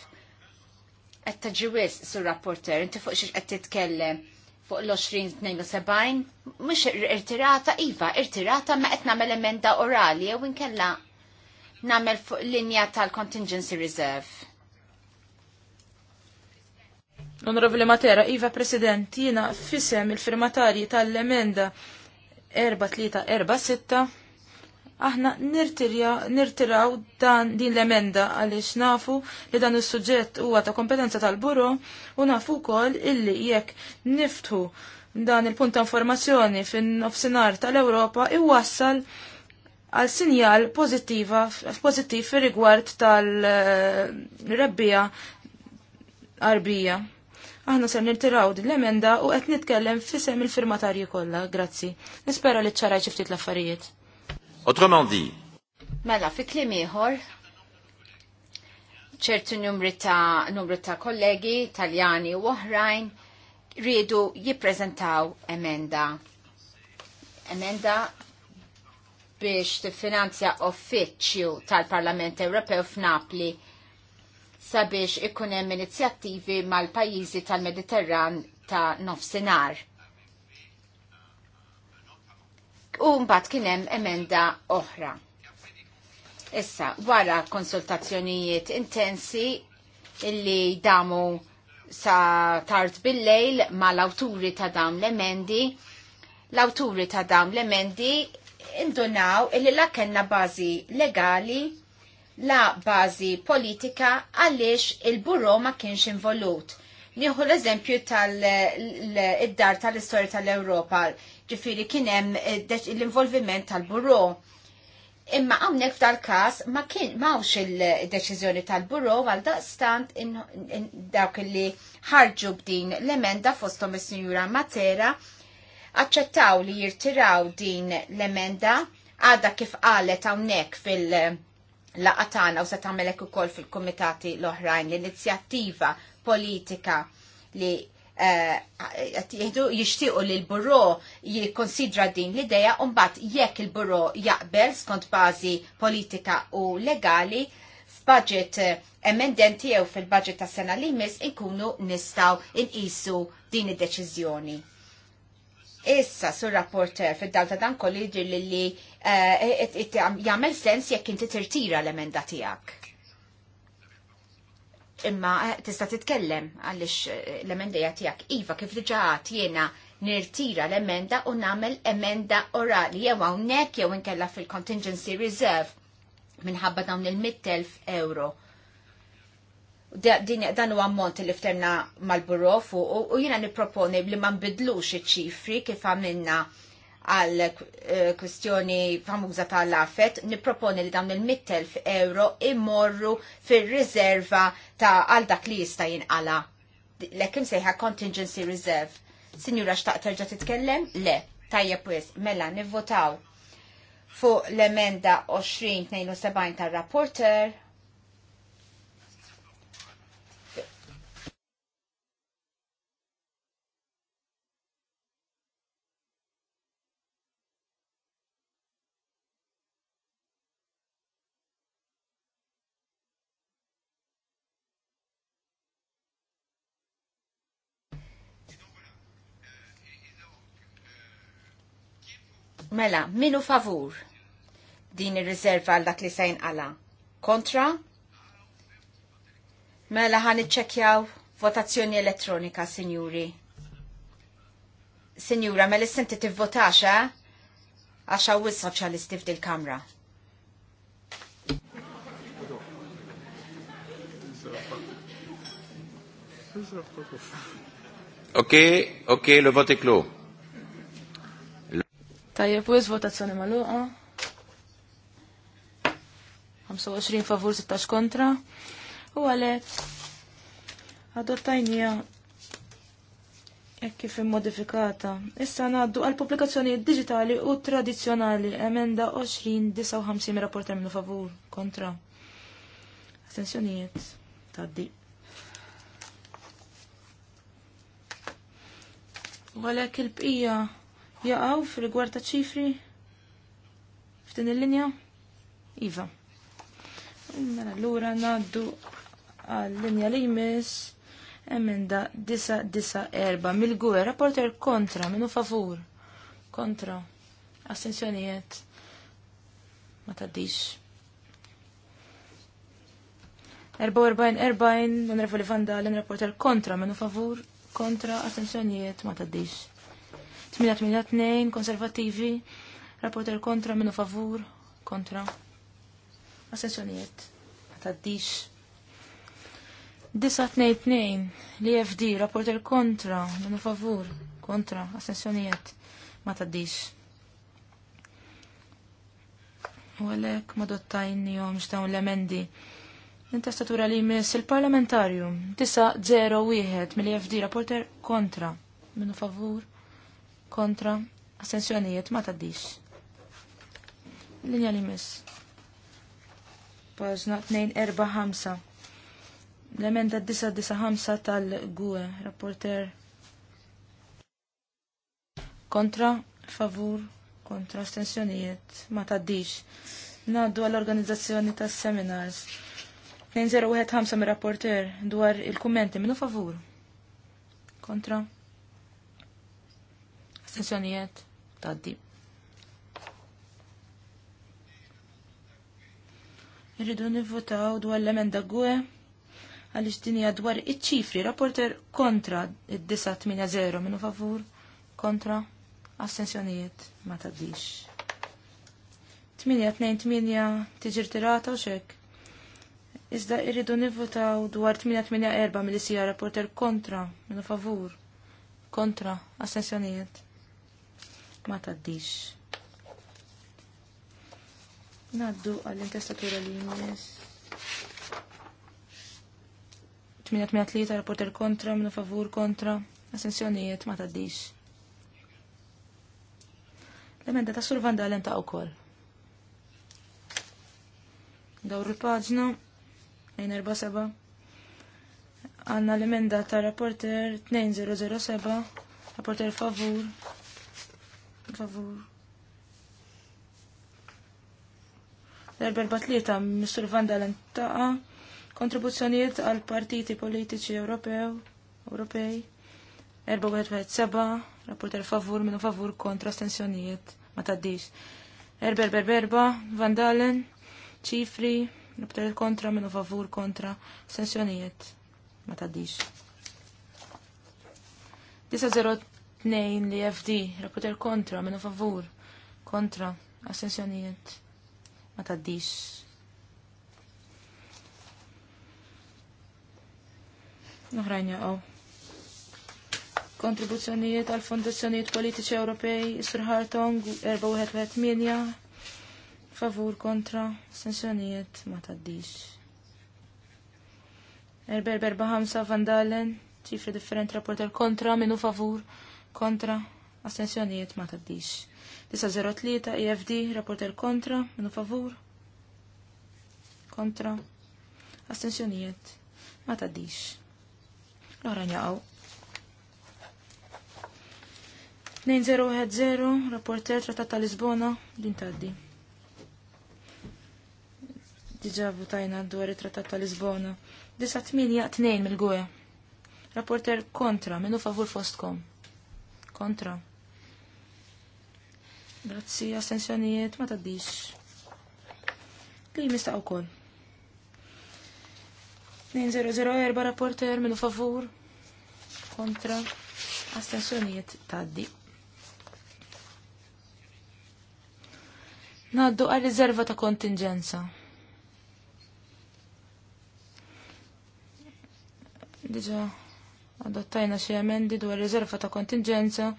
Qed taġi wis, sur rapporter, inti fuq xiex qed titkellem fuq l-20-72, mux irtirata, iva, irtirata ma qed nagħmel emenda orali jew inkella nagħmel fuq linja tal-contingency reserve. Onorevoli Matera, Iva President, jina fissem il-firmatarji tal-emenda 4346 aħna nirtiraw dan din l-emenda għaliex nafu li dan is-suġġett huwa ta' kompetenza tal-buro u nafu wkoll illi jekk niftu dan il-punt ta' informazzjoni fin-nofsinhar tal-Ewropa iwassal għal sinjal pozittiva pozittiv fir rigward tal-rebbija arbija. Aħna ser nirtiraw din l-emenda u qed nitkellem fisem il-firmatarji kollha, grazzi. Nispera li ċaraj ftit l-affarijiet. Autrement dit, Mela, fi klim ieħor, ċertu numri ta' numru ta' kollegi, taljani u oħrajn, rridu jippreżentaw emenda. Emenda biex tiffinanzja uffiċċju tal-Parlament Ewropew f'Napli sabiex ikun hemm inizjattivi mal-pajjiżi tal-Mediterran ta' nofsinhar u mbagħad kien hemm emenda oħra. Issa, wara konsultazzjonijiet intensi illi damu sa tard bil-lejl ma l-awturi ta' dawn l-emendi, l-awturi ta' dawn l-emendi indunaw illi la kenna bazi legali la bazi politika għaliex il-buro ma kienx involut. Nieħu l-eżempju tal-id-dar tal-istorja tal-Europa, ġifiri kienem eh, l-involviment tal-buro. Imma għamnek f'dal-kas ma kien mawx il-deċizjoni tal-buro għal daqstant dawk li ħarġu b'din l-emenda fostom is-sinjura Matera aċċettaw li jirtiraw din l-emenda għada kif qalet hawnhekk fil- laqatana u se tagħmelek ukoll fil-kumitati l-oħrajn l-inizjattiva politika li Eh, jihdu jishtiqu li l burro jikonsidra din l-ideja unbat jekk il burro jaqbel skont bazi politika u legali f'budget eh, emendenti jew fil-budget ta' sena li jmiss inkunu nistaw in-isu din id-deċiżjoni. Issa sur rapporter fid-dal ta' dan kolli li li eh, jagħmel sens jekk inti tirtira l-emenda tiegħek imma eh, tista' titkellem għaliex eh, l-emendija tiegħek. Iva, kif diġà jiena nirtira l-emenda u nagħmel emenda orali jew hawnhekk jew inkella fil-contingency reserve minħabba dawn il-100,000 euro. Dan huwa għammont li ftenna mal burofu u jiena nipproponi li ma nbidlux iċ-ċifri kif għamilna għal eh, kwestjoni famuża tal-affet, niproponi li dawn il-100.000 euro immorru fil-rizerva ta' għal dak li jista' jinqala. Lekim sejħa contingency reserve. Sinjura xtaq terġa' titkellem? Le, tajjeb wis, mela nivvotaw fuq l-emenda 2072 tar-rapporter Mela, minu favur din ir rizerva għal dak li sejn għala? Kontra? Mela għan iċċekjaw votazzjoni elettronika, sinjuri. Sinjura, mela s-sinti tivvotax, eh? Għax għaw soċjalisti f'dil kamra. Ok, ok, le vote est clos. Tajjeb, u votazzjoni maluqa. 25 favur 16 kontra. U għalet, adottajnija jekk kif immodifikata. Issa ngħaddu għal publikazzjoni digitali u tradizzjonali emenda 2059 rapport minnu favur kontra. Astensjonijiet taddi. Għalhekk il-bqija jaqgħu fil-rigward ta' ċifri f'din il-linja? Iva. Mela allura ngħaddu għal-linja li jmiss emenda 994 mill-gwer rapporter kontra minu favur kontra astensjonijiet ma taddix. 44-40 l-nrefu li fanda l-nreporter kontra minu favur kontra astensjonijiet ma taddix. 882 konservativi, rapporter kontra minu favur, kontra. Assenzjonijiet, taddix. 922 li FD, rapporter kontra minu favur, kontra. Assenzjonijiet, ma taddix. U għalek ma dottajni jom xtawn l-emendi. Intestatura li jmiss il-parlamentarium 901 mill-FD rapporter kontra minu favur kontra assenzjonijiet ma taddix. Linja li miss. 4 5. L-emenda 9-9-5 tal-GUE, rapporter. Kontra, favur, kontra astensjonijiet, ma taddix. Naddu għall-organizzazzjoni tas seminars 2015 mir rapporter dwar il-kummenti minnu favur. Kontra, Astenzjonijiet taddi. Irridu nivvotaw dwar l-emenda gwe għaliex din hija dwar iċ-ċifri rapporter kontra id-980 minu favur kontra astensjonijiet ma tadix. 828 tiġir tirata u xek. Iżda irridu nivvotaw dwar 884 mill-isija rapporter kontra minu favur kontra astensjonijiet ma taddix. Naddu għall-intestatura li jimmes. 883 rapporter kontra, minu favur kontra, assenzjonijiet ma taddix. L-emenda ta' survanda għallem ta' ukoll. Dawru l għajn 47 Għanna l-emenda ta' rapporter 2007, rapporter favur, favur. l Batlieta, Mr. Van Dalen taqa kontribuzzjonijiet għal partiti politiċi Ewropew, Ewropej. rapport rapporter favur minu favur kontra stensjonijiet ma taddix. 444 Van Dalen ċifri rapporter kontra minu favur kontra stensjonijiet ma taddix. Nejn li FD, rapporter kontra, minu favur, kontra, assenzjonijiet, ma taddix. Noħrajn jaqaw. Kontribuzzjonijiet għal fondazzjonijiet politiċi Ewropej, Sir Hartong, 4118, favur kontra, assenzjonijiet, ma taddix. 445 Van Dalen, ċifri differenti rapporter kontra, minu favur, kontra, astensjonijiet ma taddix. 903 EFD, rapporter kontra, minu favur, kontra, astensjonijiet ma taddix. L-oħra njaqaw. 2010, rapporter Trattat ta' Lisbona, din taddi. Diġa votajna dwar it-Trattat ta' Lisbona. Disa 8 2 mill-gwe. Rapporter kontra, minu favur fostkom kontra. Grazzi, astensjonijiet ma taddix. Li u wkoll. 2004 rapporter minu favur kontra astensjonijiet taddi. Naddu għal rizerva ta' kontingenza. Diġa, adottajna xi emendi dwar rezerva ta' kontingenza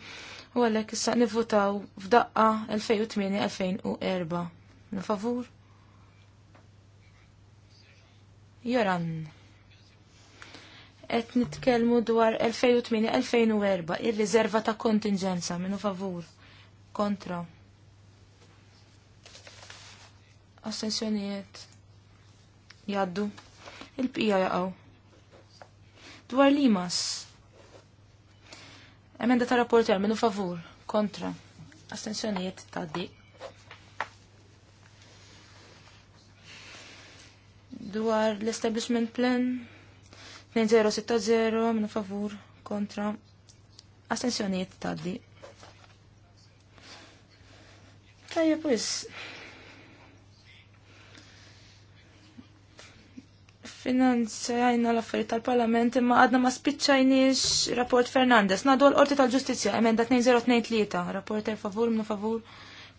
u għalhekk issa nivvutaw f'daqqa 2008-2004. Nifavur? Joran. Qed nitkellmu dwar 2008-2004 ir rezerva ta' kontingenza minu favur. Kontra. Assenzjonijiet. Jaddu. Il-bqija jaqgħu. Dwar limas. Emenda ta' għal minu favur, kontra. Astensjonijiet ta' di. Dwar l-establishment plan 2060 minu favur, kontra. Astensjonijiet ta' di. Tajja, pues, finanzjajna l-affarijiet tal-Parlament imma għadna ma spiċċajniex rapport Fernandez. Nadu l-Qorti tal-Ġustizzja, emenda 2023, rapporter favur minn favur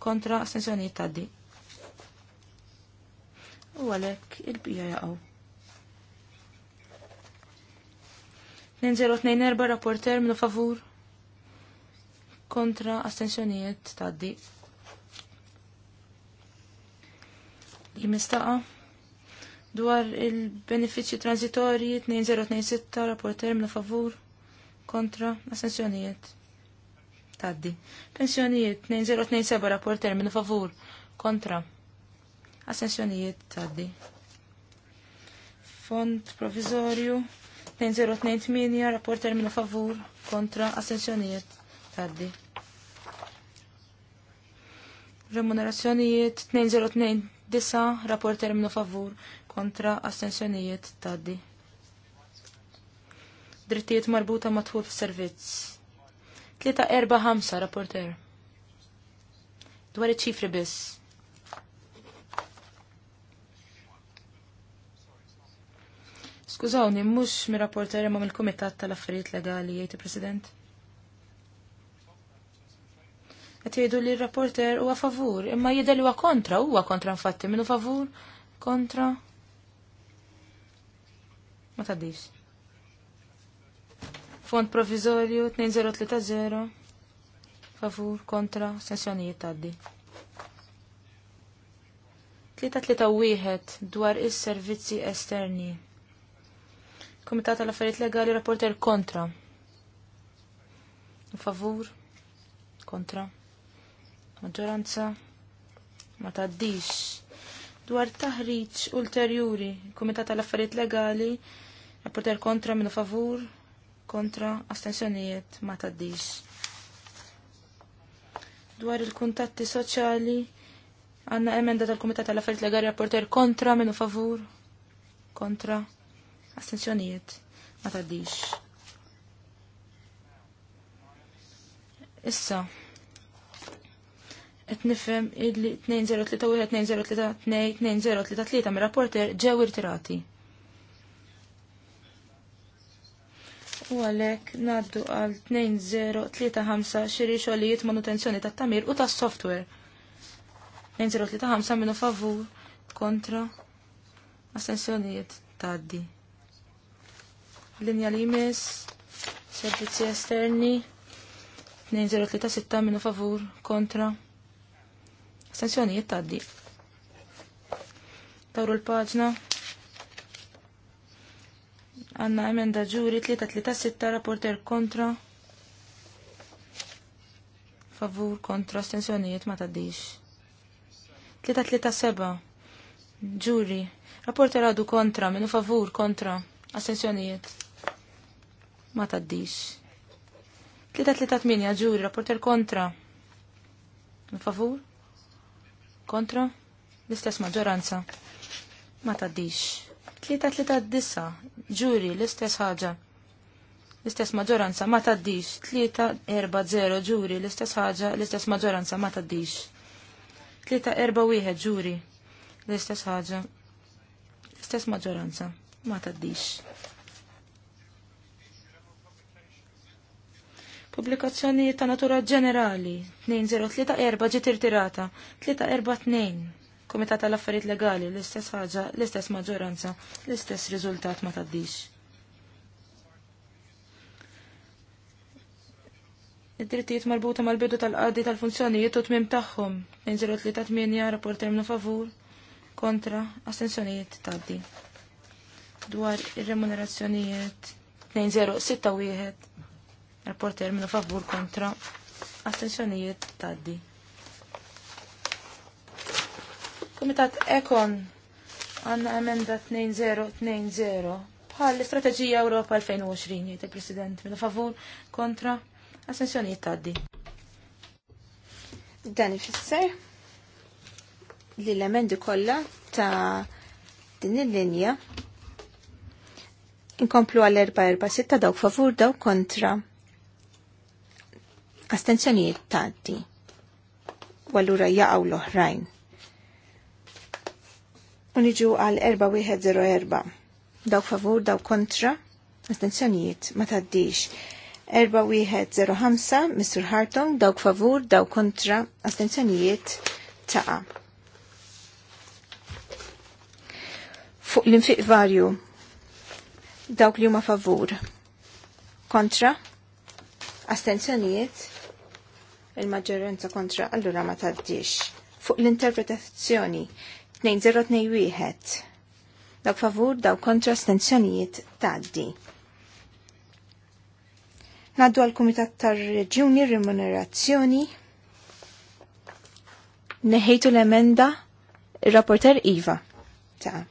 kontra astensjonijiet taddi. U għalhekk il-bija jaqgħu. 2024 rapporter minn favur kontra astensjonijiet taddi. Jimistaqa dwar il-benefiċċji transitorji 2026 rapporter la favur kontra assenzjonijiet. Taddi. Pensjonijiet 2027 rapporter minn favur kontra assenzjonijiet taddi. Fond provizorju 2028 rapporter minn favur kontra assenzjonijiet taddi. Remunerazzjonijiet 2029 rapporter la favur kontra astensjonijiet taddi. Drittijiet marbuta f f'servizz. 3-4-5 rapporter. Dwar iċ-ċifri biss. Skużawni, mux mi rapporter ma mill-Kumitat tal-Affarijiet Legali, jgħid il-President. Qed jgħidu li r-rapporter huwa favur, imma jidher li huwa kontra, huwa kontra infatti, minu favur, kontra, ma taddix. Fond provizorju 2030 favur kontra sessjonijiet taddi. 331 dwar is-servizzi esterni. Komitat tal-affarijiet legali rapporter kontra. Favur kontra. Maġġoranza ma taddix. Dwar taħriġ ulterjuri, Komitat tal-affarijiet legali Rapporter kontra minu favur, kontra astensjonijiet ma taddix. Dwar il-kuntatti soċjali, għanna emenda tal-Komitat tal-Affarijiet Legali rapporter kontra minu favur, kontra astensjonijiet ma taddix. Issa, qed nifhem 203 2031 203 2033 mir-rapporter ġew irtirati. U għalek naddu għal 2035 xiri xogħlijiet manutenzjoni tat tamir u tas software. 2035 minu favur kontra astensjonijiet di. Linja li jmiss, servizzi esterni, 2036 minu favur kontra astensjonijiet di. Tawru l-paġna. Għanna emenda ġuri 336 rapporter kontra. Favur kontra astensjonijiet ma taddix. 337 ġuri. Rapporter għadu kontra, minu favur kontra astensjonijiet ma taddix. 338 ġuri, rapporter kontra. Minu favur? Kontra? L-istess maġġoranza. Ma taddix. 339 ġuri l-istess ħaġa. L-istess maġoranza ma taddix. 3-4-0 ġuri l-istess ħaġa, l-istess maġoranza ma taddix. 3-4-1 ġuri l-istess ħaġa, l-istess maġoranza ma taddix. Publikazzjoni ta' natura ġenerali 2034 ġiet irtirata 342 Kumitat tal-Affarijiet Legali l-istess ħaġa, l-istess maġġoranza, l-istess riżultat ma taddix. Id-drittijiet marbuta mal-bidu tal-qadi tal-funzjonijiet u tmim tagħhom. tminja rapporter minn favur kontra astensjonijiet taddi. Dwar ir-remunerazzjonijiet 2061 rapporter minn favur kontra astensjonijiet taddi. Kumitat Ekon għanna emenda 2020 bħal l-Istrateġija Ewropa 2020, jgħid il-President, minn favur kontra assenzjonijiet jittaddi. Dan ifisser li l-emendi kollha ta' din il-linja inkomplu għal 446 dawk favur dawk kontra astenzjonijiet jittaddi. Walura jaqgħu l-oħrajn. Uniġu għal 4104. Dawk favur, dawk kontra. Astenzjonijiet, ma taddix. 4105, Mr. Hartong, dawk favur, dawk kontra. Astenzjonijiet, taqa. Fuq l-infiq varju. Dawk li huma favur. Kontra. Astenzjonijiet. Il-maġġoranza kontra, allura ma taddix. Fuq l-interpretazzjoni 2021. Dawk favur, dawk kontra stenzjonijiet taddi. Naddu għal Kumitat tar-Reġjuni Remunerazzjoni. Neħejtu l-emenda rapporter Iva. Ta'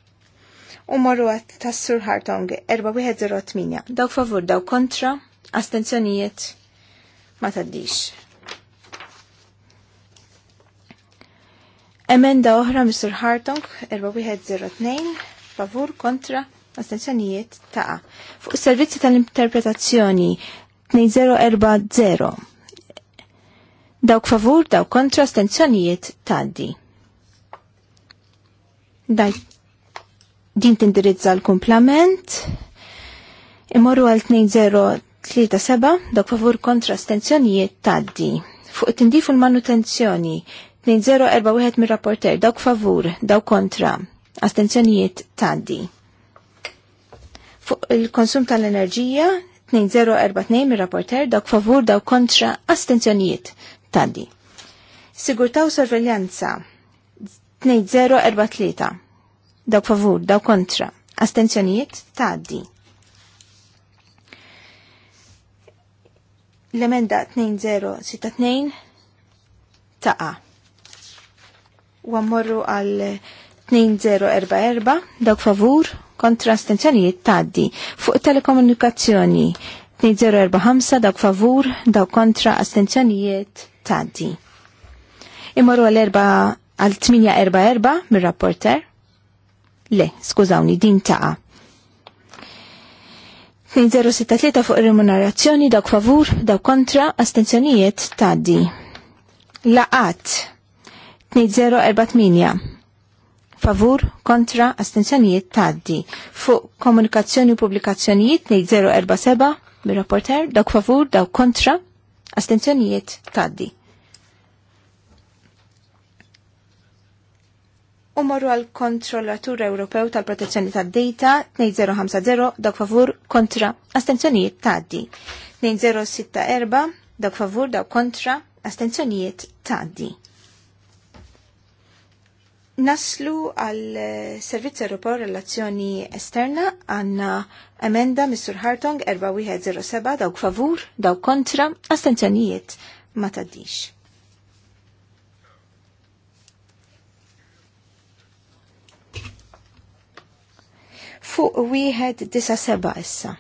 u marru għat tassur ħartong 4108. Dawk favur, dawk kontra, astenzjonijiet ma taddix. Emenda oħra Mr. Hartong 4102 favur kontra astenzjonijiet taqa. Fuq servizzi tal-interpretazzjoni 2040 dawk favur, dawk kontra astenzjonijiet di. Daj, din tindirizza l-komplament. Imorru għal 2037 dawk favur kontra astenzjonijiet di. Fuq tindifu l-manutenzjoni 2041 mir rapporter dawk favur, dawk kontra, astenzjonijiet taddi. Fuq il-konsum tal-enerġija 2042 mir rapporter dawk favur, dawk kontra, astenzjonijiet taddi. Sigurtaw sorveljanza 2043 dawk favur, dawk kontra, astenzjonijiet taddi. L-emenda 2062 taqa' u għammorru għal 2044 dawk favur kontra astenzjonijiet taddi. Fuq telekomunikazzjoni 2045 dawk favur dawk kontra stenzjonijiet taddi. Immorru għal 4 għal 844 mir-rapporter. Le, skużawni, din taqa. 2063 fuq remunerazzjoni dawk favur dawk kontra astenzjonijiet taddi. Laqat 2048. Favur, kontra, astenzjonijiet taddi. Fuq komunikazzjoni u publikazzjonijiet 2047, bir-rapporter, dawk favur, dawk kontra, astenzjonijiet taddi. u marru għal kontrollatur Ewropew tal-protezzjoni tad-data 2050 dak favur kontra astenzjonijiet taddi. 2064 dawk favur dawk kontra astenzjonijiet taddi. Naslu għal servizz Europol Relazzjoni Esterna għanna emenda Mr. Hartong 4107 dawk favur, dawk kontra, astenzjonijiet ma taddix. Fuq wieħed disa seba issa.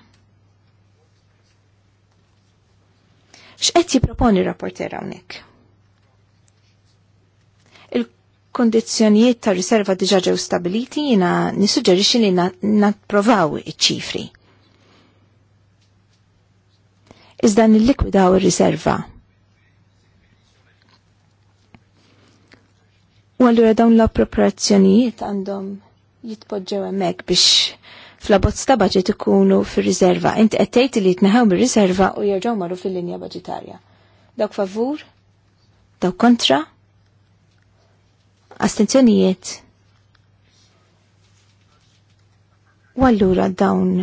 X'qed jipproponi rapporter hawnhekk? kondizjonijiet ta' riserva diġa ġew stabiliti jina nisuġġerixi li natprovaw iċ-ċifri. Iżda nillikwidaw ir-riserva. U allura dawn l-appropriazzjonijiet għandhom jitpoġġew hemmhekk biex fl-abbozz ta' baġit ikunu fir-riserva. Inti qed tgħid li jitneħew mir-riserva u jerġgħu marru fil-linja baġitarja. Dawk favur? Dawk kontra? astenzjonijiet. U allura dawn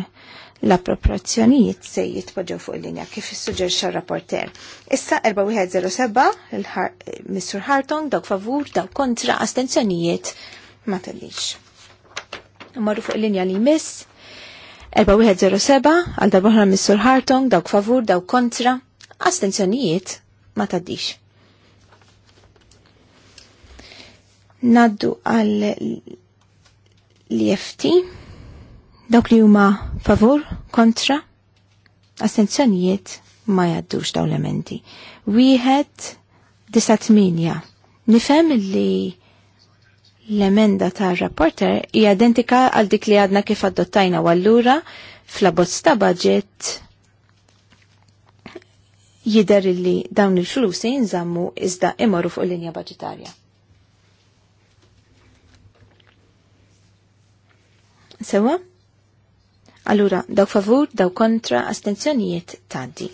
l-appropriazzjonijiet se jitpoġġew fuq il-linja kif suġġerxa r-rapporter. Issa 4107 il-Mr. Hartong dawk favur, dawk kontra, astenzjonijiet ma tellix. Marru fuq il-linja li jmiss 4107 għal darbohra Mr. Hartong dawk favur, dawk kontra, astenzjonijiet ma taddix. Naddu għal l-EFT, dawk li huma favur, kontra, astenzjonijiet ma jaddux daw l-elementi. Wieħed disatminja. Nifhem li l-emenda ta' rapporter hija identika għal dik li għadna kif adottajna għallura allura fl-abbozz ta' budget jider li dawn il-flusi jinżammu iżda imorru fuq linja budgetarja. Sewa? Allura, daw favur, daw kontra, astenzjonijiet taddi.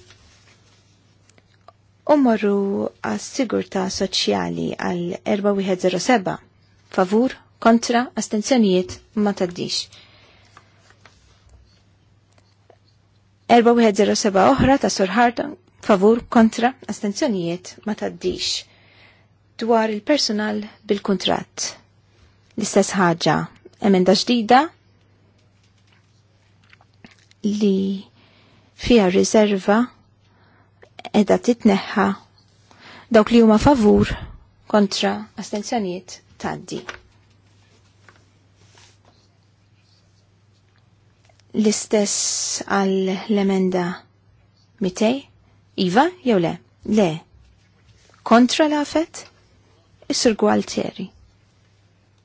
Umorru għas-sigurta soċjali għal 4107. Favur, kontra, astenzjonijiet ma taddix. 4107 oħra ta' surħart favur, kontra, astenzjonijiet ma taddix. Dwar il-personal bil-kontrat. L-istess ħaġa, emenda ġdida, li fija riserva edha titneħħa dawk li huma favur kontra astenzjonijiet taddi. L-istess għall l-emenda mitej? Iva, jew le? Le. Kontra lafet? Is-sur Gualtieri.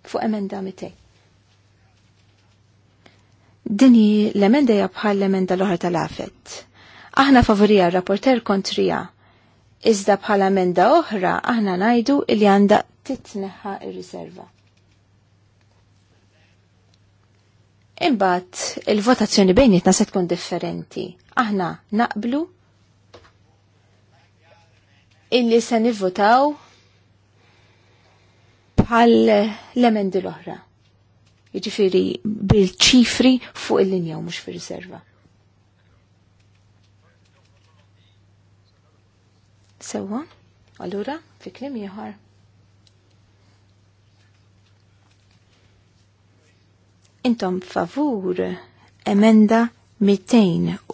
Fuq emenda mitej. Dini l-emenda jabħal l-emenda l-oħra tal-għafet. Aħna favorija rapporter kontrija. Iżda bħala emenda oħra aħna najdu li għanda titneħħa ir-riserva. Imbagħad il-votazzjoni bejnietna se tkun differenti. Aħna naqblu illi se nivvotaw bħal l-emendi l-oħra jiġifieri bil-ċifri fuq il-linja u mhux fir-riserva. Sewwa, allura fi klim ieħor. Intom favur emenda 200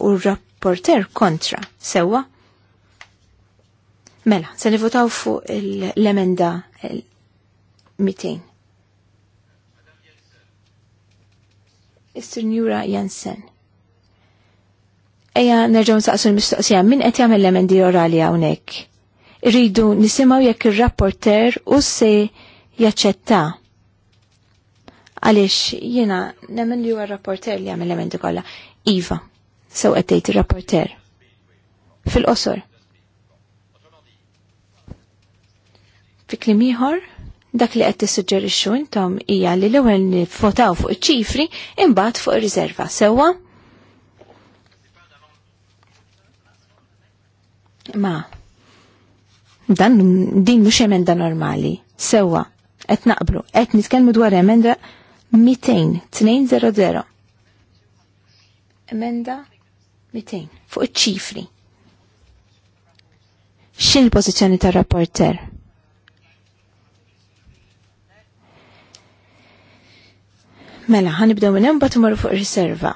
u rapporter kontra, sewwa? Mela, se nivotaw fuq l-emenda 200. Is-Sinjura Jansen. Eja nerġaw nsaqsu l-mistoqsija, min qed jagħmel l-emendi orali hawnhekk? Irridu nisimgħu jekk ir-rapporter u se jaċċetta. Għaliex jiena nemmen li huwa rapporter li jagħmel l-emendi kollha. Iva, sew qed tgħid ir-rapporter. Fil-qosor. Fi klim ieħor? Dak li qed tissuġġerixxu intom hija li l-ewwel nifotaw fuq iċ-ċifri imbagħad fuq ir-riserva sewwa. Ma dan din mhux emenda normali. Sewwa qed naqblu, qed nitkellmu dwar emenda 200 emenda 200 fuq iċ-ċifri. X'in il-pożizzjoni tar-rapporter? Mela, ħanibdew minn hemm imorru fuq riserva.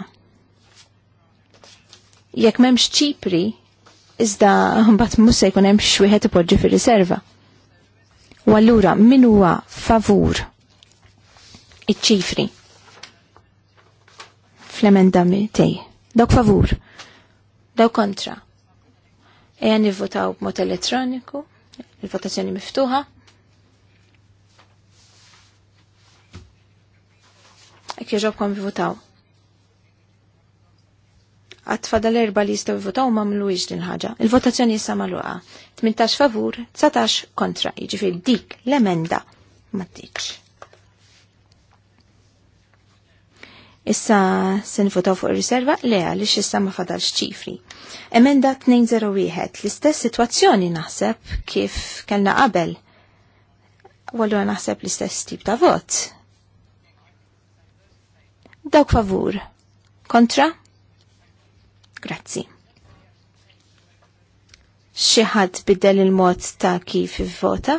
Jekk m'hemmx ċipri, iżda mbagħad mhux se jkun hemm wieħed ipoġġi fir-riserva. U allura min huwa favur iċ-ċifri fl emendami Tej. Dawk favur, dawk kontra. Ejja nivvotaw b'mod elettroniku, il-votazzjoni miftuħa. Ek jġobkom vivutaw. Għatfada l-erba li jistaw vivutaw ma mluiġ din ħaġa. Il-votazzjoni jissa maluqa. 18 favur, 19 kontra. Iġifir dik l-emenda ma tiċ. Issa sen votaw fuq riserva le għalix issa ma fadalx ċifri. Emenda 201, l-istess situazzjoni naħseb kif kellna qabel. Wallu naħseb l-istess tip ta' vot. Dawk favur. Kontra? Grazzi. Xi ħadd biddel il-mod ta' kif ivvota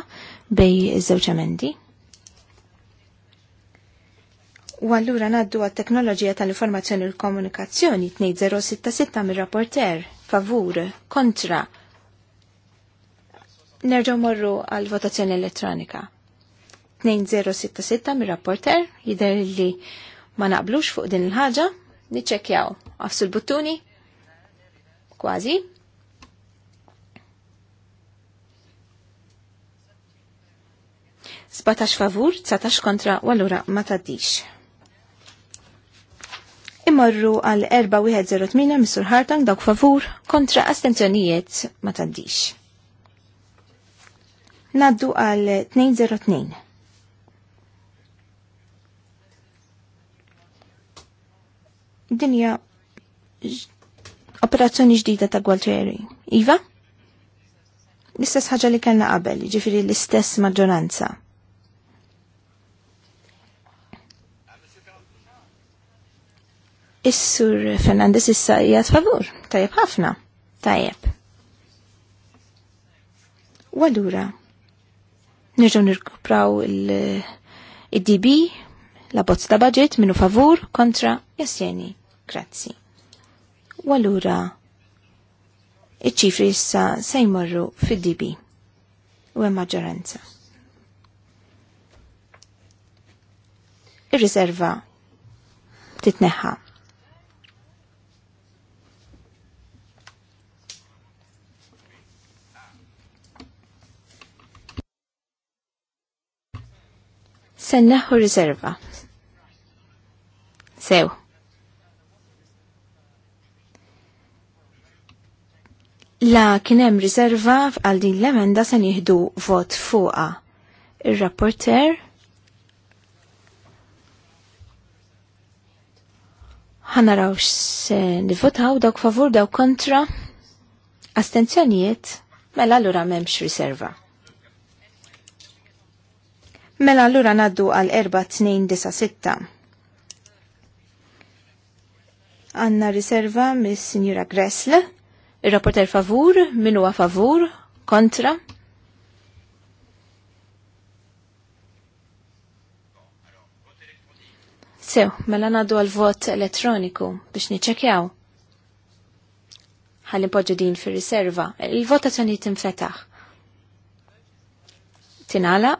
bej iż-żewġ emendi. U allura ngħaddu għat-teknoloġija tal-informazzjoni u l-komunikazzjoni 2066 mir-rapporter favur kontra Nerġaw morru għal votazzjoni elettronika. 2066 mir-rapporter jidher li ma naqblux fuq din il-ħaġa, niċċekjaw. Għafsu l-buttuni? Kważi. Sbatax favur, tsatax kontra, u allura ma taddix. Imorru għal 4108 Mr. Hartang dawk favur kontra astenzjonijiet ma taddix. Naddu għal 202. dinja operazzjoni ġdida ta' Gualtieri. Iva? L-istess ħaġa li kellna qabel, ġifiri l-istess maġġoranza. Is-sur Fernandez issa jgħat favur, tajjeb ħafna, tajjeb. Walura, nerġaw nirkupraw il-DB la bozz ta' budget minnu favur kontra jasjeni. Grazzi. U allura iċ-ċifri issa se jmorru fid-DB u hemm maġġoranza. Ir-riserva titneħħa. Senneħu riserva, sew. La kien hemm riserva għal din l-emenda se nieħdu vot fuqha. Ir-rapporter ħanaraw se nivvotaw dawk favur dawk kontra astenzjonijiet mela l-ura m'hemmx riserva. Mela allura naddu għal 4296. Għanna riserva mis sinjura Gressle. Il-rapporter favur, minu huwa favur, kontra. Sew, mela naddu għal-vot elettroniku biex niċċekjaw. Ħalli poġġu din fir-riserva. Il-votazzjoni timfetaħ. Tinala?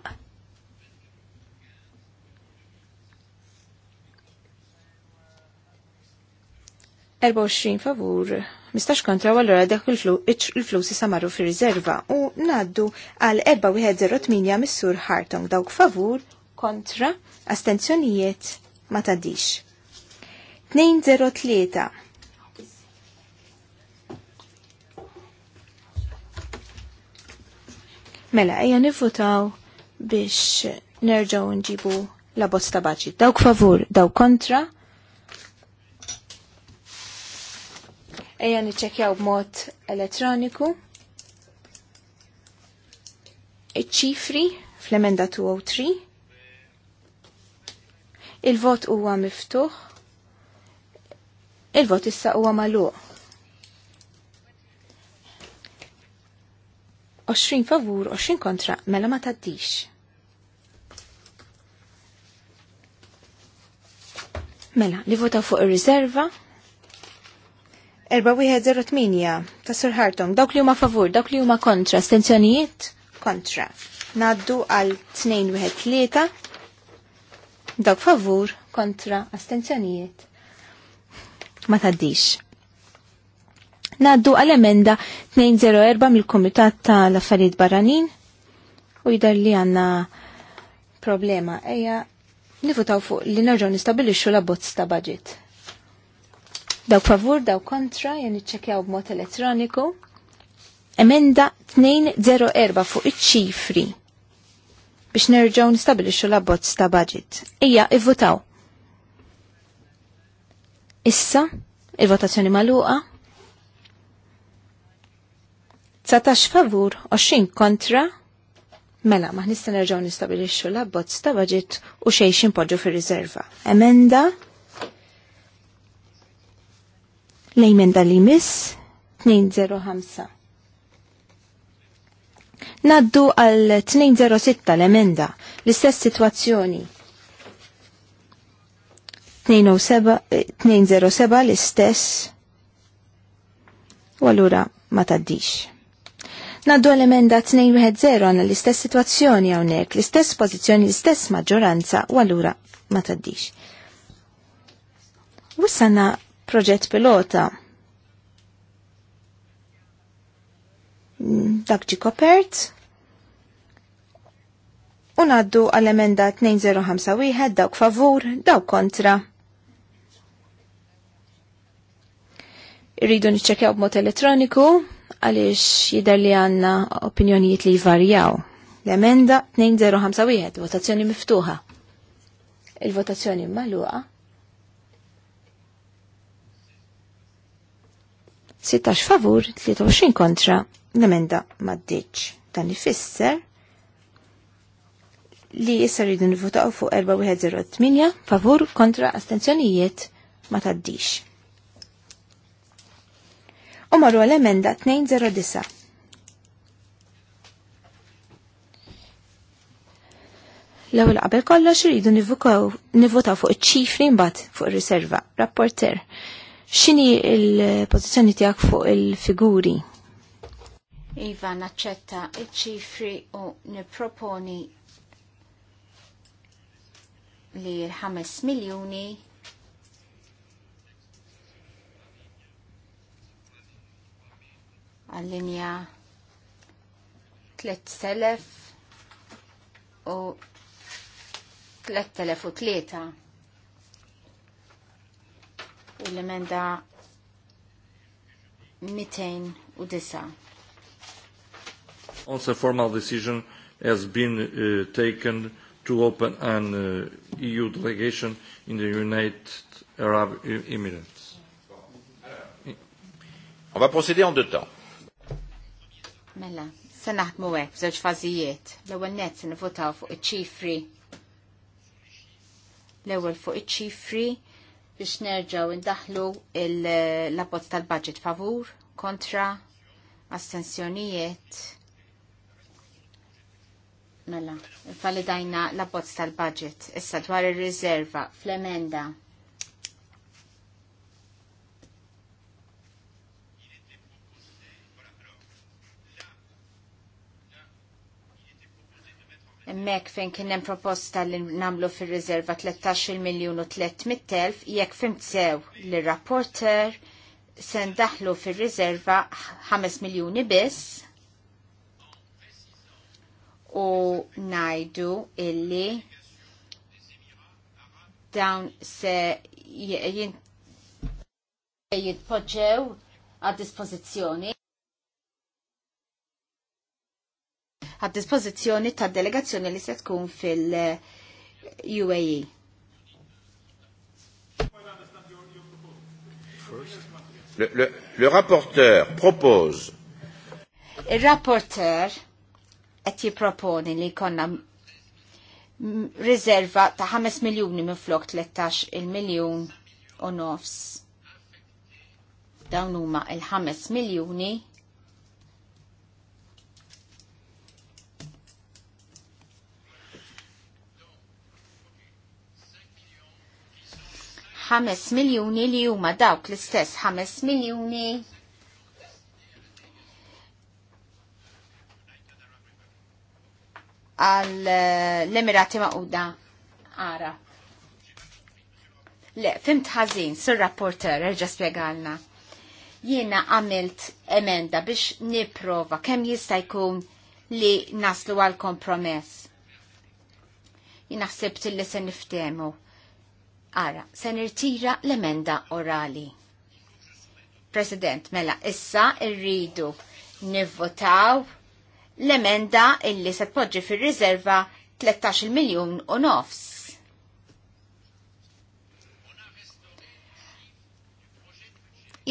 24 favur, mistax kontra u allura dak il-flus samarru fi riserva u naddu għal 4108 missur Hartong dawk favur kontra astenzjonijiet ma tadix. 203 Mela, eja nifutaw biex nerġaw nġibu la bosta baċi. Dawk favur, dawk kontra, Ejja niċċekjaw b'mod elettroniku. Iċ-ċifri fl-emenda 203. Il-vot huwa miftuħ. Il-vot issa huwa magħluq. 20 favur, 20 kontra, mela ma taddix. Mela, li vota fuq ir-riserva, 4108 ta' Sir Hartong. Dawk li huma favur, dawk li huma kontra. Stenzjonijiet? Kontra. Naddu għal 213. Dawk favur, kontra, astenzjonijiet. Ma taddix. Naddu għal emenda 204 mill-Komitat tal-Affarijiet Barranin u jidher li għandna problema. Eja, nifutaw fuq li nerġgħu nistabilixxu la bozz ta' budget. Dawk favur, dawk kontra, jen iċċekjaw b'mod elettroniku. Emenda 204 fuq iċ-ċifri biex nerġaw nistabilixu l-abbozz ta' budget. Ija, ivvotaw. Issa, il-votazzjoni maluqa. 19 favur, 20 kontra. Mela, ma' nista nerġaw nistabilixu l-abbozz ta' budget u xejx impoġġu fil-riserva. Emenda l dal li miss 205. Naddu għal 206 l-emenda, l-istess situazzjoni. 207 eh, l-istess. U allura ma taddix. Naddu l-emenda 210 għanna l-istess situazzjoni għawnek, l-istess pozizjoni, l-istess maġġoranza, u allura ma taddix. Wissana proġett pilota. Dak kopert. Unaddu għall-emenda 2051 dawk favur, dawk kontra. Irridu niċċekjaw b'mod elettroniku għaliex jidher li għandna opinjonijiet li jvarjaw. L-emenda 2051, votazzjoni miftuħa. Il-votazzjoni magħluqa. 16 favur, 23 kontra, l-emenda maddiċ. Dan ifisser li jissa rridu nivutaw fuq 4108 favur kontra astenzjonijiet ma taddix. U marru l-emenda 209. L-ewwel qabel kollox iridu nivotaw fuq iċ-ċifri mbagħad fuq ir-riserva. Rapporter xini il-pozizjoni tijak fuq il-figuri? Iva naċċetta iċ-ċifri u niproponi li l-5 miljoni għall-linja 3000 u 3003 u l-emenda 209. Also formal decision has been uh, taken to open an uh, EU delegation in the United Arab e-, Emirates. On va procéder en deux temps. Mela, se naħdmu hekk f'żewġ fażijiet. L-ewwel nett se nivvotaw fuq iċ-ċifri. L-ewwel fuq iċ-ċifri biex nerġaw indaħlu l-abbozz tal-budget favur, kontra, astensjonijiet. Mela, validajna l-abbozz tal-budget. Issa dwar ir rizerva fl-emenda. Mek fejn kien hemm proposta li nagħmlu fir-riserva 13 miljun u 300,000 jekk fimt sew li rapporter se ndaħlu fir-riserva 5 miljuni biss u ngħidu illi dawn se jitpoġġew għad dispożizzjoni għad dispożizzjoni ta' delegazzjoni li se tkun fil-UAE. Le, le, le rapporteur propose. Il rapporteur il propone li konna riserva ta' 5 miljuni minn flok 13 il-miljun u nofs. Dawn huma il-5 miljuni 5 miljuni li huma dawk l-istess 5 miljuni għal eh, l-Emirati Maquda Ara. Le, fimt tħazin, sur rapporter, erġa spiegalna. Jiena għamilt emenda biex niprofa kemm jista' jkun li naslu għal kompromess. Jina ħsibt li se niftemu. Ara, se nirtira l-emenda orali. President, mela, issa irridu nivvotaw l-emenda illi se tpoġġi fir-riserva 13 miljun u nofs.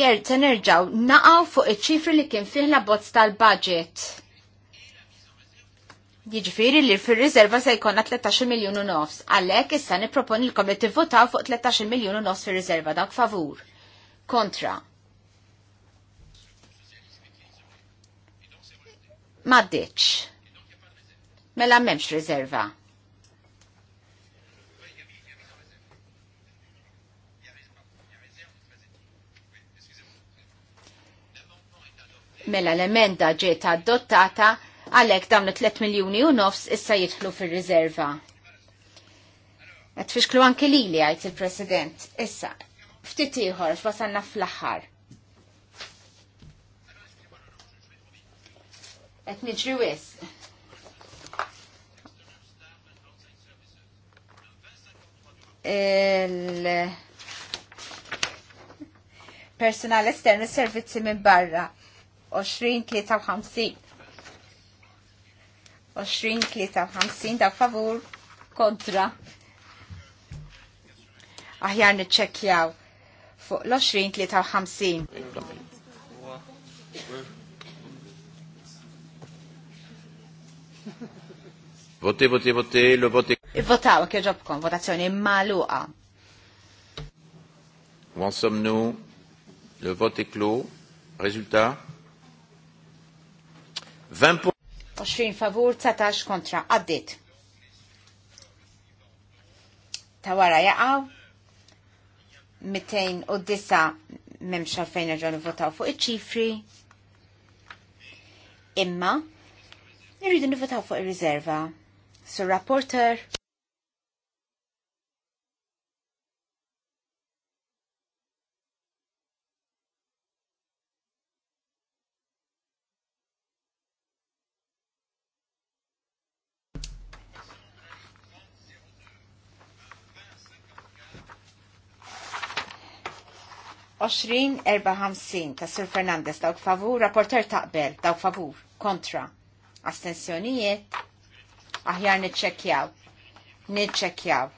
Jer, se nerġaw naqaw fuq iċ-ċifri li kien fih la bozz tal-budget Jiġifieri li fir-riserva se jkollna 13 miljun u nofs. Għalhekk issa nipproponi lkom li tivvotaw fuq 13 miljun u nofs fir-riserva dak favur. Kontra. Maddiċ. Mela m'hemmx riserva. mela l-emenda ġiet adottata Għalek dawn 3 miljoni u nofs issa jitħlu fil-rizerva. Għet fixklu anke li li għajt il-president. Issa, ftit iħor, x'wasanna fl-axħar. Għet nġri wis. Il personal estern servizzi minn barra 20-53 20-53 ta' favur kontra. Aħjar niċċekjaw fuq l-20-53. Voti, voti, voti, lo voti. Votaw, ġobkom, votazzjoni maluqa. Où en sommes-nous Le vote est clos. 20 pour... 20 favur, 19 kontra. Għaddit. Tawara wara jaqaw. 209 memx għalfejn raġun votaw fuq iċ-ċifri. Imma, irridu nivotaw fuq ir rizerva Sur rapporter. 20-54 ta' Sir Fernandez dawk favur, rapporter taqbel dawk favur, kontra. Astensjonijiet, aħjar nitċekjaw. Nitċekjaw.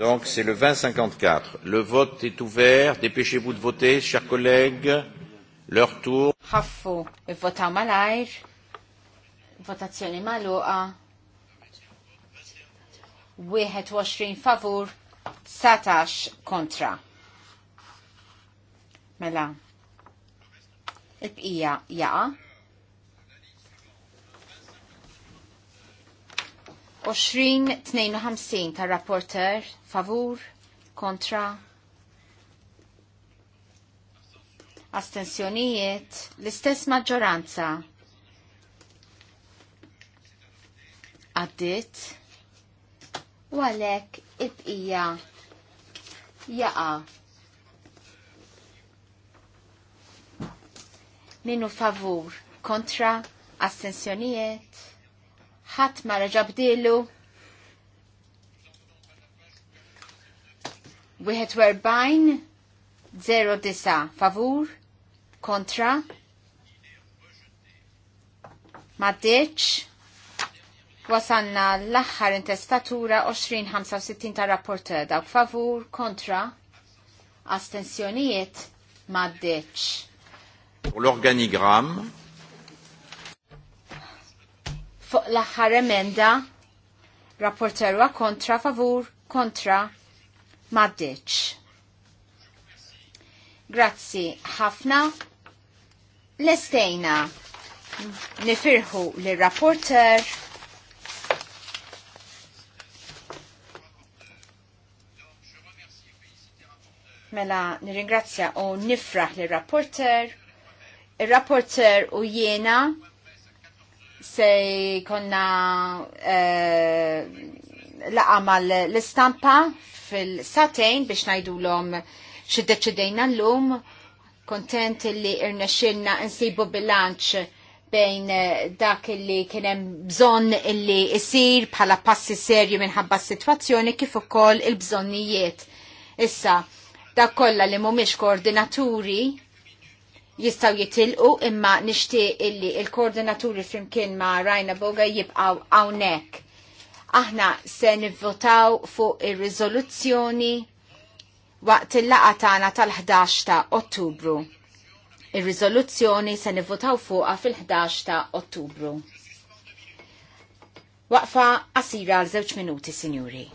Donc c'est le 20-54. Le vote est ouvert. Dépêchez-vous de voter, chers collègues. Leur tour. Ħaffu, votaw malajr. Votazzjoni maluqa. washrin favur, Satash kontra. Mela, il-bqija jaqa. 20-52 ta' rapporter favur kontra astensjonijiet l-istess maġġoranza għaddit u għalek ibqija jaqa' minnu favur kontra astensjonijiet. Ħadd ma raġabdilu. Wieħed werbajn 09 favur kontra Maddeċ. Wasanna l-axħar intestatura 20-65 ta' rapporter dawk favur kontra astensjonijiet maddeċ pour l'organigramme. Fuq l-aħħar emenda, rapporterwa kontra favur, kontra maddiċ. Grazzi ħafna. Lestejna nifirħu l-rapporter. Mela nirringrazzja u nifraħ l-rapporter il-rapporter u jiena se konna eh, l-istampa fil-satejn biex najdu l-om xiddeċidejna l-lum kontent li irnexilna nsibu bilanċ bejn eh, dak li kienem bżon li isir bħala passi serju minħabba s-situazzjoni kif ukoll il-bżonnijiet. Issa, dak kollha li mhumiex koordinaturi jistaw jitilqu imma nishti illi il-koordinaturi flimkien ma' Rajna Boga jibqaw hawnhekk. Aħna se nivvotaw fuq ir-riżoluzzjoni waqt il-laqa tagħna tal-11 ta' Ottubru. Ir-riżoluzzjoni se nivvotaw fuqha fil-11 ta' Ottubru. Waqfa qasira għal żewġ minuti, Sinjuri.